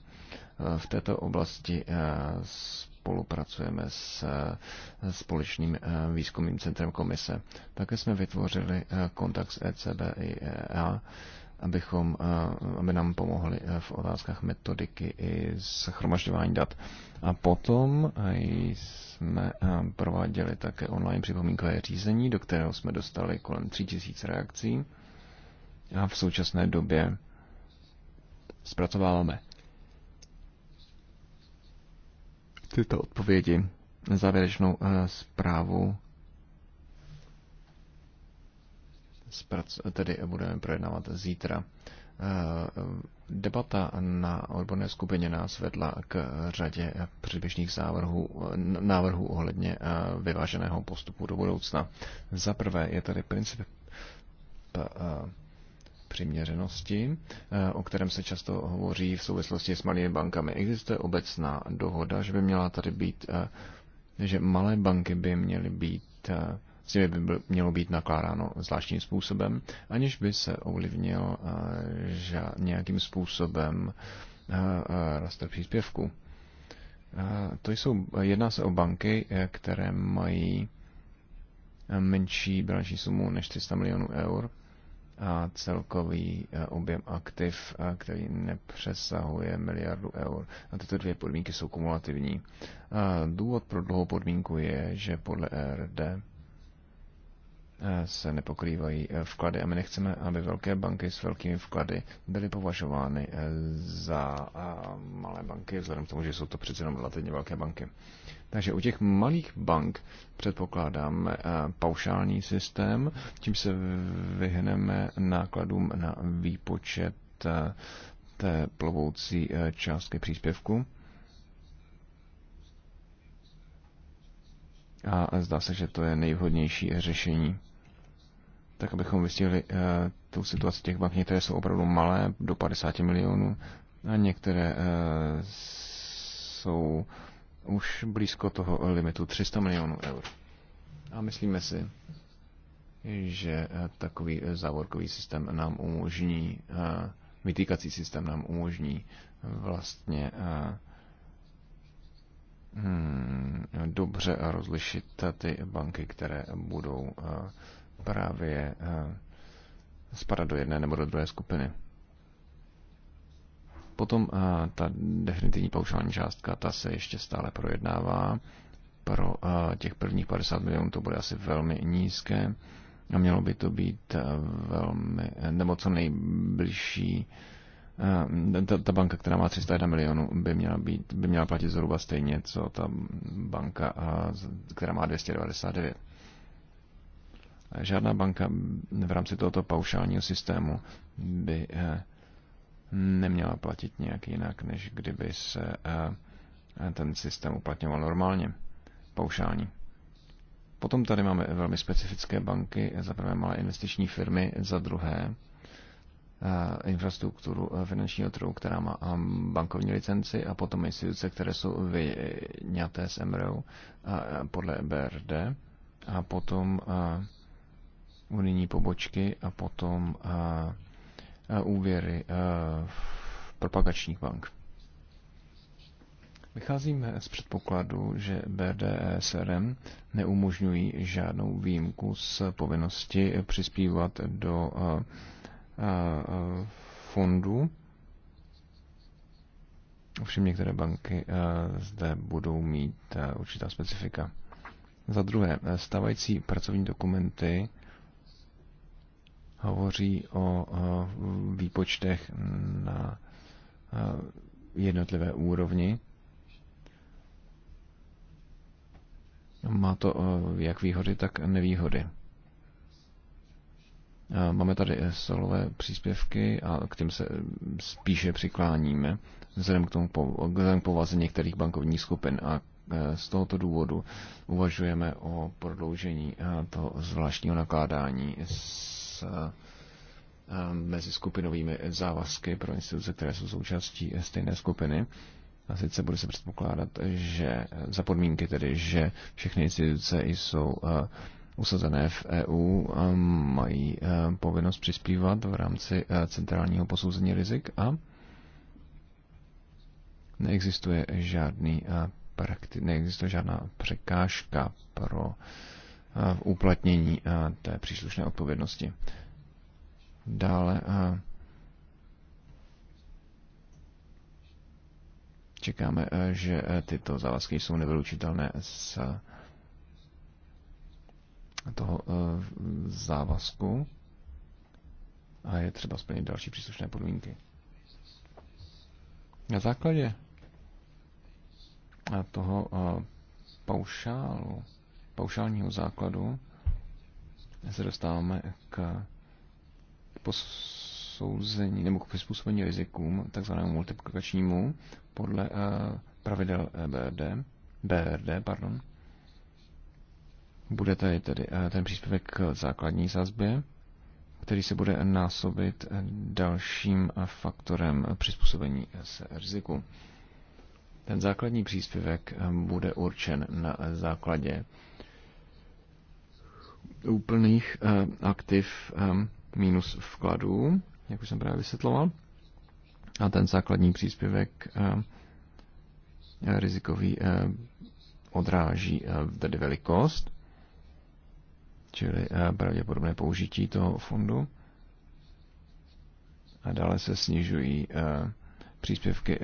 V této oblasti eh, spolupracujeme s eh, společným eh, výzkumným centrem komise. Také jsme vytvořili kontakt s ECB i EA, abychom, aby nám pomohli v otázkách metodiky i schromažďování dat. A potom jsme prováděli také online připomínkové řízení, do kterého jsme dostali kolem 3000 reakcí a v současné době zpracováváme. Tyto odpovědi závěrečnou eh, zprávu tedy budeme projednávat zítra. Eh, debata na odborné skupině nás vedla k řadě předběžných závrhů, eh, návrhů ohledně vyváženého postupu do budoucna. Za prvé je tady princip přiměřenosti, eh, o kterém se často hovoří v souvislosti s malými bankami. Existuje obecná dohoda, že by měla tady být, eh, že malé banky by měly být eh, s nimi by mělo být nakládáno zvláštním způsobem, aniž by se ovlivnil že nějakým způsobem roste příspěvku. To jsou, jedná se o banky, které mají menší bilanční sumu než 300 milionů eur a celkový e, objem aktiv, e, který nepřesahuje miliardu eur. A tyto dvě podmínky jsou kumulativní. A e, důvod pro dlouhou podmínku je, že podle ERD se nepokrývají vklady a my nechceme, aby velké banky s velkými vklady byly považovány za malé banky, vzhledem k tomu, že jsou to přece jenom relativně velké banky. Takže u těch malých bank předpokládám eh, paušální systém, tím se vyhneme nákladům na výpočet eh, té plovoucí eh, částky příspěvku. A zdá se, že to je nejvhodnější řešení. Tak abychom vystihli tu situaci těch bank, některé jsou opravdu malé, do 50 milionů, a některé jsou už blízko toho limitu 300 milionů eur. A myslíme si, že eh, takový eh, závorkový systém nám umožní, eh, vytýkací systém nám umožní vlastně hmm, dobře rozlišit ty banky, které budou právě spadat do jedné nebo do druhé skupiny. Potom eh, ta definitivní paušální částka, ta se ještě stále projednává. Pro eh, těch prvních 50 milionů to bude asi velmi nízké a mělo by to být eh, velmi, nebo co nejbližší ta, ta banka, která má 301 milionů, by měla, být, by měla platit zhruba stejně, co ta banka, která má 299. Žádná banka v rámci tohoto paušálního systému by neměla platit nějak jinak, než kdyby se eh, ten systém uplatňoval normálně, paušální. Potom tady máme velmi specifické banky, za prvé malé investiční firmy, za druhé eh, infrastrukturu eh, finančního trhu, která má bankovní licenci a potom instituce, které jsou vyňaté z MRO podle BRD a potom unijní pobočky a potom úvěry propagačních bank. Vycházíme z předpokladu, že BDSRM e neumožňují žádnou výjimku z povinnosti přispívat do fondu. Ovšem některé banky zde budou mít určitá specifika. Za druhé, stávající pracovní dokumenty hovoří o výpočtech na e, jednotlivé úrovni. Má to e, jak výhody, tak nevýhody. E, máme tady solové příspěvky a k těm se spíše přikláníme vzhledem k, tomu, vzhledem k povaze některých bankovních skupin a z tohoto důvodu uvažujeme o prodloužení toho zvláštního nakládání s s eh, eh, mezi skupinovými závazky pro instituce, které jsou součástí stejné skupiny. A sice bude se předpokládat, že za podmínky tedy, že všechny instituce jsou eh, usazené v EU, mají povinnost přispívat v rámci centrálního posouzení rizik a neexistuje žádný neexistuje žádná překážka pro v uplatnění eh, té příslušné odpovědnosti. Dále eh, čekáme, eh, že tyto závazky jsou nevylučitelné z toho závazku a je třeba splnit další příslušné podmínky. Na základě toho paušálu paušálního základu se dostáváme k posouzení nebo k přizpůsobení rizikům, takzvanému multiplikačnímu, podle eh, pravidel EBRD, BRD, pardon. Bude tady tedy eh, ten příspěvek k základní sazbě, který se bude násobit eh, dalším faktorem přizpůsobení se riziku. Ten základní příspěvek bude určen na základě úplných eh, aktiv eh, minus vkladů, jak už jsem právě vysvětloval. A ten základní příspěvek eh, rizikový odráží tedy velikost, čili pravděpodobné použití toho fondu. A dále se snižují příspěvky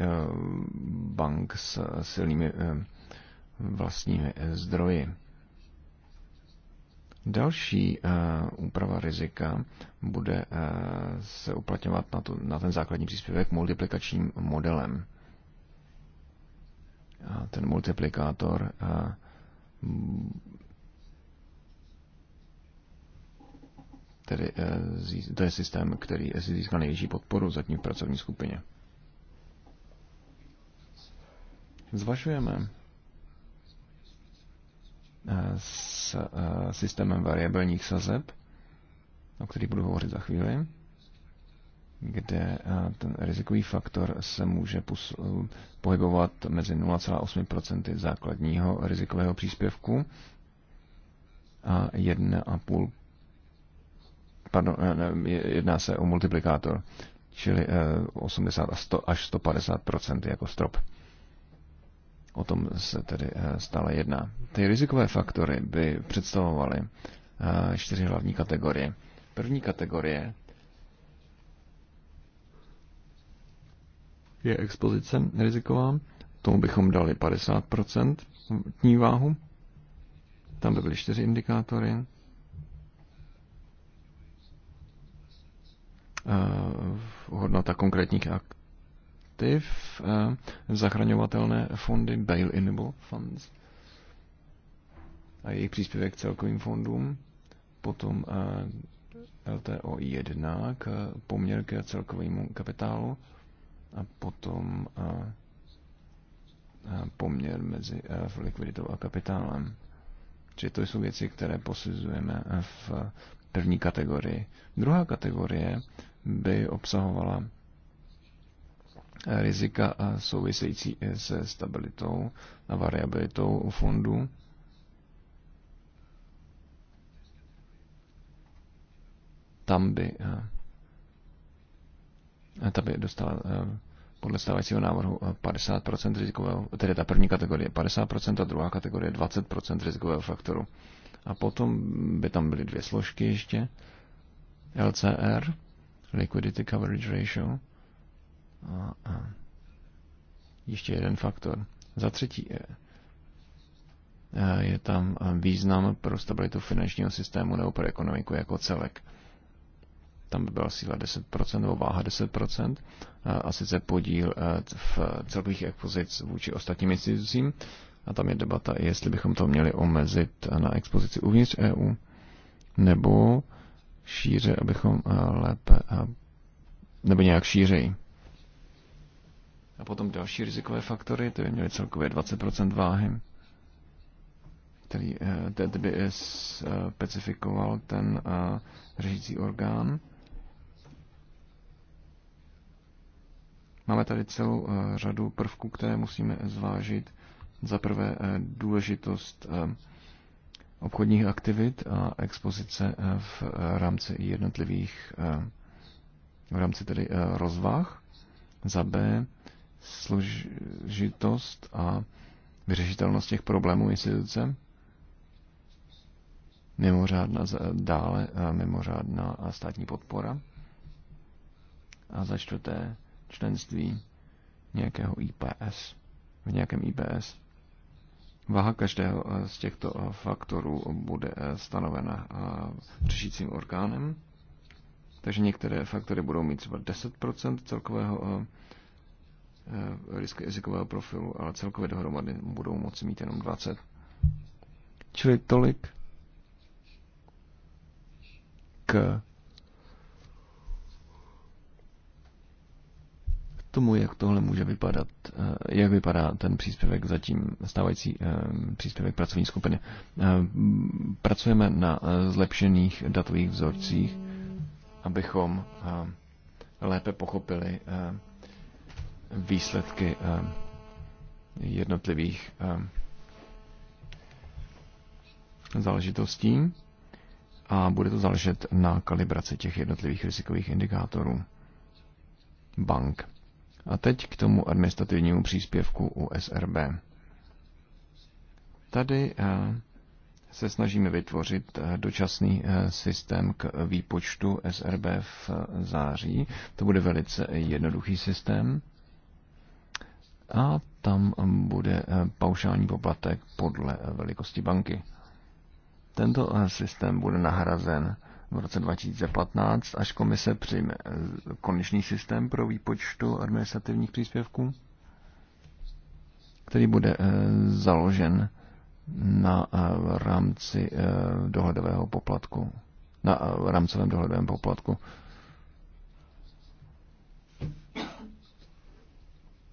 bank s silnými vlastními zdroji. Další uh, úprava rizika bude uh, se uplatňovat na, tu, na ten základní příspěvek multiplikačním modelem. A ten multiplikátor uh, tedy, uh, to je systém, který si získal největší podporu zatím v pracovní skupině. Zvažujeme Eh, s eh, systémem variabilních sazeb, o kterých budu hovořit za chvíli, kde eh, ten rizikový faktor se může pohybovat mezi 0,8 základního rizikového příspěvku a 1,5 pardon, jedná se o multiplikátor, čili 80 až 150 jako strop. O tom se tedy eh, stále jedná. Ty rizikové faktory by představovaly eh, čtyři hlavní kategorie. První kategorie je expozice riziková. Tomu bychom dali 50% tní váhu. Tam by byly čtyři indikátory. Eh, hodnota konkrétních akt aktiv, eh, zachraňovatelné fondy, bail-inable funds a jejich příspěvek k celkovým fondům, potom eh, LTO 1 k poměr k celkovému kapitálu a potom eh, poměr mezi likviditou a kapitálem. Čili to jsou věci, které posuzujeme v první kategorii. Druhá kategorie by obsahovala Eh, rizika eh, související eh, se stabilitou a variabilitou fondu. Tam by, ta by dostala podle stávajícího návrhu 50% rizikového, tedy ta první kategorie 50%, a druhá kategorie 20% rizikového faktoru. A potom by tam byly dvě složky ještě. LCR, Liquidity Coverage Ratio, a, no a ještě jeden faktor. Za třetí je, eh, je tam význam pro stabilitu finančního systému nebo pro ekonomiku jako celek. Tam by byla síla 10% nebo váha 10% eh, a sice podíl eh, v celkových expozic vůči ostatním institucím. A tam je debata, jestli bychom to měli omezit na expozici uvnitř EU nebo šíře, abychom lépe nebo nějak šířeji. A potom další rizikové faktory, ty by měly celkově 20% váhy, který eh, tedy by eh, eh, specifikoval ten řídící orgán. Máme tady celou řadu prvků, které musíme zvážit. Za prvé důležitost obchodních aktivit a expozice v rámci jednotlivých, v rámci tedy rozvah. Za B složitost a vyřešitelnost těch problémů instituce. Mimořádná dále eh, mimořádná státní podpora. A za čtvrté členství nějakého IPS, v nějakém IPS. Váha každého eh, z těchto eh, faktorů bude stanovena řešícím orgánem, takže některé faktory budou mít třeba 10% celkového Eh, risky jazykového profilu, ale celkově dohromady budou moci mít jenom 20. Čili tolik k tomu, jak tohle může vypadat, eh, jak vypadá ten příspěvek zatím stávající eh, příspěvek pracovní skupiny. Pracujeme na zlepšených datových vzorcích, abychom lépe pochopili výsledky ehm, jednotlivých ehm, záležitostí a bude to záležet na kalibraci těch jednotlivých rizikových indikátorů bank. A teď k tomu administrativnímu příspěvku u SRB. Tady ehm, se snažíme vytvořit eh, dočasný eh, systém k výpočtu SRB v eh, září. To bude velice jednoduchý systém a tam um, bude eh, paušální poplatek podle eh, velikosti banky. Tento eh, systém bude nahrazen v roce 2015, až komise přijme konečný systém pro výpočtu administrativních příspěvků, který bude založen na rámci dohledového poplatku, na rámcovém dohledovém poplatku.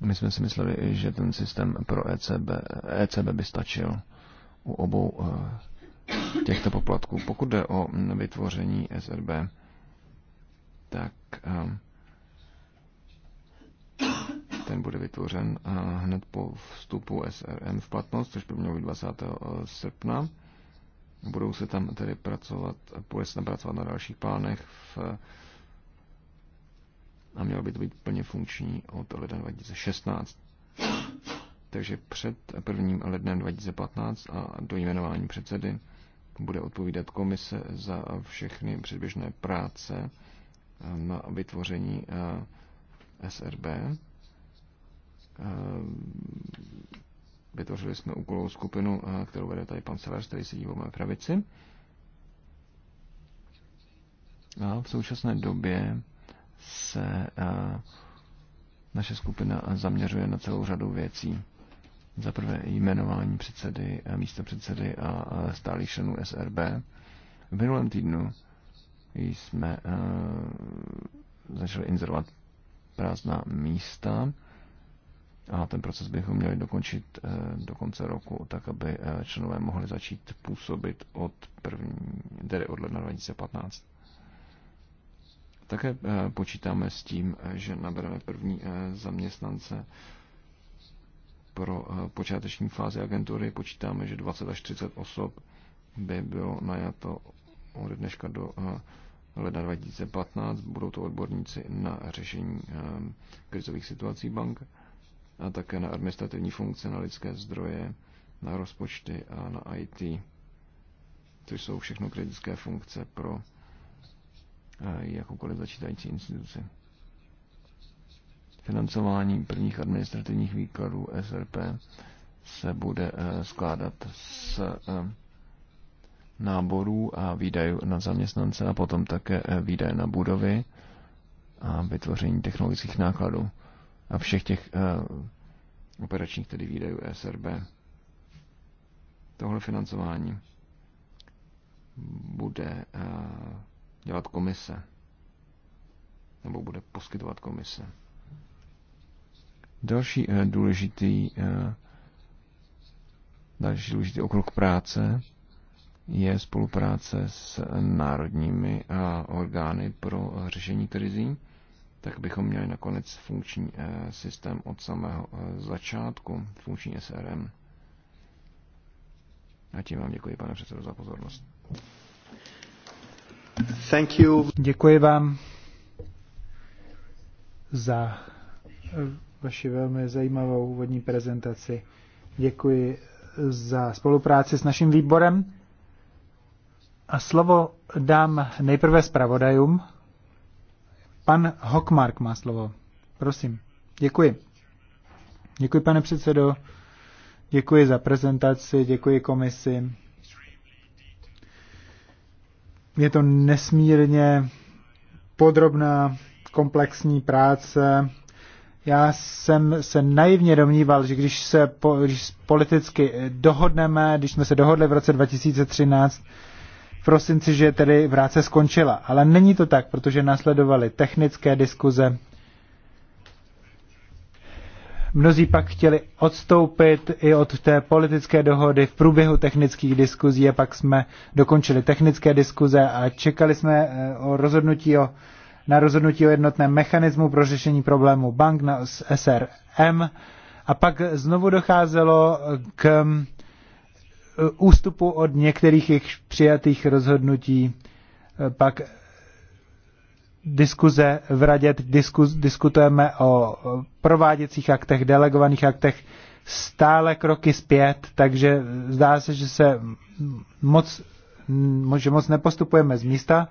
My jsme si mysleli, že ten systém pro ECB, ECB by stačil u obou eh, těchto poplatků. Pokud jde o vytvoření SRB, tak eh, ten bude vytvořen eh, hned po vstupu SRM v platnost, což by mělo být 20. srpna. Budou se tam tedy pracovat, bude se tam pracovat na dalších plánech v a mělo by to být plně funkční od ledna 2016. Takže před prvním lednem 2015 a do jmenování předsedy bude odpovídat komise za všechny předběžné práce ehm, na vytvoření eh, SRB. Ehm, vytvořili jsme úkolovou skupinu, eh, kterou vede tady pan Severs, který sedí v mé pravici. A v současné době se eh, naše skupina zaměřuje na celou řadu věcí. Za prvé jmenování předsedy, a eh, místo předsedy a eh, stálých členů SRB. V minulém týdnu jsme začali inzerovat prázdná místa a ten proces bychom měli dokončit do konce roku, tak aby členové mohli začít působit od, první, tedy od ledna 2015. Také eh, počítáme s tím, eh, že nabereme první eh, zaměstnance pro počáteční fázi agentury. Počítáme, že 20 až 30 osob by bylo najato od dneška do ledna 2015. Budou to odborníci na řešení krizových situací bank a také na administrativní funkce, na lidské zdroje, na rozpočty a na IT, což jsou všechno kritické funkce pro jakoukoliv začítající instituci. Financování prvních administrativních výkladů SRP se bude eh, skládat z eh, náborů a výdajů na zaměstnance a potom také eh, výdaje na budovy a vytvoření technologických nákladů a všech těch operačních tedy výdajů SRB. Tohle financování bude dělat komise. Nebo bude poskytovat komise. Další eh, důležitý, eh, další důležitý okruh práce je spolupráce s národními eh, orgány pro řešení krizí, tak bychom měli nakonec funkční systém od samého začátku, funkční SRM. A tím vám děkuji, pane předsedo, za pozornost. Děkuji vám za eh, vaši velmi zajímavou úvodní prezentaci. Děkuji za spolupráci s naším výborem. A slovo dám nejprve zpravodajům. Pan Hockmark má slovo. Prosím. Děkuji. Děkuji, pane předsedo. Děkuji za prezentaci, děkuji komisi je to nesmírně podrobná, komplexní práce. Já jsem se naivně domníval, že když se po, když politicky dohodneme, když jsme se dohodli v roce 2013, v prosinci, že tedy práce skončila. Ale není to tak, protože následovaly technické diskuze, Mnozí pak chtěli odstoupit i od té politické dohody v průběhu technických diskuzí a pak jsme dokončili technické diskuze a čekali jsme eh, o rozhodnutí o, na rozhodnutí o jednotném mechanismu pro řešení problému bank na SRM a pak znovu docházelo k eh, ústupu od některých jejich přijatých rozhodnutí. Eh, pak diskuze v radě, diskus, diskutujeme o prováděcích aktech, delegovaných aktech, stále kroky zpět, takže zdá se, že se moc, že moc nepostupujeme z místa.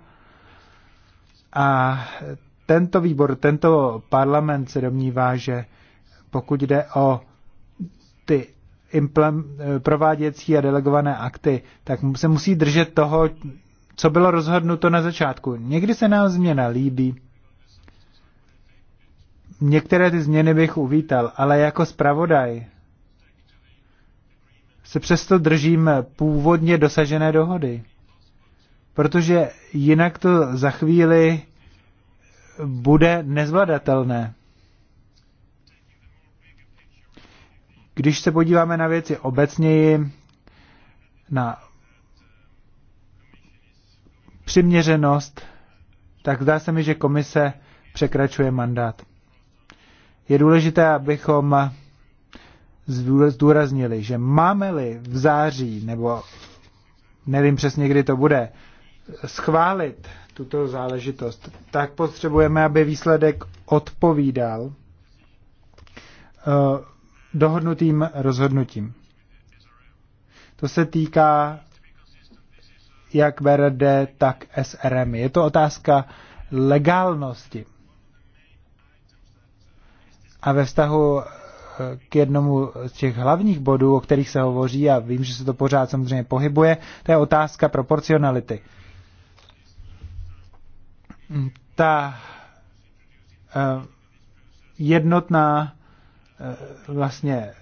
A tento výbor, tento parlament se domnívá, že pokud jde o ty prováděcí a delegované akty, tak se musí držet toho, co bylo rozhodnuto na začátku. Někdy se nám změna líbí, některé ty změny bych uvítal, ale jako zpravodaj se přesto držím původně dosažené dohody. Protože jinak to za chvíli bude nezvladatelné. Když se podíváme na věci obecněji, na přiměřenost, tak zdá se mi, že komise překračuje mandát. Je důležité, abychom zdůraznili, že máme-li v září, nebo nevím přesně, kdy to bude, schválit tuto záležitost, tak potřebujeme, aby výsledek odpovídal eh, dohodnutým rozhodnutím. To se týká jak BRD, tak SRM. Je to otázka legálnosti. A ve vztahu eh, k jednomu z těch hlavních bodů, o kterých se hovoří, a vím, že se to pořád samozřejmě pohybuje, to je otázka proporcionality. Ta eh, jednotná eh, vlastně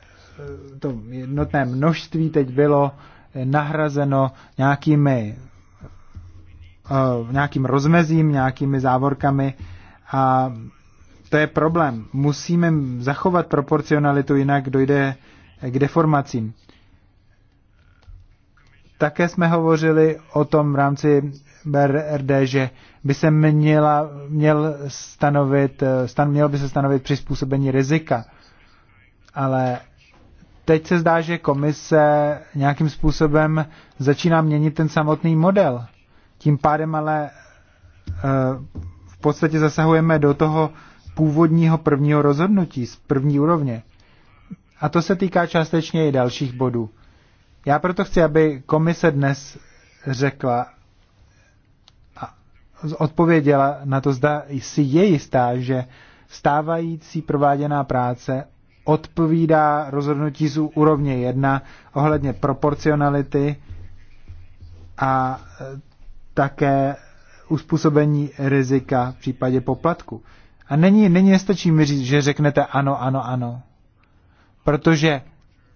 to jednotné množství teď bylo nahrazeno nějakými eh, nějakým rozmezím, nějakými závorkami a to je problém. Musíme zachovat proporcionalitu, jinak dojde k deformacím. Také jsme hovořili o tom v rámci BRD, že by se měla, měl stanovit, eh, stan, mělo by se stanovit přizpůsobení rizika. Ale teď se zdá, že komise nějakým způsobem začíná měnit ten samotný model. Tím pádem ale eh, v podstatě zasahujeme do toho původního prvního rozhodnutí z první úrovně. A to se týká částečně i dalších bodů. Já proto chci, aby komise dnes řekla a odpověděla na to, zda si je jistá, že stávající prováděná práce odpovídá rozhodnutí z úrovně 1 ohledně proporcionality a e, také uspůsobení rizika v případě poplatku. A není, není nestačí mi říct, že řeknete ano, ano, ano. Protože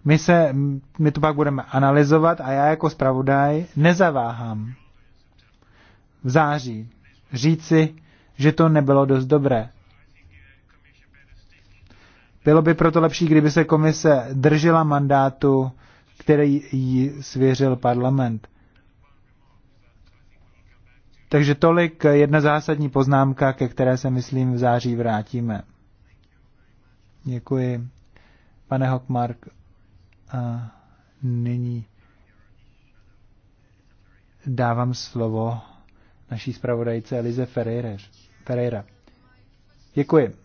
my, se, my to pak budeme analyzovat a já jako zpravodaj nezaváhám v září říci, že to nebylo dost dobré. Bylo by proto lepší, kdyby se komise držela mandátu, který jí svěřil parlament. Takže tolik jedna zásadní poznámka, ke které se, myslím, v září vrátíme. Děkuji, pane Hockmark. A nyní dávám slovo naší zpravodajce Elize Ferreira. Děkuji.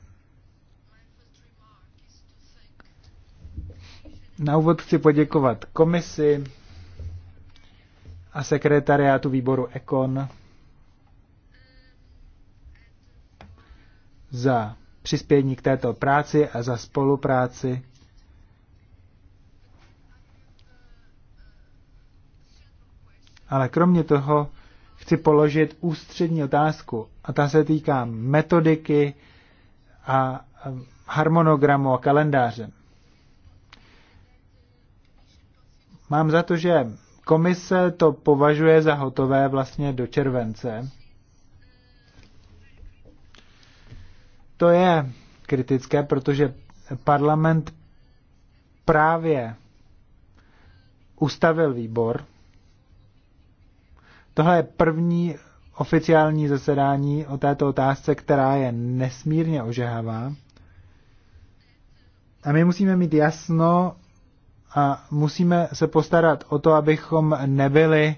Na úvod chci poděkovat komisi a sekretariátu výboru Ekon za přispění k této práci a za spolupráci. Ale kromě toho chci položit ústřední otázku a ta se týká metodiky a harmonogramu a kalendáře. Mám za to, že komise to považuje za hotové vlastně do července. To je kritické, protože parlament právě ustavil výbor. Tohle je první oficiální zasedání o této otázce, která je nesmírně ožehavá. A my musíme mít jasno a musíme se postarat o to, abychom nebyli,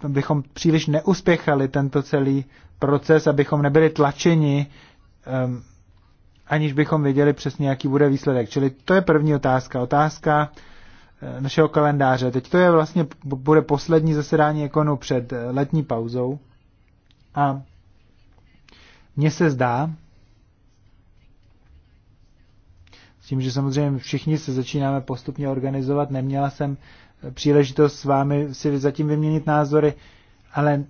abychom příliš neuspěchali tento celý proces, abychom nebyli tlačeni, um, aniž bychom věděli přesně, jaký bude výsledek. Čili to je první otázka. Otázka eh, našeho kalendáře. Teď to je vlastně, bude poslední zasedání ekonu před eh, letní pauzou. A mně se zdá, S tím, že samozřejmě všichni se začínáme postupně organizovat, neměla jsem eh, příležitost s vámi si zatím vyměnit názory, ale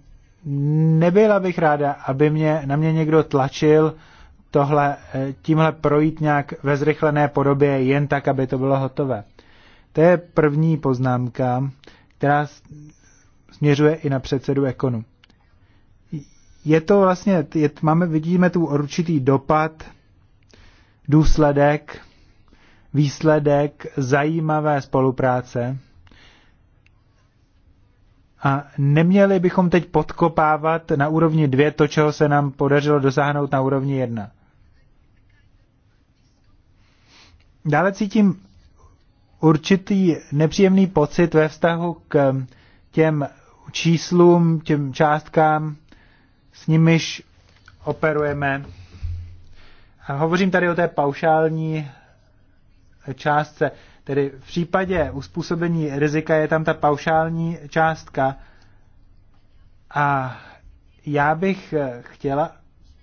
nebyla bych ráda, aby mě, na mě někdo tlačil tohle, eh, tímhle projít nějak ve zrychlené podobě jen tak, aby to bylo hotové. To je první poznámka, která směřuje i na předsedu Ekonu. Je to vlastně, je, máme, vidíme tu určitý dopad, důsledek výsledek zajímavé spolupráce. A neměli bychom teď podkopávat na úrovni dvě to, čeho se nám podařilo dosáhnout na úrovni jedna. Dále cítím určitý nepříjemný pocit ve vztahu k těm číslům, těm částkám, s nimiž operujeme. A hovořím tady o té paušální částce. Tedy v případě uspůsobení rizika je tam ta paušální částka. A já bych eh, chtěla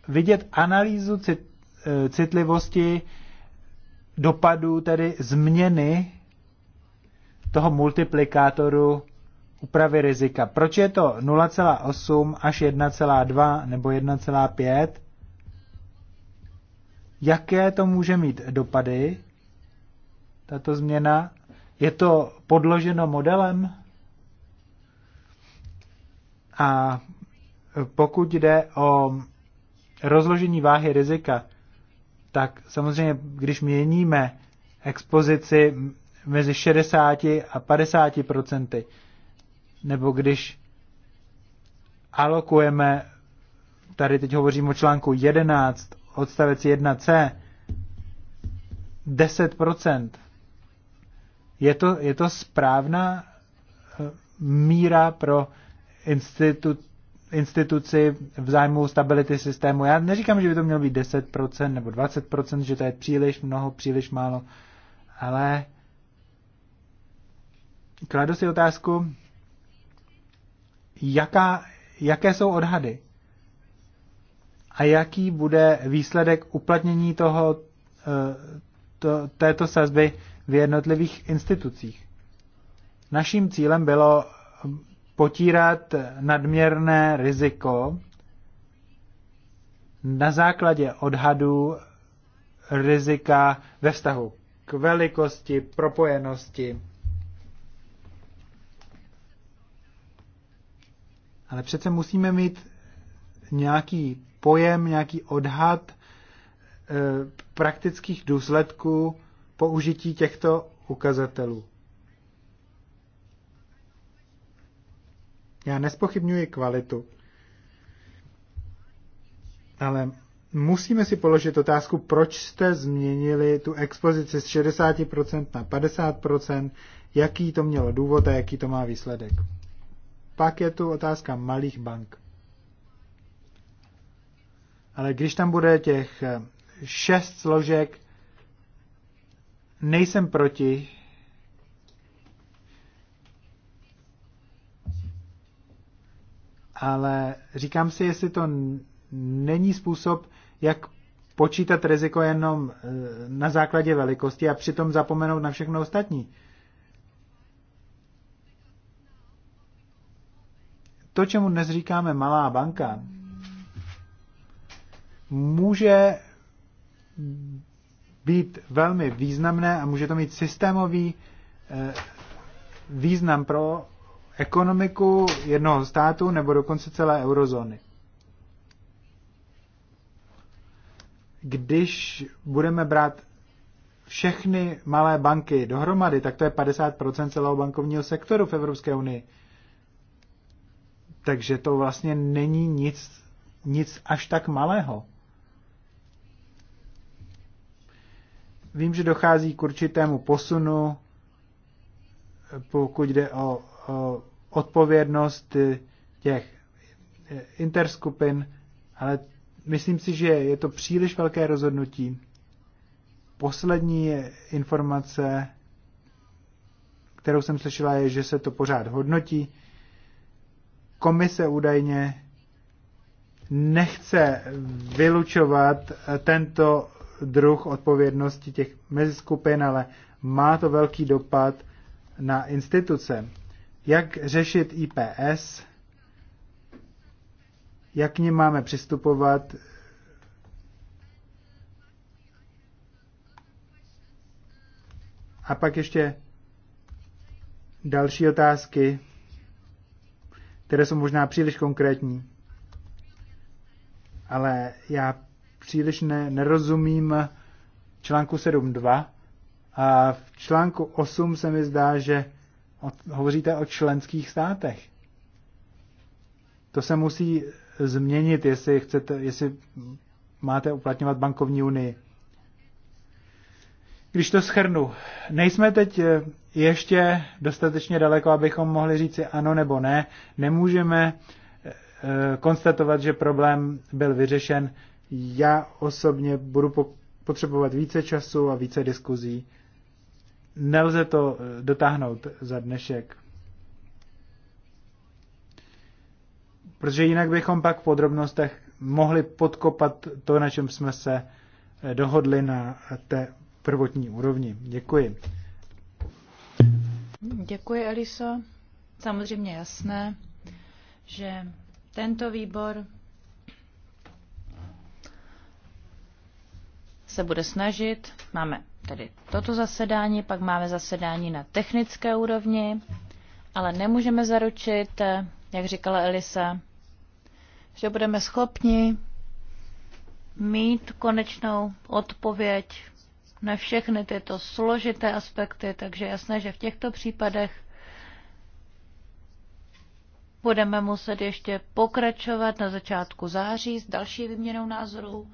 vidět analýzu cit, eh, citlivosti dopadů, tedy změny toho multiplikátoru úpravy rizika. Proč je to 0,8 až 1,2 nebo 1,5? Jaké to může mít dopady? tato změna? Je to podloženo modelem? A pokud jde o rozložení váhy rizika, tak samozřejmě, když měníme expozici mezi 60 a 50 procenty, nebo když alokujeme, tady teď hovořím o článku 11, odstavec 1c, 10 je to, je to správná eh, míra pro institut, instituci v zájmu stability systému. Já neříkám, že by to mělo být 10% nebo 20%, že to je příliš mnoho, příliš málo, ale kladu si otázku, jaká, jaké jsou odhady a jaký bude výsledek uplatnění toho, eh, to, této sazby v jednotlivých institucích. Naším cílem bylo potírat nadměrné riziko na základě odhadu rizika ve vztahu k velikosti, propojenosti. Ale přece musíme mít nějaký pojem, nějaký odhad e, praktických důsledků použití těchto ukazatelů. Já nespochybňuji kvalitu, ale musíme si položit otázku, proč jste změnili tu expozici z 60% na 50%, jaký to mělo důvod a jaký to má výsledek. Pak je tu otázka malých bank. Ale když tam bude těch šest složek, nejsem proti ale říkám si, jestli to není způsob, jak počítat riziko jenom e, na základě velikosti a přitom zapomenout na všechno ostatní. To, čemu dnes říkáme malá banka, může být velmi významné a může to mít systémový eh, význam pro ekonomiku jednoho státu nebo dokonce celé eurozóny. Když budeme brát všechny malé banky dohromady, tak to je 50% celého bankovního sektoru v Evropské unii. Takže to vlastně není nic, nic až tak malého. Vím, že dochází k určitému posunu, pokud jde o, o odpovědnost těch interskupin, ale myslím si, že je to příliš velké rozhodnutí. Poslední informace, kterou jsem slyšela, je, že se to pořád hodnotí. Komise údajně nechce vylučovat tento druh odpovědnosti těch meziskupin, ale má to velký dopad na instituce. Jak řešit IPS? Jak k ním máme přistupovat? A pak ještě další otázky, které jsou možná příliš konkrétní. Ale já příliš ne, nerozumím článku 7.2 a v článku 8 se mi zdá, že od, hovoříte o členských státech. To se musí změnit, jestli, chcete, jestli máte uplatňovat bankovní unii. Když to schrnu, nejsme teď eh, ještě dostatečně daleko, abychom mohli říci ano nebo ne. Nemůžeme eh, eh, konstatovat, že problém byl vyřešen já osobně budu potřebovat více času a více diskuzí. Nelze to eh, dotáhnout za dnešek. Protože jinak bychom pak v podrobnostech mohli podkopat to, na čem jsme se eh, dohodli na té prvotní úrovni. Děkuji. Děkuji, Eliso. Samozřejmě jasné, že tento výbor se bude snažit, máme tedy toto zasedání, pak máme zasedání na technické úrovni, ale nemůžeme zaručit, jak říkala Elisa, že budeme schopni mít konečnou odpověď na všechny tyto složité aspekty, takže jasné, že v těchto případech budeme muset ještě pokračovat na začátku září s další výměnou názorů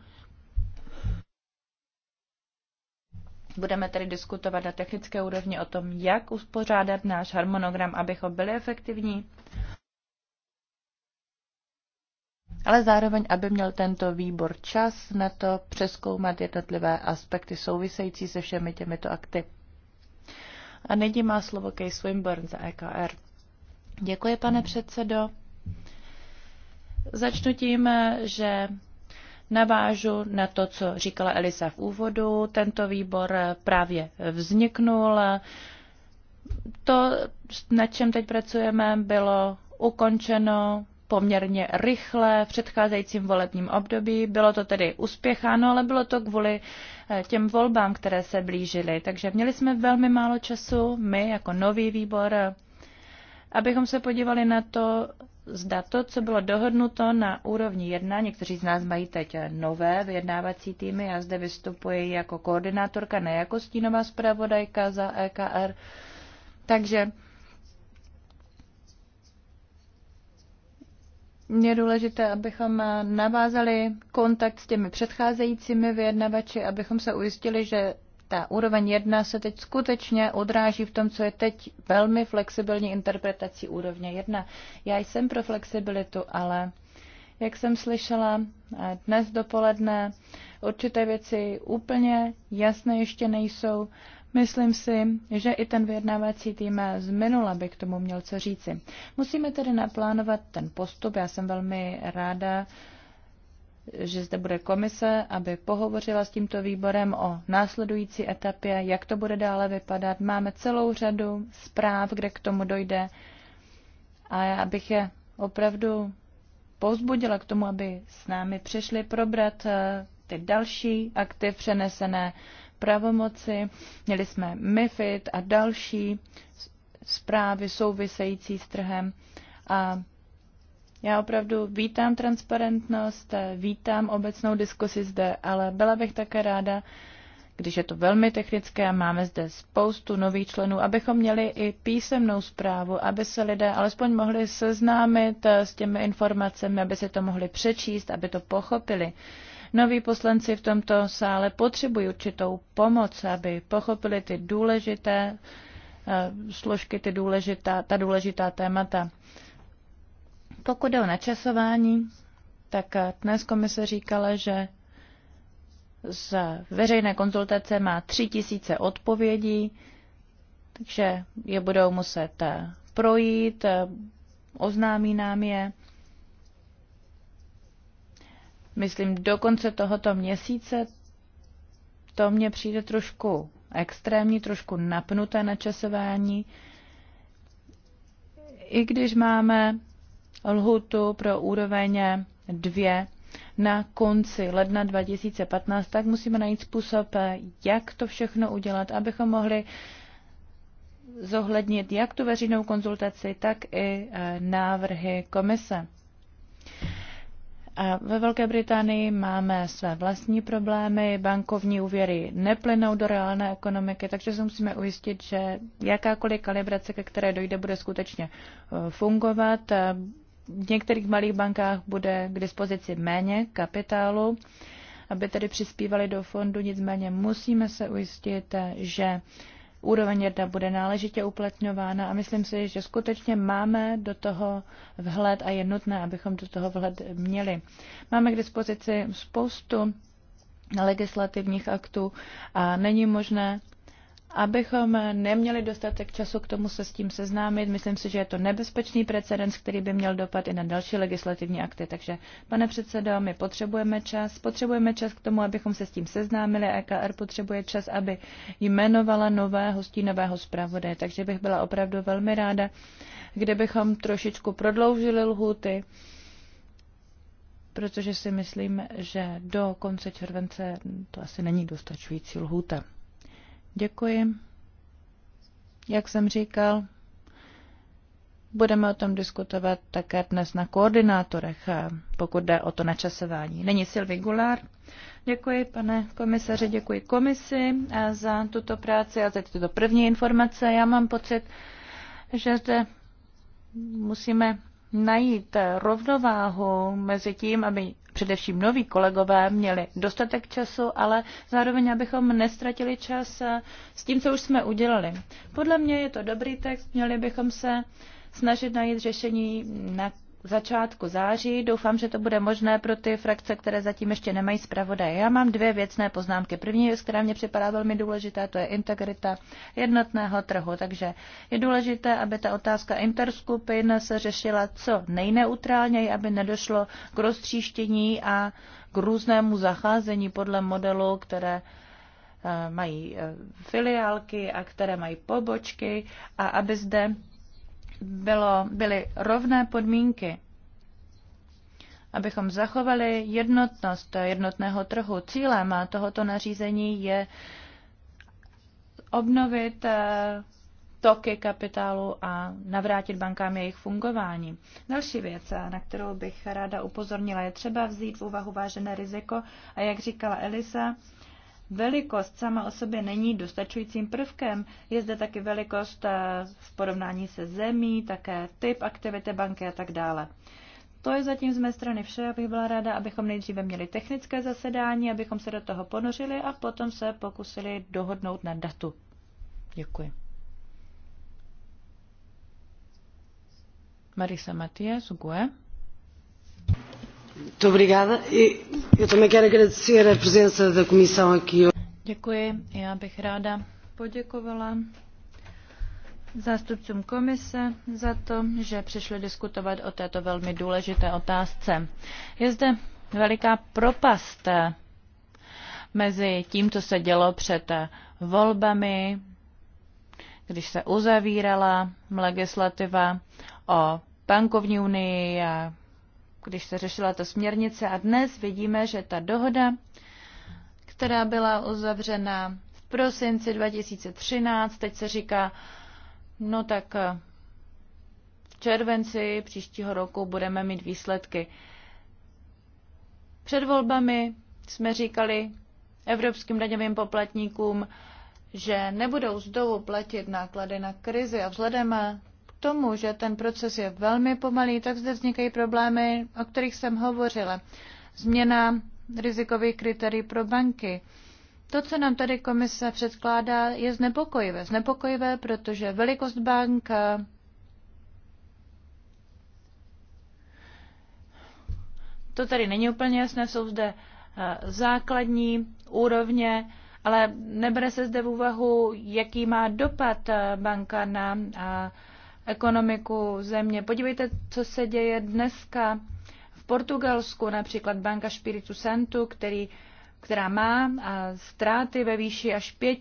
Budeme tedy diskutovat na technické úrovni o tom, jak uspořádat náš harmonogram, abychom byli efektivní, ale zároveň, aby měl tento výbor čas na to přeskoumat jednotlivé aspekty související se všemi těmito akty. A nyní má slovo Kej Swinburne za EKR. Děkuji, pane předsedo. Začnu tím, že navážu na to, co říkala Elisa v úvodu. Tento výbor právě vzniknul. To, na čem teď pracujeme, bylo ukončeno poměrně rychle v předcházejícím volebním období. Bylo to tedy uspěcháno, ale bylo to kvůli eh, těm volbám, které se blížily. Takže měli jsme velmi málo času, my jako nový výbor abychom se podívali na to, zda to, co bylo dohodnuto na úrovni jedna, někteří z nás mají teď nové vyjednávací týmy, já zde vystupuji jako koordinátorka, ne jako stínová zpravodajka za EKR, takže je důležité, abychom navázali kontakt s těmi předcházejícími vyjednavači, abychom se ujistili, že ta úroveň jedna se teď skutečně odráží v tom, co je teď velmi flexibilní interpretací úrovně jedna. Já jsem pro flexibilitu, ale jak jsem slyšela eh, dnes dopoledne, určité věci úplně jasné ještě nejsou. Myslím si, že i ten vyjednávací tým z minula by k tomu měl co říci. Musíme tedy naplánovat ten postup. Já jsem velmi ráda, že zde bude komise, aby pohovořila s tímto výborem o následující etapě, jak to bude dále vypadat. Máme celou řadu zpráv, kde k tomu dojde a já bych je opravdu pozbudila k tomu, aby s námi přišli probrat eh, ty další akty přenesené pravomoci. Měli jsme MIFID a další zprávy související s trhem a já opravdu vítám transparentnost, vítám obecnou diskusi zde, ale byla bych také ráda, když je to velmi technické a máme zde spoustu nových členů, abychom měli i písemnou zprávu, aby se lidé alespoň mohli seznámit eh, s těmi informacemi, aby se to mohli přečíst, aby to pochopili. Noví poslanci v tomto sále potřebují určitou pomoc, aby pochopili ty důležité eh, složky, ty důležitá, ta důležitá témata. Pokud jde o načasování, tak dnes komise říkala, že z veřejné konzultace má tři tisíce odpovědí, takže je budou muset eh, projít, eh, oznámí nám je. Myslím, do konce tohoto měsíce to mně přijde trošku extrémní, trošku napnuté načasování. I když máme lhutu pro úroveň 2 na konci ledna 2015, tak musíme najít způsob, jak to všechno udělat, abychom mohli zohlednit jak tu veřejnou konzultaci, tak i e, návrhy komise. A ve Velké Británii máme své vlastní problémy, bankovní úvěry neplynou do reálné ekonomiky, takže se musíme ujistit, že jakákoliv kalibrace, ke které dojde, bude skutečně e, fungovat, v některých malých bankách bude k dispozici méně kapitálu, aby tedy přispívali do fondu, nicméně musíme se ujistit, že úroveň jedna bude náležitě uplatňována a myslím si, že skutečně máme do toho vhled a je nutné, abychom do toho vhled měli. Máme k dispozici spoustu legislativních aktů a není možné abychom neměli dostatek času k tomu se s tím seznámit. Myslím si, že je to nebezpečný precedens, který by měl dopad i na další legislativní akty. Takže, pane předsedo, my potřebujeme čas. Potřebujeme čas k tomu, abychom se s tím seznámili. EKR potřebuje čas, aby jmenovala nového stínového zpravodaje. Takže bych byla opravdu velmi ráda, kdybychom trošičku prodloužili lhuty protože si myslím, že do konce července to asi není dostačující lhůta. Děkuji. Jak jsem říkal, budeme o tom diskutovat také dnes na koordinátorech, pokud jde o to načasování. Není Silvi Gulár. Děkuji, pane komisaře, děkuji komisi eh, za tuto práci a za tyto první informace. Já mám pocit, že zde musíme najít rovnováhu mezi tím, aby především noví kolegové měli dostatek času, ale zároveň, abychom nestratili čas eh, s tím, co už jsme udělali. Podle mě je to dobrý text, měli bychom se snažit najít řešení, na začátku září. Doufám, že to bude možné pro ty frakce, které zatím ještě nemají zpravodaje. Já mám dvě věcné poznámky. První věc, která mě připadá velmi důležitá, to je integrita jednotného trhu. Takže je důležité, aby ta otázka interskupin se řešila co nejneutrálněji, aby nedošlo k roztříštění a k různému zacházení podle modelu, které eh, mají eh, filiálky a které mají pobočky a aby zde bylo, byly rovné podmínky, abychom zachovali jednotnost jednotného trhu. Cílem tohoto nařízení je obnovit eh, toky kapitálu a navrátit bankám jejich fungování. Další věc, eh, na kterou bych ráda upozornila, je třeba vzít v úvahu vážené riziko a jak říkala Elisa, velikost sama o sobě není dostačujícím prvkem. Je zde taky velikost eh, v porovnání se zemí, také typ aktivity banky a tak dále. To je zatím z mé strany vše. Já bych byla ráda, abychom nejdříve měli technické zasedání, abychom se do toho ponořili a potom se pokusili dohodnout na datu. Děkuji. Marisa Matias, GUE. E Děkuji. Já bych ráda poděkovala zástupcům komise za to, že přišli diskutovat o této velmi důležité otázce. Je zde veliká propast mezi tím, co se dělo před volbami, když se uzavírala legislativa o bankovní unii a když se řešila ta směrnice a dnes vidíme, že ta dohoda, která byla uzavřena v prosinci 2013, teď se říká, no tak eh, v červenci příštího roku budeme mít výsledky. Před volbami jsme říkali evropským daňovým poplatníkům, že nebudou znovu platit náklady na krizi a vzhledem tomu, že ten proces je velmi pomalý, tak zde vznikají problémy, o kterých jsem hovořila. Změna rizikových kritérií pro banky. To, co nám tady komise předkládá, je znepokojivé. Znepokojivé, protože velikost bank to tady není úplně jasné, jsou zde eh, základní úrovně, ale nebere se zde v úvahu, jaký má dopad eh, banka na eh, ekonomiku země. Podívejte, co se děje dneska v Portugalsku, například banka Spiritu Santu, který, která má ztráty ve výši až 5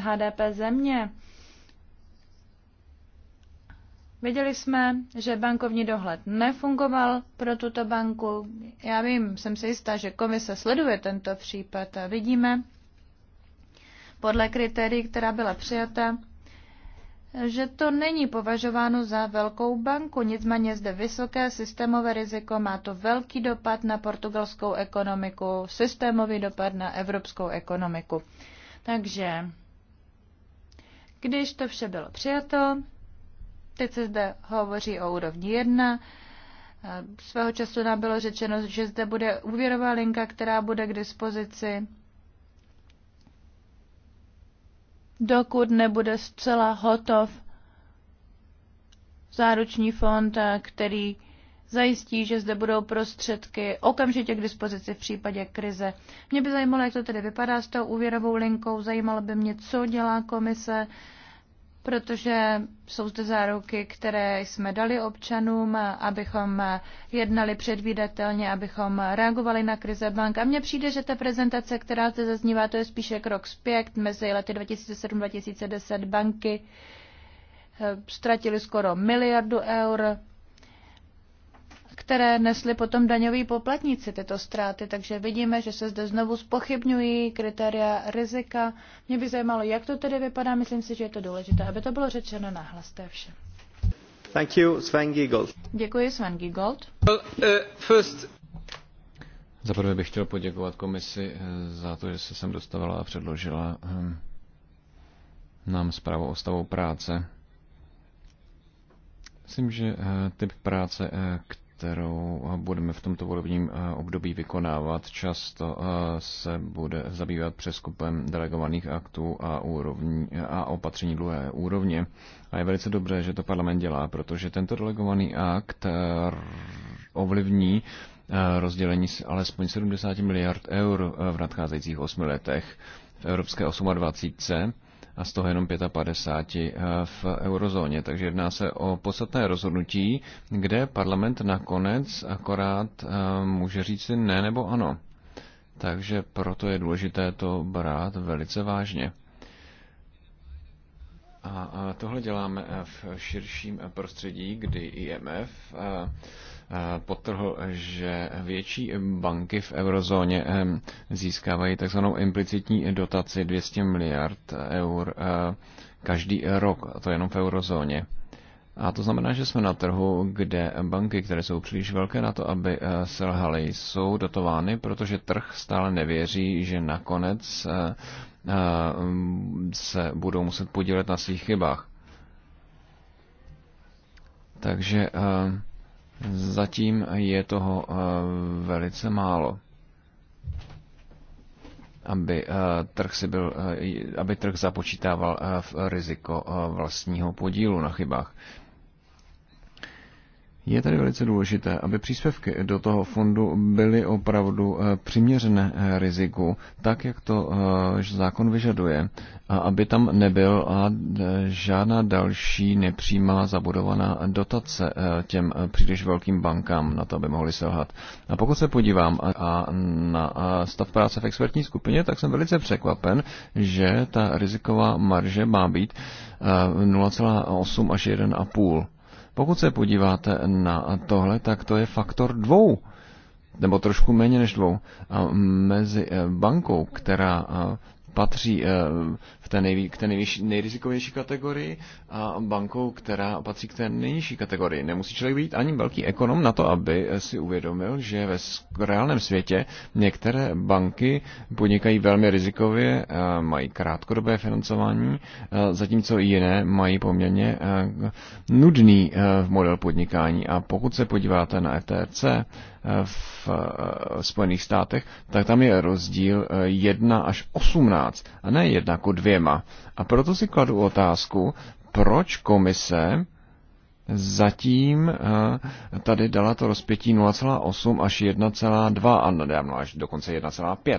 HDP země. Věděli jsme, že bankovní dohled nefungoval pro tuto banku. Já vím, jsem si jistá, že komise sleduje tento případ a vidíme podle kritérií, která byla přijata, že to není považováno za velkou banku, nicméně zde vysoké systémové riziko má to velký dopad na portugalskou ekonomiku, systémový dopad na evropskou ekonomiku. Takže když to vše bylo přijato, teď se zde hovoří o úrovni 1, svého času nám bylo řečeno, že zde bude úvěrová linka, která bude k dispozici dokud nebude zcela hotov záruční fond, který zajistí, že zde budou prostředky okamžitě k dispozici v případě krize. Mě by zajímalo, jak to tedy vypadá s tou úvěrovou linkou, zajímalo by mě, co dělá komise, protože jsou zde záruky, které jsme dali občanům, abychom jednali předvídatelně, abychom reagovali na krize bank. A mně přijde, že ta prezentace, která zde zaznívá, to je spíše krok zpět mezi lety 2007-2010 banky eh, ztratili skoro miliardu eur které nesli potom daňoví poplatníci tyto ztráty. Takže vidíme, že se zde znovu spochybňují kritéria rizika. Mě by zajímalo, jak to tedy vypadá. Myslím si, že je to důležité, aby to bylo řečeno nahlas. To je vše. Thank you, Sven Giegold. Děkuji, Sven Giegold. Well, uh, first... Za prvé bych chtěl poděkovat komisi eh, za to, že se sem dostavila a předložila ehm, nám zprávu o stavu práce. Myslím, že eh, typ práce, který eh, kterou eh, budeme v tomto volebním eh, období vykonávat, často eh, se bude zabývat přeskupem delegovaných aktů a, úrovní, a opatření dlouhé úrovně. A je velice dobré, že to parlament dělá, protože tento delegovaný akt ovlivní rozdělení alespoň 70 miliard eur v nadcházejících osmi letech v Evropské 28 a z toho jenom 55 eh, v eurozóně. Takže jedná se o podstatné rozhodnutí, kde parlament nakonec akorát eh, může říct si ne nebo ano. Takže proto je důležité to brát velice vážně. A tohle děláme eh, v širším prostředí, kdy IMF Eh, potrhl, že větší banky v eurozóně eh, získávají takzvanou implicitní dotaci 200 miliard eur eh, každý rok, a to jenom v eurozóně. A to znamená, že jsme na trhu, kde banky, které jsou příliš velké na to, aby selhaly, jsou dotovány, protože trh stále nevěří, že nakonec se budou muset podílet na svých chybách. Takže Zatím je toho eh, velice málo aby eh, trh, si byl, eh, aby trh započítával v riziko vlastního podílu na chybách. Je tady velice důležité, aby příspěvky do toho fondu byly opravdu eh, přiměřené eh, riziku, tak jak to eh, zákon vyžaduje, a aby tam nebyl žádná další nepřímá zabudovaná dotace těm příliš velkým bankám na to, aby mohli selhat. A pokud se podívám a na stav práce v expertní skupině, tak jsem velice překvapen, že ta riziková marže má být 0,8 až 1,5 pokud se podíváte na tohle, tak to je faktor dvou, nebo trošku méně než dvou, mezi eh, bankou, která eh, patří eh, v té, nejví, k té nejvyšší, nejrizikovější kategorii a bankou, která patří k té nejnižší kategorii. Nemusí člověk být ani velký ekonom na to, aby si uvědomil, že ve reálném světě některé banky podnikají velmi rizikově, eh, mají krátkodobé financování, eh, zatímco jiné mají poměrně eh, nudný model podnikání. A pokud se podíváte na FTC, e v Spojených státech, tak tam je rozdíl 1 až 18, a ne 1 jako 2, dvěma. A proto si kladu otázku, proč komise zatím eh, tady dala to rozpětí 0,8 až 1,2 a nedávno až dokonce 1,5.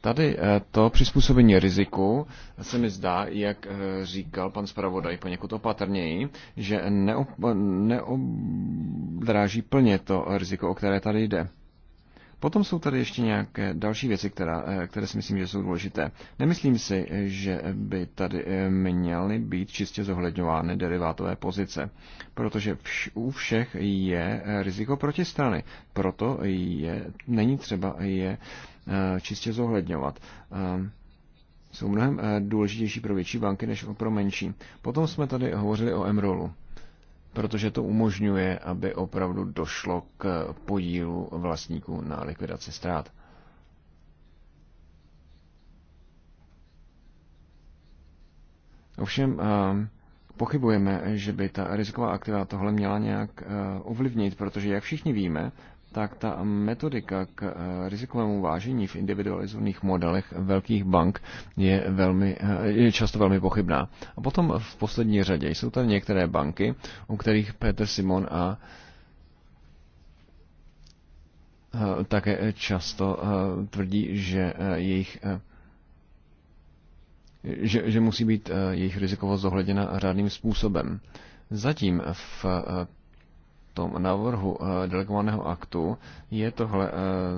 Tady eh, to přizpůsobení riziku se mi zdá, jak eh, říkal pan zpravodaj poněkud opatrněji, že neodráží plně to riziko, o které tady jde. Potom jsou tady ještě nějaké další věci, která, eh, které si myslím, že jsou důležité. Nemyslím si, že by tady eh, měly být čistě zohledňovány derivátové pozice, protože vš, u všech je eh, riziko protistrany. Proto je, není třeba je čistě zohledňovat ehm, jsou mnohem důležitější pro větší banky než pro menší. Potom jsme tady hovořili o MROLu protože to umožňuje, aby opravdu došlo k podílu vlastníků na likvidaci ztrát. Ovšem eh, pochybujeme, že by ta riziková aktiva tohle měla nějak eh, ovlivnit, protože jak všichni víme, tak ta metodika k eh, rizikovému vážení v individualizovaných modelech velkých bank je, velmi, eh, je často velmi pochybná. A potom v poslední řadě jsou tady některé banky, u kterých Peter Simon a eh, také často tvrdí, že jejich že, že musí být jejich rizikovost zohleděna řádným způsobem. Zatím v tom návrhu eh, delegovaného aktu je tohle eh,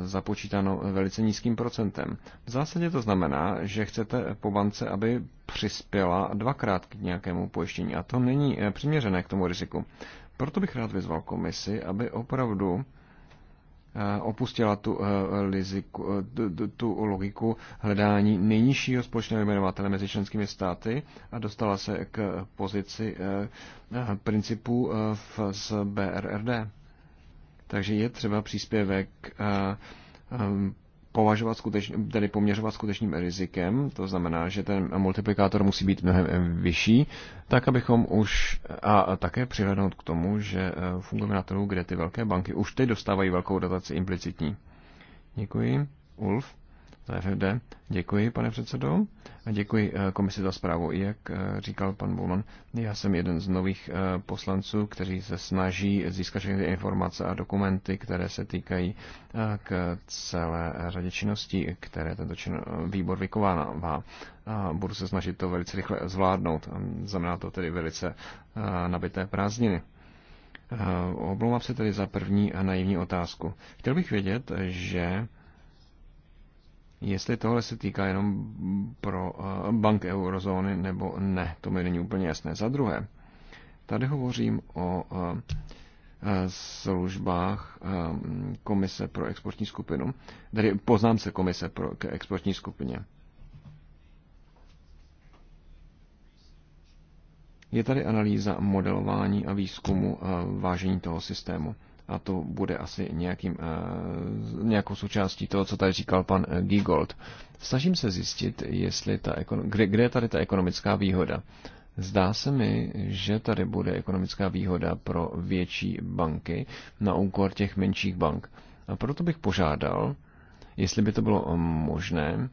započítáno velice nízkým procentem. V zásadě to znamená, že chcete po bance, aby přispěla dvakrát k nějakému pojištění a to není eh, přiměřené k tomu riziku. Proto bych rád vyzval komisi, aby opravdu Eh, opustila tu, eh, liziku, eh, tu, tu logiku hledání nejnižšího společného jmenovatele mezi členskými státy a dostala se k pozici principů z BRRD. Takže je třeba příspěvek považovat skutečně, tedy poměřovat skutečným rizikem, to znamená, že ten multiplikátor musí být mnohem vyšší, tak abychom už a také přihlednout k tomu, že eh, fungujeme na trhu, kde ty velké banky už teď dostávají velkou dotaci implicitní. Děkuji. Ulf? za FFD. Děkuji, pane předsedo. A děkuji eh, komisi za zprávu. Jak eh, říkal pan Bulman, já jsem jeden z nových eh, poslanců, kteří se snaží získat všechny informace a dokumenty, které se týkají k celé řadě činností, které tento čin, výbor vykovává. A budu se snažit to velice rychle zvládnout. Znamená to tedy velice nabité prázdniny. Oblouvám se tedy za první a naivní otázku. Chtěl bych vědět, že Jestli tohle se týká jenom pro eh, bank eurozóny nebo ne, to mi není úplně jasné. Za druhé, tady hovořím o eh, eh, službách komise pro exportní skupinu, tedy poznámce komise pro, k exportní skupině. Je tady analýza modelování a výzkumu vážení toho systému a to bude asi nějakým, eh, nějakou součástí toho, co tady říkal pan eh, Gigold. Snažím se zjistit, jestli ta, kde, kde je tady ta ekonomická výhoda. Zdá se mi, že tady bude ekonomická výhoda pro větší banky na úkor těch menších bank. A proto bych požádal, jestli by to bylo eh, možné,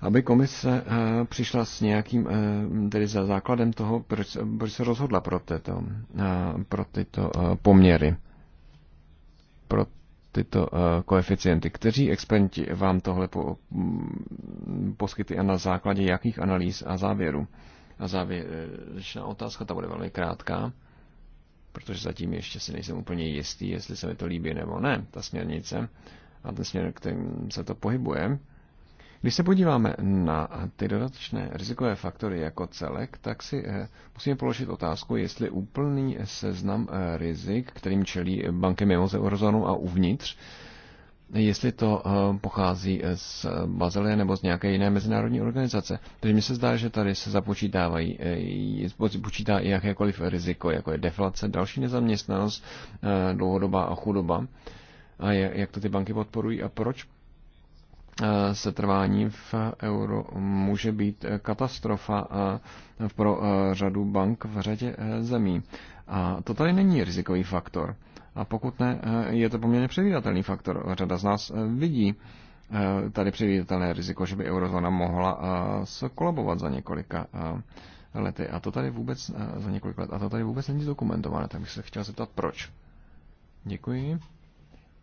aby komise eh, přišla s nějakým, eh, tedy za základem toho, proč, proč se rozhodla pro, této, eh, pro tyto poměry, pro tyto koeficienty. Kteří experti vám tohle po, mm, poskytli a na základě jakých analýz a závěrů? A závěrečná otázka, ta bude velmi krátká, protože zatím ještě si nejsem úplně jistý, jestli se mi to líbí nebo ne, ta směrnice a ten směr, kterým se to pohybuje když se podíváme na ty dodatečné rizikové faktory jako celek, tak si eh, musíme položit otázku, jestli úplný seznam eh, rizik, kterým čelí banky mimo eurozónu a uvnitř, jestli to eh, pochází z Bazelie nebo z nějaké jiné mezinárodní organizace. Takže mi se zdá, že tady se započítávají, počítá i jakékoliv riziko, jako je deflace, další nezaměstnanost, dlouhodobá chudoba. A jak to ty banky podporují a proč Eh, setrvání v euro může být eh, katastrofa eh, pro řadu bank v řadě zemí. A to tady není rizikový faktor. A pokud ne, je to poměrně předvídatelný faktor. Řada z nás vidí tady předvídatelné riziko, že by eurozóna mohla skolabovat za několika lety. A to tady vůbec za několik let. A to tady vůbec není zdokumentováno. Tak bych se chtěl zeptat, proč. Děkuji.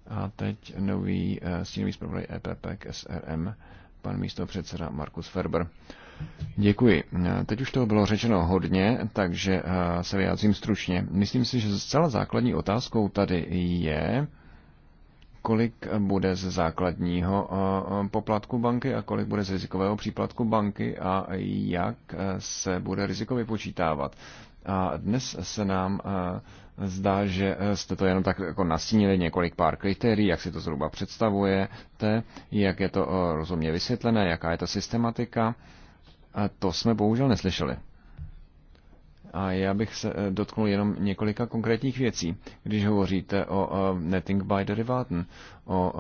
A teď nový eh, stínový zpravodaj EPP k SRM, pan místo předseda Markus Ferber. Děkuji. Eh, teď už toho bylo řečeno hodně, takže eh, se vyjádřím stručně. Myslím si, že zcela základní otázkou tady je, kolik bude z základního poplatku banky a kolik bude z rizikového příplatku banky a jak se bude riziko vypočítávat. A dnes se nám zdá, že eh, jste to jenom tak jako nastínili několik pár kritérií, jak si to zhruba představujete, jak je to eh, rozumně vysvětlené, jaká je ta systematika. A to jsme bohužel neslyšeli. A já bych se eh, dotknul jenom několika konkrétních věcí. Když hovoříte o netting by derivátn, o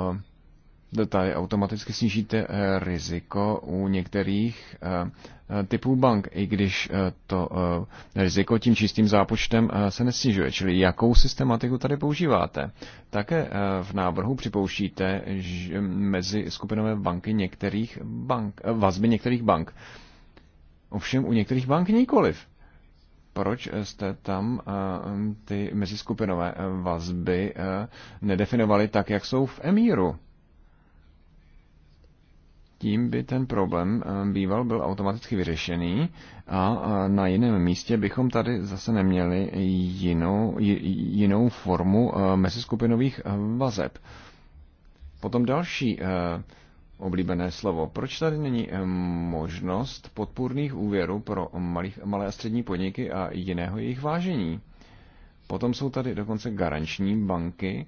tady automaticky snížíte eh, riziko u některých eh, eh, typů bank, i když to riziko tím čistým zápočtem se nesnižuje. Čili jakou systematiku tady používáte? Také v návrhu připouštíte že mezi skupinové banky některých bank, vazby některých bank. Ovšem u některých bank nikoliv proč jste tam ty meziskupinové vazby nedefinovali tak, jak jsou v Emíru tím by ten problém eh, býval byl automaticky vyřešený a na jiném místě bychom tady zase neměli jinou, jinou formu eh, meziskupinových eh, vazeb. Potom další oblíbené slovo. Proč tady není možnost podpůrných úvěrů pro malých, malé a střední podniky a jiného jejich vážení? Potom jsou tady dokonce garanční banky,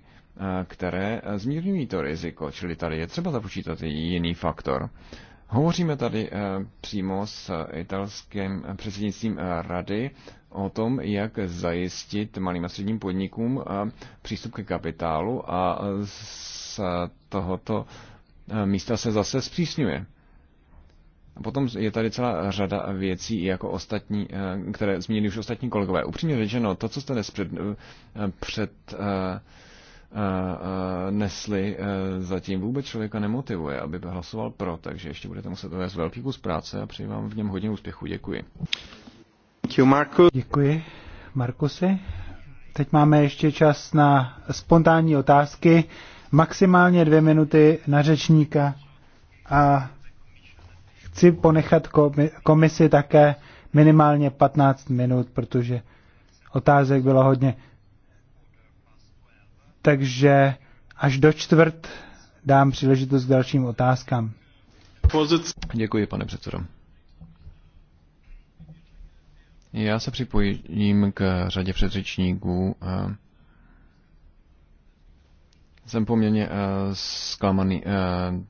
které zmírňují to riziko, čili tady je třeba započítat i jiný faktor. Hovoříme tady eh, přímo s italským předsednictvím eh, rady o tom, jak zajistit malým a středním podnikům eh, přístup ke kapitálu a z tohoto místa se zase zpřísňuje. Potom je tady celá řada věcí, jako ostatní, které zmínili už ostatní kolegové. Upřímně řečeno, to, co jste dnes před, před nesli, zatím vůbec člověka nemotivuje, aby hlasoval pro, takže ještě budete muset vést velký kus práce a přeji vám v něm hodně úspěchu. Děkuji. Děkuji, Markuse. Teď máme ještě čas na spontánní otázky. Maximálně dvě minuty na řečníka a chci ponechat komisi také minimálně 15 minut, protože otázek bylo hodně takže až do čtvrt dám příležitost k dalším otázkám. Děkuji, pane předsedo. Já se připojím k řadě předřečníků. Eh, jsem poměrně eh, zklamaný eh,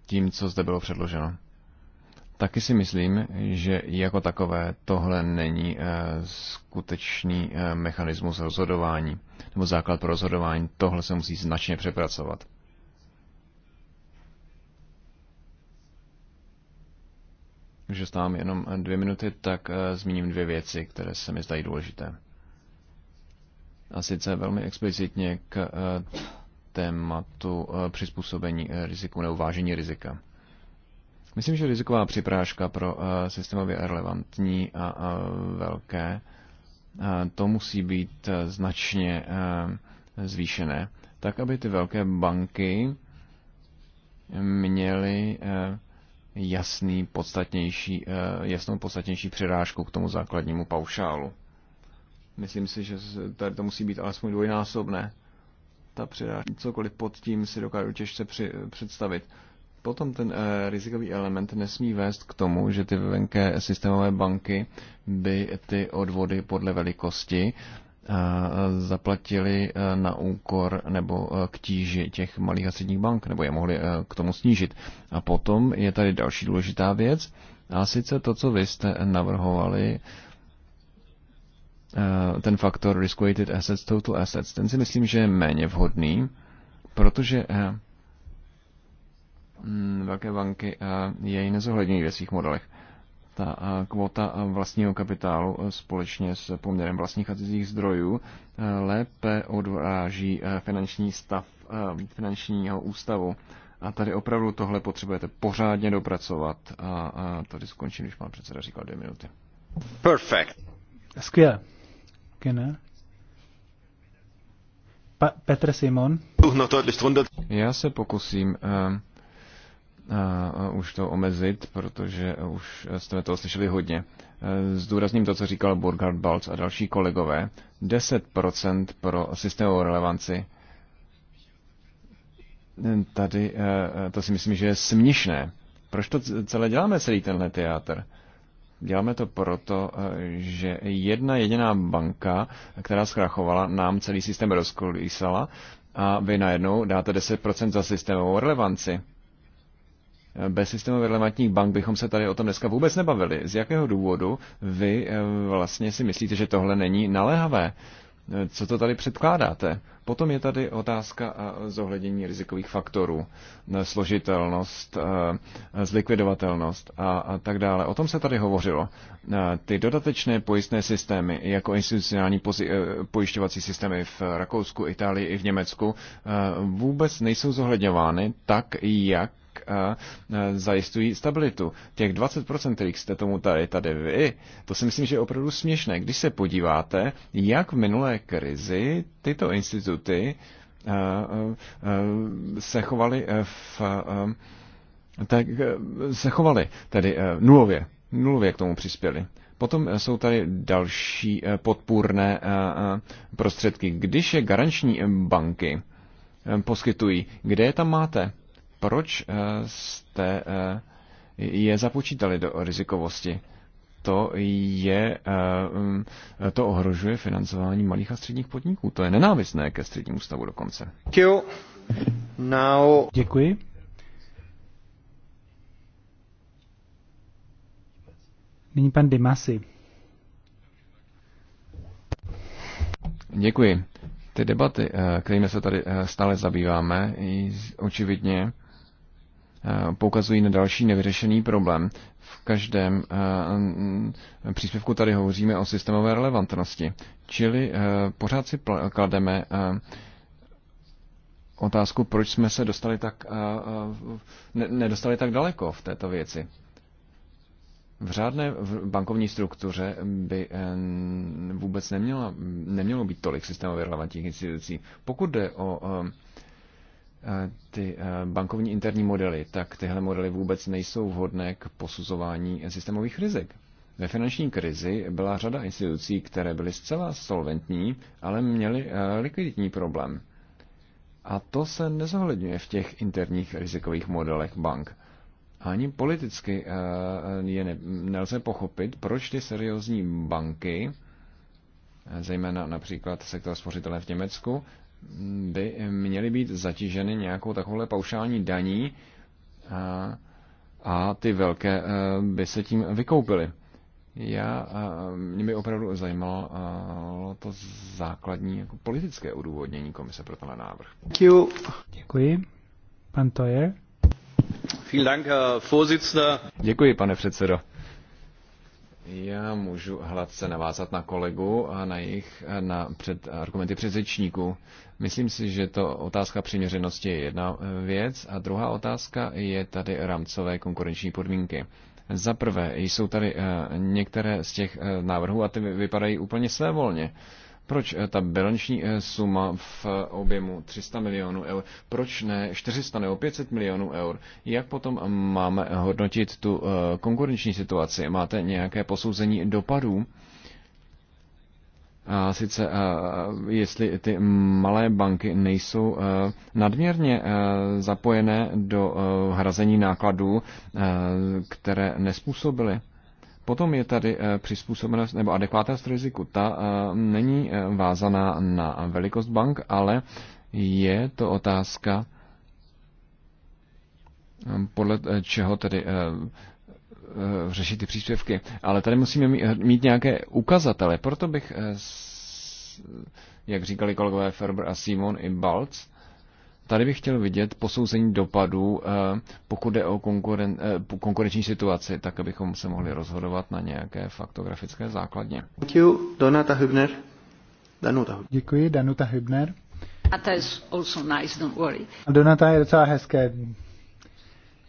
tím, co zde bylo předloženo. Taky si myslím, že jako takové tohle není eh, skutečný eh, mechanismus rozhodování nebo základ pro rozhodování. Tohle se musí značně přepracovat. Takže stávám jenom eh, dvě minuty, tak zmíním dvě věci, které se mi zdají důležité. A sice velmi explicitně k tématu přizpůsobení riziku, neuvážení rizika. Myslím, že riziková připrážka pro eh, systémově relevantní a velké, eh, to musí být eh, značně zvýšené, tak aby ty velké banky měly jasný, podstatnější, jasnou podstatnější přirážku k tomu základnímu paušálu. Myslím si, že tady to musí být alespoň dvojnásobné. Ta přirážka, cokoliv pod tím si dokážu těžce při, představit potom ten eh, rizikový element nesmí vést k tomu, že ty venké systémové banky by ty odvody podle velikosti eh, zaplatili eh, na úkor nebo k tíži těch malých a středních bank, nebo je mohli k tomu snížit. A potom je tady další důležitá věc, a sice to, co vy jste navrhovali, ten faktor risk-weighted assets, total assets, ten si myslím, že je méně vhodný, protože Mm, velké banky eh, jej nezohledňují ve svých modelech. Ta eh, kvota eh, vlastního kapitálu společně s poměrem vlastních a cizích zdrojů lépe odráží finanční stav finančního ústavu. A tady opravdu tohle potřebujete pořádně dopracovat a, a tady skončím, když pan předseda říkal dvě minuty. Perfect. Skvěle. Kena. Pa- Petr Simon. Já se pokusím uh, už to omezit, protože už jsme toho slyšeli hodně. E, zdůrazním to, co říkal Burkhard Balc a další kolegové. 10% pro systémovou relevanci. Tady e, e, to si myslím, že je směšné. Proč to celé děláme, celý tenhle teatr? Děláme to proto, že jedna jediná banka, která zkrachovala, nám celý systém rozkolísala a vy najednou dáte 10% za systémovou relevanci. Bez systému relevantních bank bychom se tady o tom dneska vůbec nebavili. Z jakého důvodu vy eh, vlastně si myslíte, že tohle není naléhavé? Eh, co to tady předkládáte. Potom je tady otázka eh, zohlednění rizikových faktorů, složitelnost, zlikvidovatelnost a tak dále. O tom se tady hovořilo. Ty dodatečné pojistné systémy, jako institucionální pojišťovací systémy v Rakousku, Itálii i v Německu, vůbec nejsou zohledňovány tak, jak zajistují stabilitu. Těch 20%, kterých jste tomu tady, tady vy, to si myslím, že je opravdu směšné. Když se podíváte, jak v minulé krizi tyto instituty se chovaly e, v tak e, se chovali, tedy e, nulově, nulově k tomu přispěli. Potom jsou tady další podpůrné prostředky. Když je garanční banky poskytují, kde je tam máte? proč eh, jste eh, je započítali do rizikovosti? To je, eh, mm, to ohrožuje financování malých a středních podniků. To je nenávistné ke střednímu stavu dokonce. Děkuji. Nyní pan Dimasi. Děkuji. Ty debaty, kterými se tady stále zabýváme, očividně Eh, poukazují na další nevyřešený problém. V každém eh, příspěvku tady hovoříme o systémové relevantnosti, čili eh, pořád si klademe otázku, proč jsme se dostali tak, ne, nedostali tak daleko v této věci. V řádné bankovní struktuře by vůbec neměla, nemělo být tolik systémově relevantních institucí. Pokud jde o Eh, ty eh, bankovní interní modely, tak tyhle modely vůbec nejsou vhodné k posuzování systémových rizik. Ve finanční krizi byla řada institucí, které byly zcela solventní, ale měly eh, likviditní problém. A to se nezohledňuje v těch interních rizikových modelech bank. Ani politicky je ne, nelze pochopit, proč ty seriózní banky, zejména například sektor spořitele v Německu, by měly být zatíženy nějakou takovouhle paušální daní a, a ty velké eh, by se tím vykoupily. Já, eh, mě by opravdu zajímalo eh, to základní jako politické odůvodnění komise pro tenhle návrh. Děkuji. Děkuji. Pan Toyer. Děkuji, pane předsedo. Já můžu hladce navázat na kolegu a na jejich na před, argumenty předřečníků. Myslím si, že to otázka přiměřenosti je jedna eh, věc a druhá otázka je tady rámcové konkurenční podmínky. Za prvé, jsou tady eh, některé z těch eh, návrhů a ty vypadají úplně svévolně. volně proč eh, ta bilanční eh, suma v eh, objemu 300 milionů eur, proč ne 400 nebo 500 milionů eur? Jak potom máme hodnotit tu konkurenční situaci? Máte nějaké posouzení dopadů? A sice, jestli ty malé banky nejsou nadměrně zapojené do hrazení nákladů, které nespůsobily Potom je tady eh, přizpůsobenost nebo adekvátnost riziku. Ta eh, není eh, vázaná na velikost bank, ale je to otázka, podle čeho tedy řešit ty příspěvky. Ale tady musíme mít nějaké ukazatele. Proto bych, jak říkali kolegové Ferber a Simon i Balc, Tady bych chtěl vidět posouzení dopadů, eh, pokud jde o konkuren, eh, konkurenční situaci, tak abychom se mohli rozhodovat na nějaké faktografické základně. Děkuji, Donata Hübner. Danuta. Děkuji, Danuta Hübner. Donata Donata je docela hezké.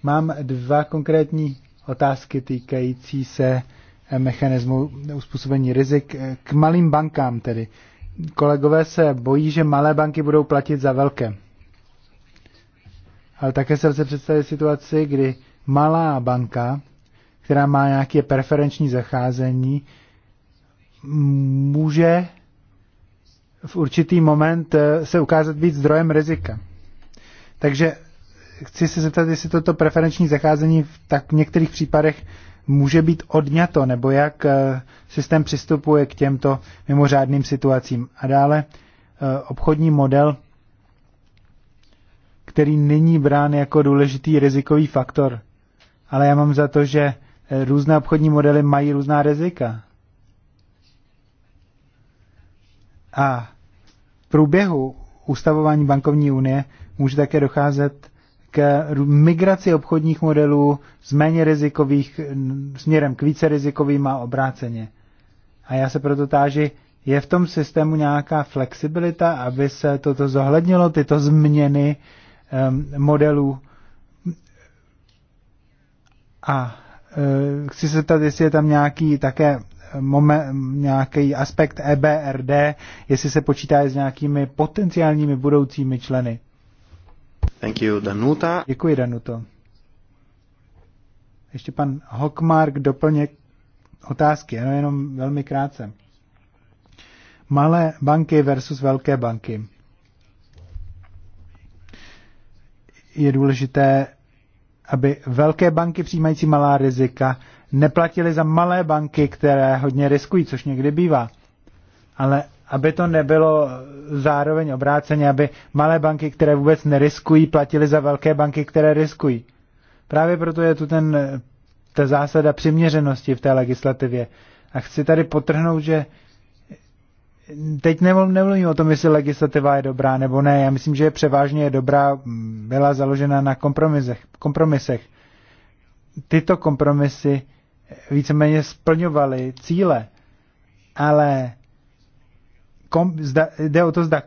Mám dva konkrétní otázky týkající se eh, mechanismu uspůsobení rizik k malým bankám tedy. Kolegové se bojí, že malé banky budou platit za velké ale také se lze představit situaci, kdy malá banka, která má nějaké preferenční zacházení, může v určitý moment eh, se ukázat být zdrojem rizika. Takže chci se zeptat, jestli toto preferenční zacházení v tak některých případech může být odňato, nebo jak eh, systém přistupuje k těmto mimořádným situacím. A dále eh, obchodní model který není brán jako důležitý rizikový faktor. Ale já mám za to, že eh, různé obchodní modely mají různá rizika. A v průběhu ustavování bankovní unie může také docházet k migraci obchodních modelů z méně rizikových směrem k více rizikovým a obráceně. A já se proto táži, je v tom systému nějaká flexibilita, aby se toto zohlednilo, tyto změny modelů. A e, chci se zeptat, jestli je tam nějaký také e, moment, nějaký aspekt EBRD, jestli se počítá s nějakými potenciálními budoucími členy. Thank you, Danuta. Děkuji, Danuto. Ještě pan Hockmark doplněk otázky, jenom, jenom velmi krátce. Malé banky versus velké banky. je důležité, aby velké banky přijímající malá rizika neplatily za malé banky, které hodně riskují, což někdy bývá. Ale aby to nebylo zároveň obráceně, aby malé banky, které vůbec neriskují, platily za velké banky, které riskují. Právě proto je tu ten, ta zásada přiměřenosti v té legislativě. A chci tady potrhnout, že teď nemluvím o tom, jestli legislativa je dobrá nebo ne. Já myslím, že je převážně dobrá, mm, byla založena na kompromisech. kompromisech. Tyto kompromisy eh, víceméně splňovaly cíle, ale kom, zda, jde o to, zda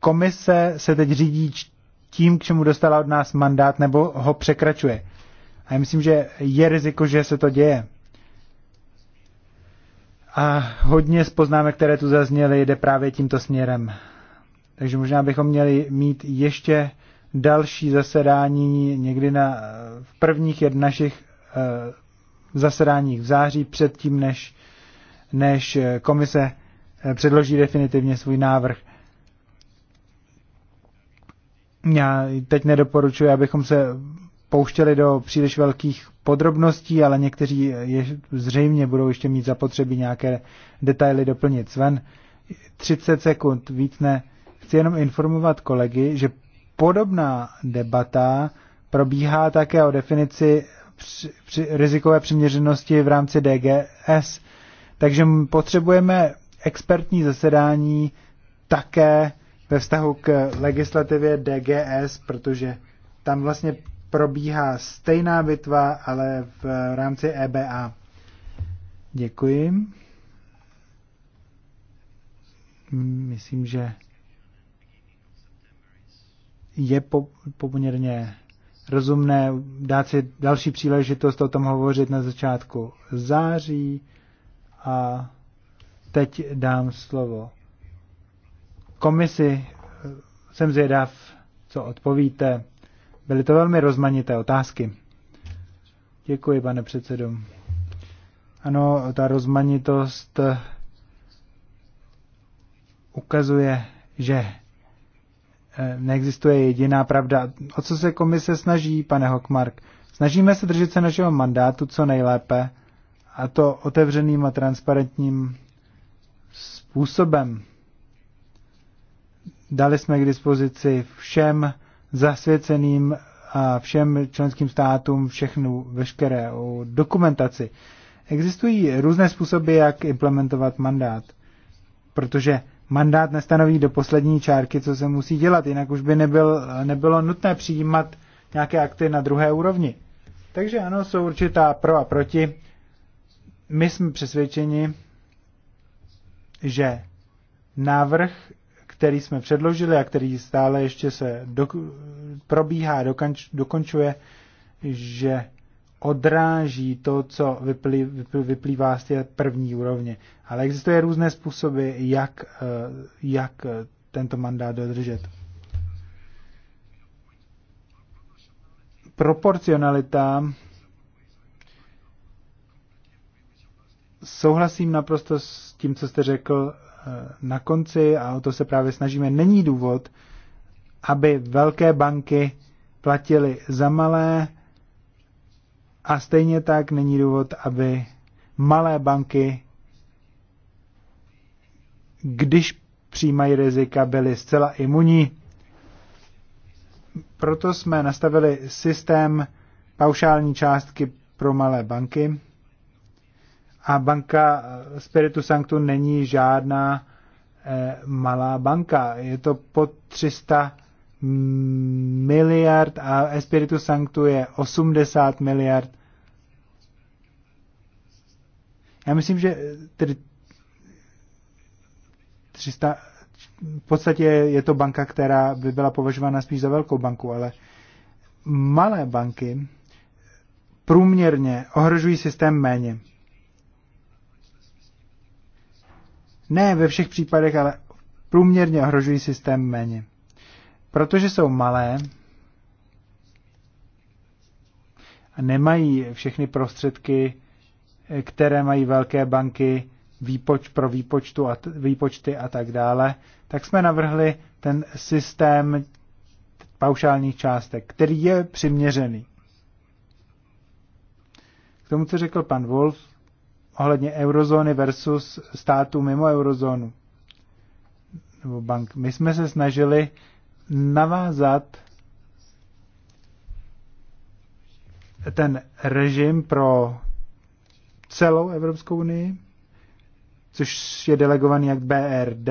komise se teď řídí tím, k čemu dostala od nás mandát, nebo ho překračuje. A já myslím, že je riziko, že se to děje. A hodně z poznámek, které tu zazněly, jde právě tímto směrem. Takže možná bychom měli mít ještě další zasedání někdy na, v prvních jed našich e, zasedáních v září, předtím, než, než komise eh, předloží definitivně svůj návrh. Já teď nedoporučuji, abychom se pouštěli do příliš velkých podrobností, ale někteří je, zřejmě budou ještě mít zapotřebí nějaké detaily doplnit. Sven, 30 sekund, víc ne. Chci jenom informovat kolegy, že podobná debata probíhá také o definici při, při, rizikové přiměřenosti v rámci DGS. Takže potřebujeme expertní zasedání také ve vztahu k legislativě DGS, protože tam vlastně probíhá stejná bitva, ale v rámci EBA. Děkuji. Myslím, že je po, poměrně rozumné dát si další příležitost o tom hovořit na začátku září. A teď dám slovo komisi. Jsem zvědav, co odpovíte. Byly to velmi rozmanité otázky. Děkuji, pane předsedo. Ano, ta rozmanitost eh, ukazuje, že eh, neexistuje jediná pravda. O co se komise snaží, pane Hockmark? Snažíme se držet se našeho mandátu co nejlépe, a to otevřeným a transparentním způsobem. Dali jsme k dispozici všem zasvěceným a všem členským státům všechnu veškeré dokumentaci. Existují různé způsoby, jak implementovat mandát, protože mandát nestanoví do poslední čárky, co se musí dělat, jinak už by nebyl, nebylo nutné přijímat nějaké akty na druhé úrovni. Takže ano, jsou určitá pro a proti. My jsme přesvědčeni, že návrh který jsme předložili a který stále ještě se do, probíhá, dokonč, dokončuje, že odráží to, co vyplý, vyplý, vyplývá z té první úrovně. Ale existuje různé způsoby, jak, eh, jak eh, tento mandát dodržet. Proporcionalita souhlasím naprosto s tím, co jste řekl Eh, na konci a o to se právě snažíme. Není důvod, aby velké banky platily za malé a stejně tak není důvod, aby malé banky, když přijímají rizika, byly zcela imunní. Proto jsme nastavili systém paušální částky pro malé banky a banka eh, Spiritu Sanctu není žádná eh, malá banka. Je to pod 300 miliard a Spiritu Sanctu je 80 miliard. Já myslím, že eh, tedy 300, v podstatě je to banka, která by byla považována spíš za velkou banku, ale malé banky průměrně ohrožují systém méně. Ne ve všech případech, ale průměrně ohrožují systém méně. Protože jsou malé a nemají všechny prostředky, eh, které mají velké banky výpoč, pro výpočtu a, výpočty a tak dále, tak jsme navrhli ten systém paušálních částek, který je přiměřený. K tomu, co řekl pan Wolf, ohledně eurozóny versus států mimo eurozónu. Nebo bank. My jsme se snažili navázat ten režim pro celou Evropskou unii, což je delegovaný jak BRD,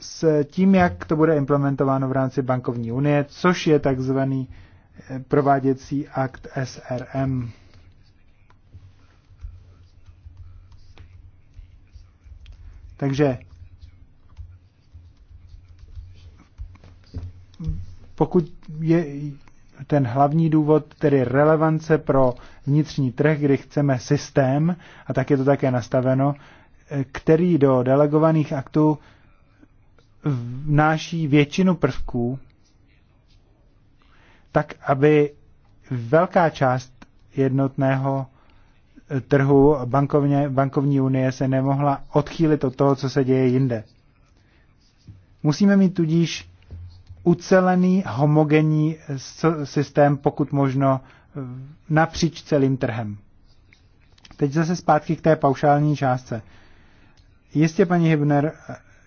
s tím, jak to bude implementováno v rámci bankovní unie, což je takzvaný prováděcí akt SRM. Takže pokud je ten hlavní důvod, tedy relevance pro vnitřní trh, kdy chceme systém, a tak je to také nastaveno, který do delegovaných aktů vnáší většinu prvků, tak aby velká část jednotného trhu bankovně, bankovní unie se nemohla odchýlit od toho, co se děje jinde. Musíme mít tudíž ucelený, homogenní systém, pokud možno napříč celým trhem. Teď zase zpátky k té paušální částce. Jistě, paní Hibner,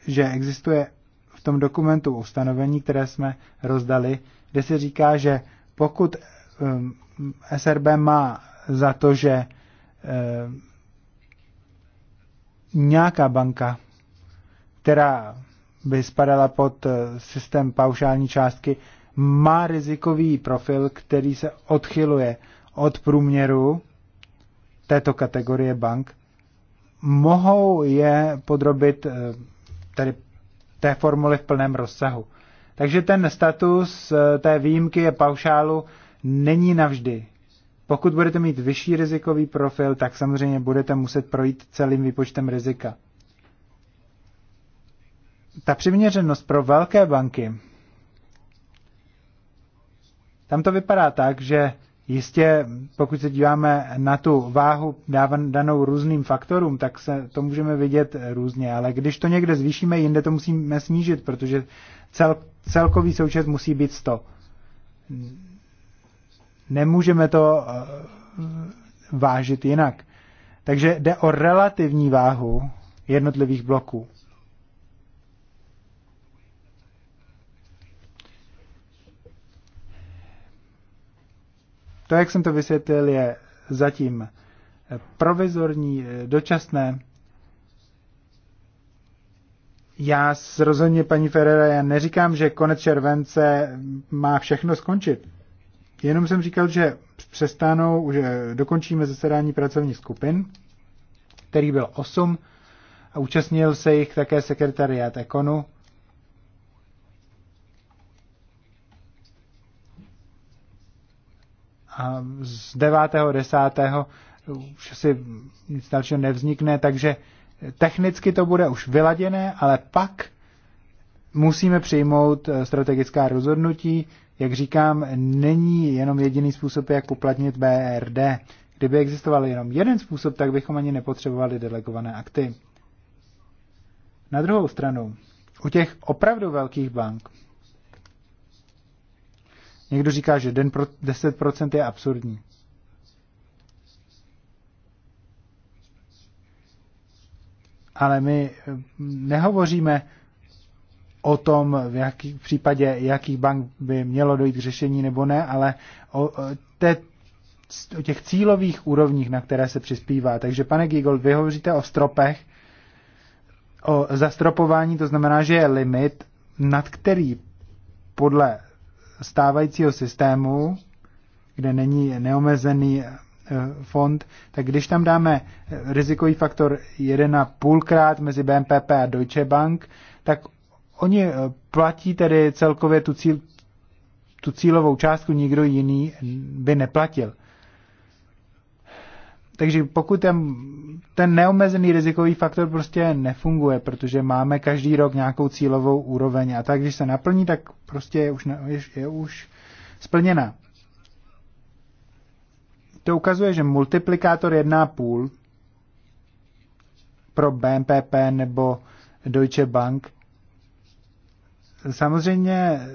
že existuje v tom dokumentu ustanovení, které jsme rozdali, kde se říká, že pokud um, SRB má za to, že Eh, nějaká banka, která by spadala pod eh, systém paušální částky, má rizikový profil, který se odchyluje od průměru této kategorie bank, mohou je podrobit eh, tedy té formuli v plném rozsahu. Takže ten status té výjimky je paušálu není navždy pokud budete mít vyšší rizikový profil, tak samozřejmě budete muset projít celým výpočtem rizika. Ta přiměřenost pro velké banky, tam to vypadá tak, že jistě, pokud se díváme na tu váhu danou různým faktorům, tak se to můžeme vidět různě, ale když to někde zvýšíme, jinde to musíme snížit, protože cel, celkový součet musí být 100 Nemůžeme to eh, vážit jinak. Takže jde o relativní váhu jednotlivých bloků. To, jak jsem to vysvětlil, je zatím eh, provizorní, eh, dočasné. Já rozhodně, paní Ferrera, já neříkám, že konec července má všechno skončit. Jenom jsem říkal, že přestanou, že dokončíme zasedání pracovních skupin, který byl 8 a účastnil se jich také sekretariát Ekonu. A z 9. 10. už asi nic dalšího nevznikne, takže technicky to bude už vyladěné, ale pak musíme přijmout eh, strategická rozhodnutí, jak říkám, není jenom jediný způsob, jak uplatnit BRD. Kdyby existoval jenom jeden způsob, tak bychom ani nepotřebovali delegované akty. Na druhou stranu, u těch opravdu velkých bank, někdo říká, že 10% je absurdní. Ale my eh, nehovoříme o tom, v, jaký, v případě jakých bank by mělo dojít k řešení nebo ne, ale o, te, o těch cílových úrovních, na které se přispívá. Takže, pane Gigold, vy hovoříte o stropech, o zastropování, to znamená, že je limit, nad který podle stávajícího systému, kde není neomezený eh, fond, tak když tam dáme eh, rizikový faktor 1,5 krát mezi BMPP a Deutsche Bank, tak Oni eh, platí tedy celkově tu, cíl, tu cílovou částku, nikdo jiný by neplatil. Takže pokud ten, ten neomezený rizikový faktor prostě nefunguje, protože máme každý rok nějakou cílovou úroveň a tak, když se naplní, tak prostě je už, je, je už splněna. To ukazuje, že multiplikátor 1,5 pro BMPP nebo Deutsche Bank samozřejmě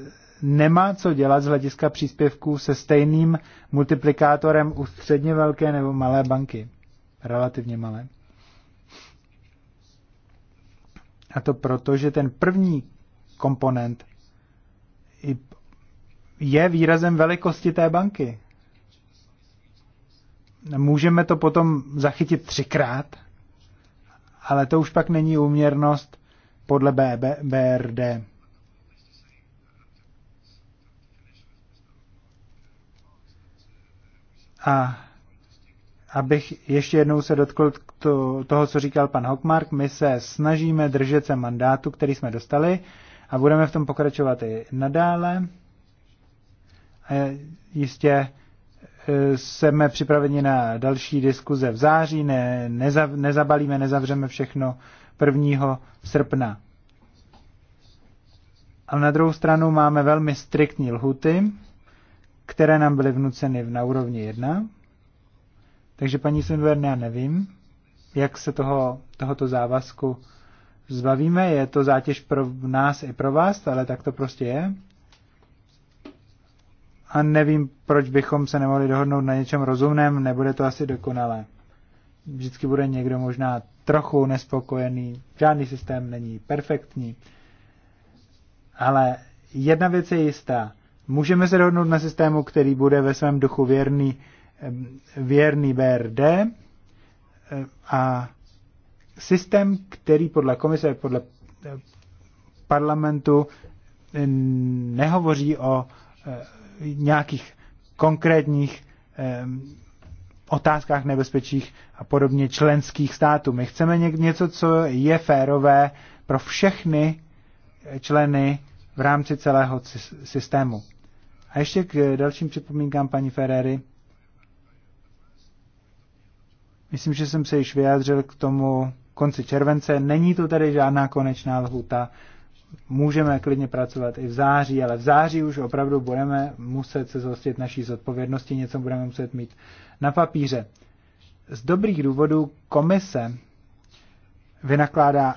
nemá co dělat z hlediska příspěvků se stejným multiplikátorem u středně velké nebo malé banky. Relativně malé. A to proto, že ten první komponent je výrazem velikosti té banky. Můžeme to potom zachytit třikrát, ale to už pak není úměrnost podle BRD. A abych ještě jednou se dotkl toho, co říkal pan Hockmark, my se snažíme držet se mandátu, který jsme dostali a budeme v tom pokračovat i nadále. A jistě e, jsme připraveni na další diskuze v září, ne, neza, nezabalíme, nezavřeme všechno 1. srpna. Ale na druhou stranu máme velmi striktní lhuty, které nám byly vnuceny na úrovni 1. Takže paní Sundberg, já nevím, jak se toho, tohoto závazku zbavíme. Je to zátěž pro nás i pro vás, ale tak to prostě je. A nevím, proč bychom se nemohli dohodnout na něčem rozumném, nebude to asi dokonalé. Vždycky bude někdo možná trochu nespokojený, žádný systém není perfektní. Ale jedna věc je jistá. Můžeme se dohodnout na systému, který bude ve svém duchu věrný, věrný BRD a systém, který podle komise, podle parlamentu nehovoří o nějakých konkrétních otázkách nebezpečích a podobně členských států. My chceme něco, co je férové pro všechny členy v rámci celého systému. A ještě k eh, dalším připomínkám paní Ferrery. Myslím, že jsem se již vyjádřil k tomu konci července. Není to tady žádná konečná lhuta. Můžeme klidně pracovat i v září, ale v září už opravdu budeme muset se zhostit naší zodpovědnosti, něco budeme muset mít na papíře. Z dobrých důvodů komise vynakládá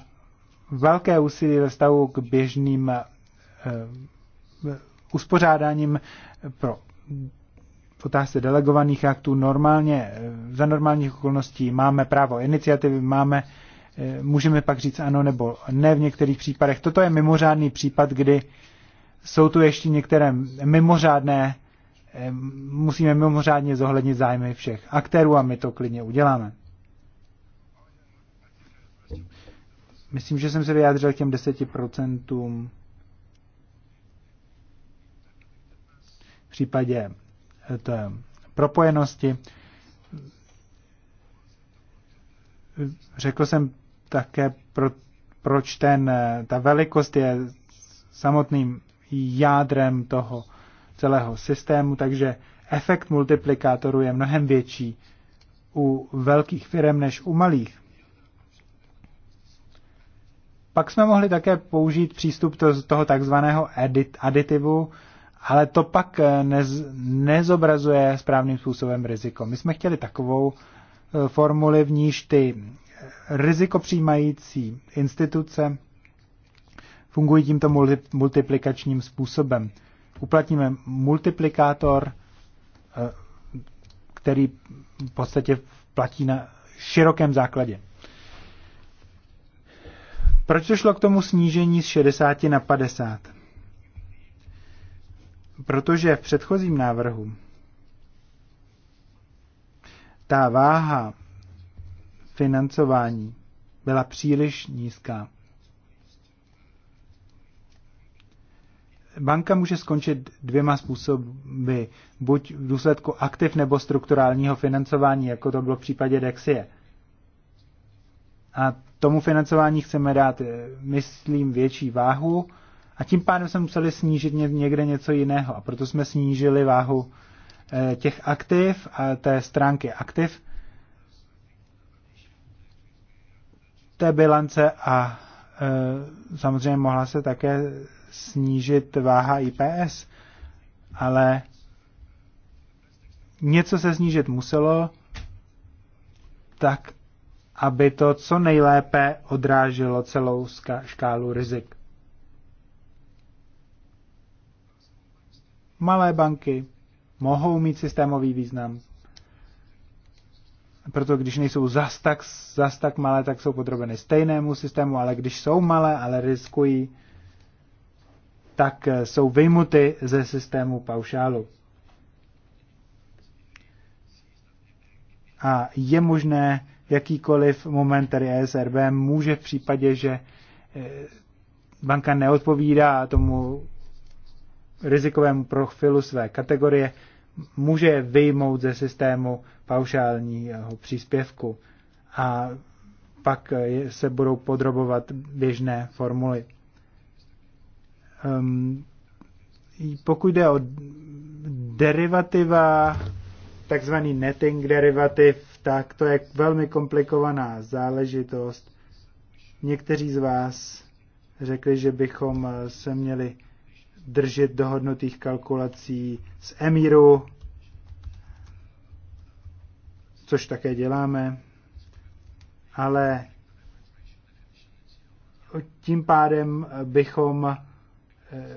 velké úsilí ve stavu k běžným eh, uspořádáním pro v otázce delegovaných aktů normálně, za normálních okolností máme právo iniciativy, máme, eh, můžeme pak říct ano nebo ne v některých případech. Toto je mimořádný případ, kdy jsou tu ještě některé mimořádné, eh, musíme mimořádně zohlednit zájmy všech aktérů a my to klidně uděláme. Myslím, že jsem se vyjádřil k těm 10%. v případě eh, té propojenosti. Řekl jsem také, pro, proč ten, eh, ta velikost je samotným jádrem toho celého systému, takže efekt multiplikátoru je mnohem větší u velkých firm než u malých. Pak jsme mohli také použít přístup to, toho takzvaného aditivu, ale to pak eh, nez, nezobrazuje správným způsobem riziko. My jsme chtěli takovou eh, formuli, v níž ty eh, riziko přijímající instituce fungují tímto multiplikačním způsobem. Uplatníme multiplikátor, který v podstatě platí na širokém základě. Proč to šlo k tomu snížení z 60 na 50? protože v předchozím návrhu ta váha financování byla příliš nízká. Banka může skončit dvěma způsoby, buď v důsledku aktiv nebo strukturálního financování, jako to bylo v případě Dexie. A tomu financování chceme dát, eh, myslím, větší váhu a tím pádem jsme museli snížit někde něco jiného. A proto jsme snížili váhu eh, těch aktiv a té stránky aktiv, té bilance a eh, samozřejmě mohla se také snížit váha IPS, ale něco se snížit muselo, tak aby to co nejlépe odráželo celou škálu rizik. malé banky mohou mít systémový význam. Proto když nejsou zas tak, zas tak malé, tak jsou podrobeny stejnému systému, ale když jsou malé, ale riskují, tak eh, jsou vyjmuty ze systému paušálu. A je možné jakýkoliv moment, tedy ESRB, může v případě, že eh, banka neodpovídá tomu rizikovému profilu své kategorie, může vyjmout ze systému paušálního příspěvku a pak se budou podrobovat běžné formuly. Um, pokud jde o derivativa, takzvaný netting derivativ, tak to je velmi komplikovaná záležitost. Někteří z vás řekli, že bychom se měli držet dohodnutých kalkulací z Emíru, což také děláme, ale tím pádem bychom eh,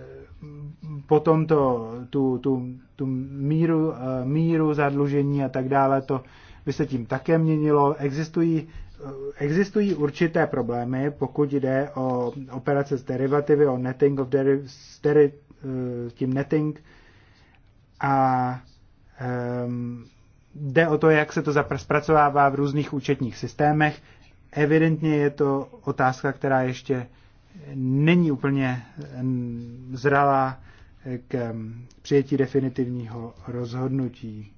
potom to, tu, tu, tu míru, eh, míru zadlužení a tak dále, to by se tím také měnilo. Existují existují určité problémy, pokud jde o operace s derivativy, o netting of deri, s deri, eh, tím netting a um, jde o to, jak se to zpracovává v různých účetních systémech. Evidentně je to otázka, která ještě není úplně ehm, zralá k ehm, přijetí definitivního rozhodnutí.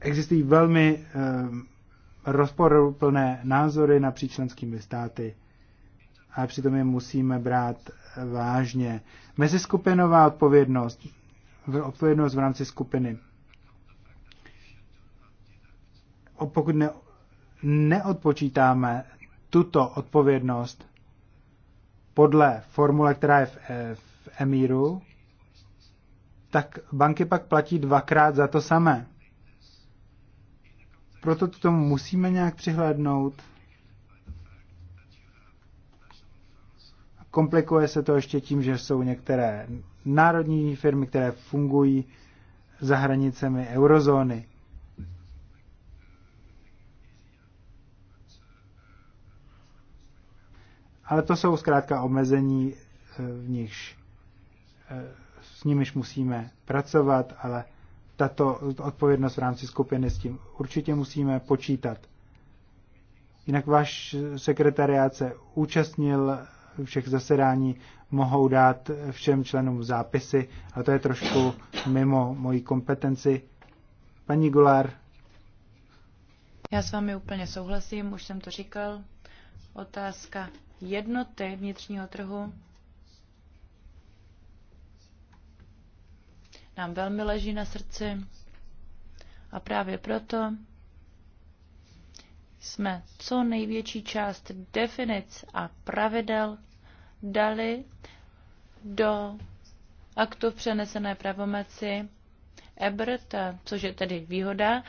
Existují velmi um, rozporuplné názory napříč členskými státy, ale přitom je musíme brát vážně. Meziskupinová odpovědnost, odpovědnost v rámci skupiny. Pokud ne, neodpočítáme tuto odpovědnost podle formule, která je v, e, v emíru, tak banky pak platí dvakrát za to samé. Proto k tomu musíme nějak přihlédnout. Komplikuje se to ještě tím, že jsou některé národní firmy, které fungují za hranicemi eurozóny. Ale to jsou zkrátka omezení, eh, v nichž, eh, s nimiž musíme pracovat, ale tato odpovědnost v rámci skupiny s tím určitě musíme počítat. Jinak váš sekretariát se účastnil všech zasedání, mohou dát všem členům zápisy, ale to je trošku mimo moji kompetenci. Paní Gulár. Já s vámi úplně souhlasím, už jsem to říkal. Otázka jednoty vnitřního trhu nám velmi leží na srdci a právě proto jsme co největší část definic a pravidel dali do aktu přenesené pravomoci EBRT, což je tedy výhoda,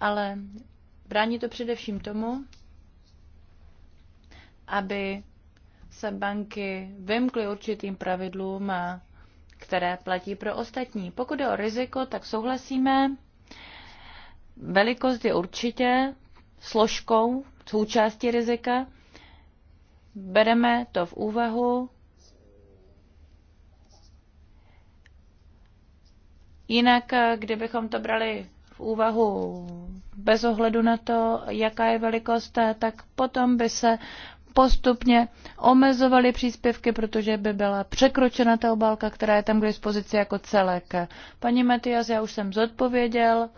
ale brání to především tomu, aby se banky vymkly určitým pravidlům a které platí pro ostatní. Pokud je o riziko, tak souhlasíme. Velikost je určitě složkou, součástí rizika. Bereme to v úvahu. Jinak, kdybychom to brali v úvahu bez ohledu na to, jaká je velikost, tak potom by se postupně omezovali příspěvky, protože by byla překročena ta obálka, která je tam k dispozici jako celek. Paní Matias, já už jsem zodpověděl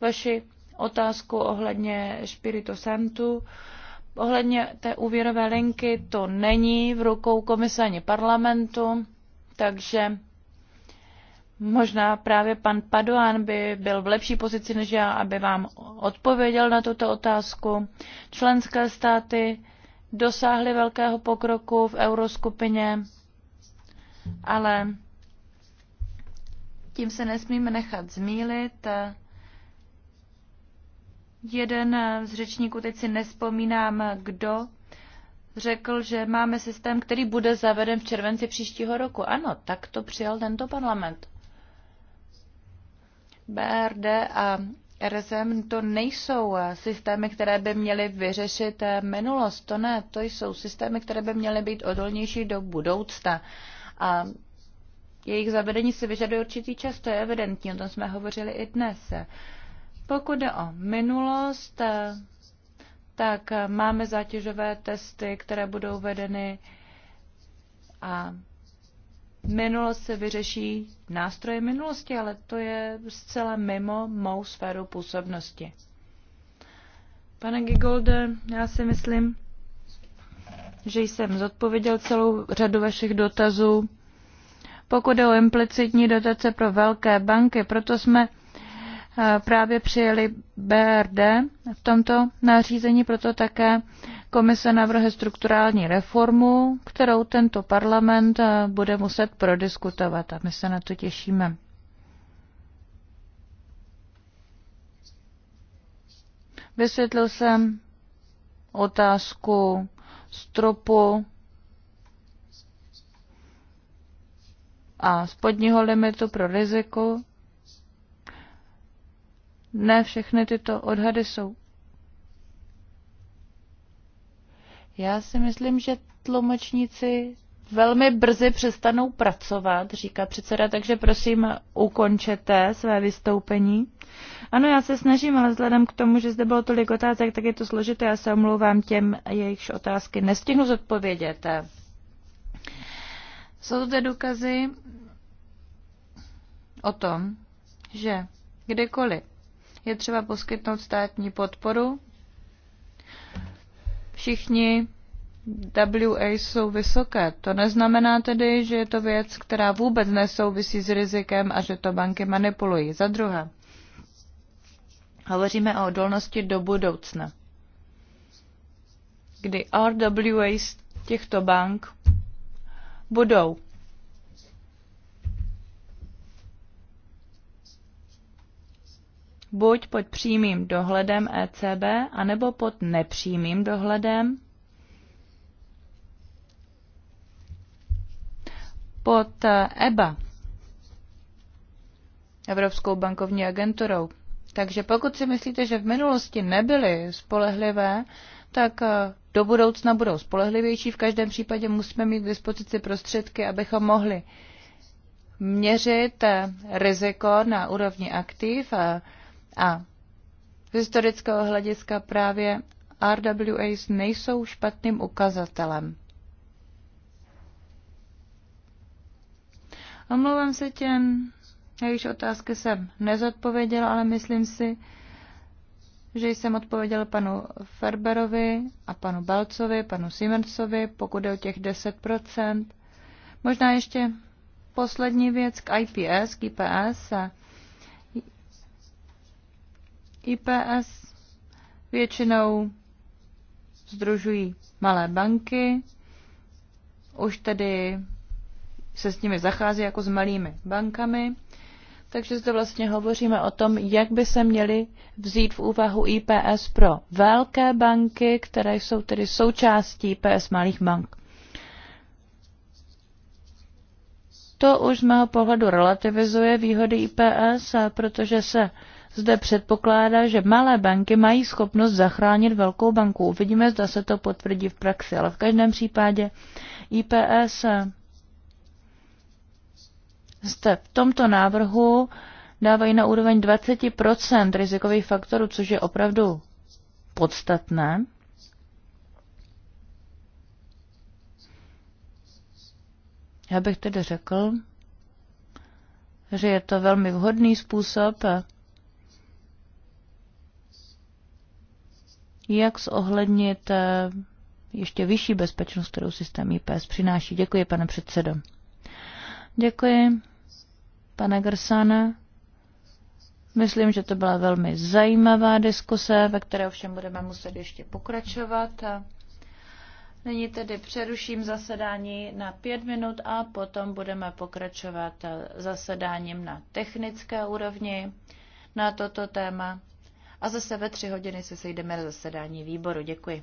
vaši otázku ohledně Spiritu Santu. Ohledně té úvěrové linky to není v rukou komise parlamentu, takže možná právě pan Padoan by byl v lepší pozici než já, aby vám odpověděl na tuto otázku. Členské státy dosáhli velkého pokroku v euroskupině, ale tím se nesmíme nechat zmílit. Jeden z řečníků, teď si nespomínám, kdo, řekl, že máme systém, který bude zaveden v červenci příštího roku. Ano, tak to přijal tento parlament. BRD a RSM to nejsou eh, systémy, které by měly vyřešit eh, minulost, to ne, to jsou systémy, které by měly být odolnější do budoucna. A jejich zavedení si vyžaduje určitý čas, to je evidentní, o tom jsme hovořili i dnes. Pokud jde o minulost, eh, tak máme zátěžové testy, které budou vedeny a Minulost se vyřeší nástroje minulosti, ale to je zcela mimo mou sféru působnosti. Pane Gigolde, já si myslím, že jsem zodpověděl celou řadu vašich dotazů. Pokud je o implicitní dotace pro velké banky, proto jsme eh, právě přijeli BRD v tomto nařízení, proto také Komise navrhuje strukturální reformu, kterou tento parlament eh, bude muset prodiskutovat a my se na to těšíme. Vysvětlil jsem otázku stropu a spodního limitu pro riziko. Ne všechny tyto odhady jsou Já si myslím, že tlumočníci velmi brzy přestanou pracovat, říká předseda, takže prosím ukončete své vystoupení. Ano, já se snažím, ale vzhledem k tomu, že zde bylo tolik otázek, tak je to složité. Já se omlouvám těm, jejichž otázky nestihnu zodpovědět. Jsou zde důkazy o tom, že kdekoliv je třeba poskytnout státní podporu, všichni WA jsou vysoké. To neznamená tedy, že je to věc, která vůbec nesouvisí s rizikem a že to banky manipulují. Za druhé, hovoříme o odolnosti do budoucna, kdy RWA z těchto bank budou buď pod přímým dohledem ECB, anebo pod nepřímým dohledem, pod EBA, eh, e Evropskou bankovní agenturou. Takže pokud si myslíte, že v minulosti nebyly spolehlivé, tak eh, do budoucna budou spolehlivější. V každém případě musíme mít k dispozici prostředky, abychom mohli měřit eh, riziko na úrovni aktiv a a z historického hlediska právě RWAs nejsou špatným ukazatelem. Omlouvám se těm, již otázky jsem nezodpověděl, ale myslím si, že jsem odpověděl panu Ferberovi a panu Balcovi, panu Siemensovi, pokud je o těch 10%. Možná ještě poslední věc k IPS, k IPS. A IPS většinou združují malé banky, už tedy se s nimi zachází jako s malými bankami. Takže zde vlastně hovoříme o tom, jak by se měly vzít v úvahu IPS pro velké banky, které jsou tedy součástí IPS malých bank. To už z mého pohledu relativizuje výhody IPS, protože se zde předpokládá, že malé banky mají schopnost zachránit velkou banku. Uvidíme, zda se to potvrdí v praxi, ale v každém případě IPS zde v tomto návrhu dávají na úroveň 20% rizikových faktorů, což je opravdu podstatné. Já bych tedy řekl, že je to velmi vhodný způsob, jak zohlednit eh, ještě vyšší bezpečnost, kterou systém IPS přináší. Děkuji, pane předsedo. Děkuji, pane Grsana. Myslím, že to byla velmi zajímavá diskuse, ve které ovšem budeme muset ještě pokračovat. nyní tedy přeruším zasedání na pět minut a potom budeme pokračovat zasedáním na technické úrovni na toto téma a zase ve tři hodiny se sejdeme na zasedání výboru. Děkuji.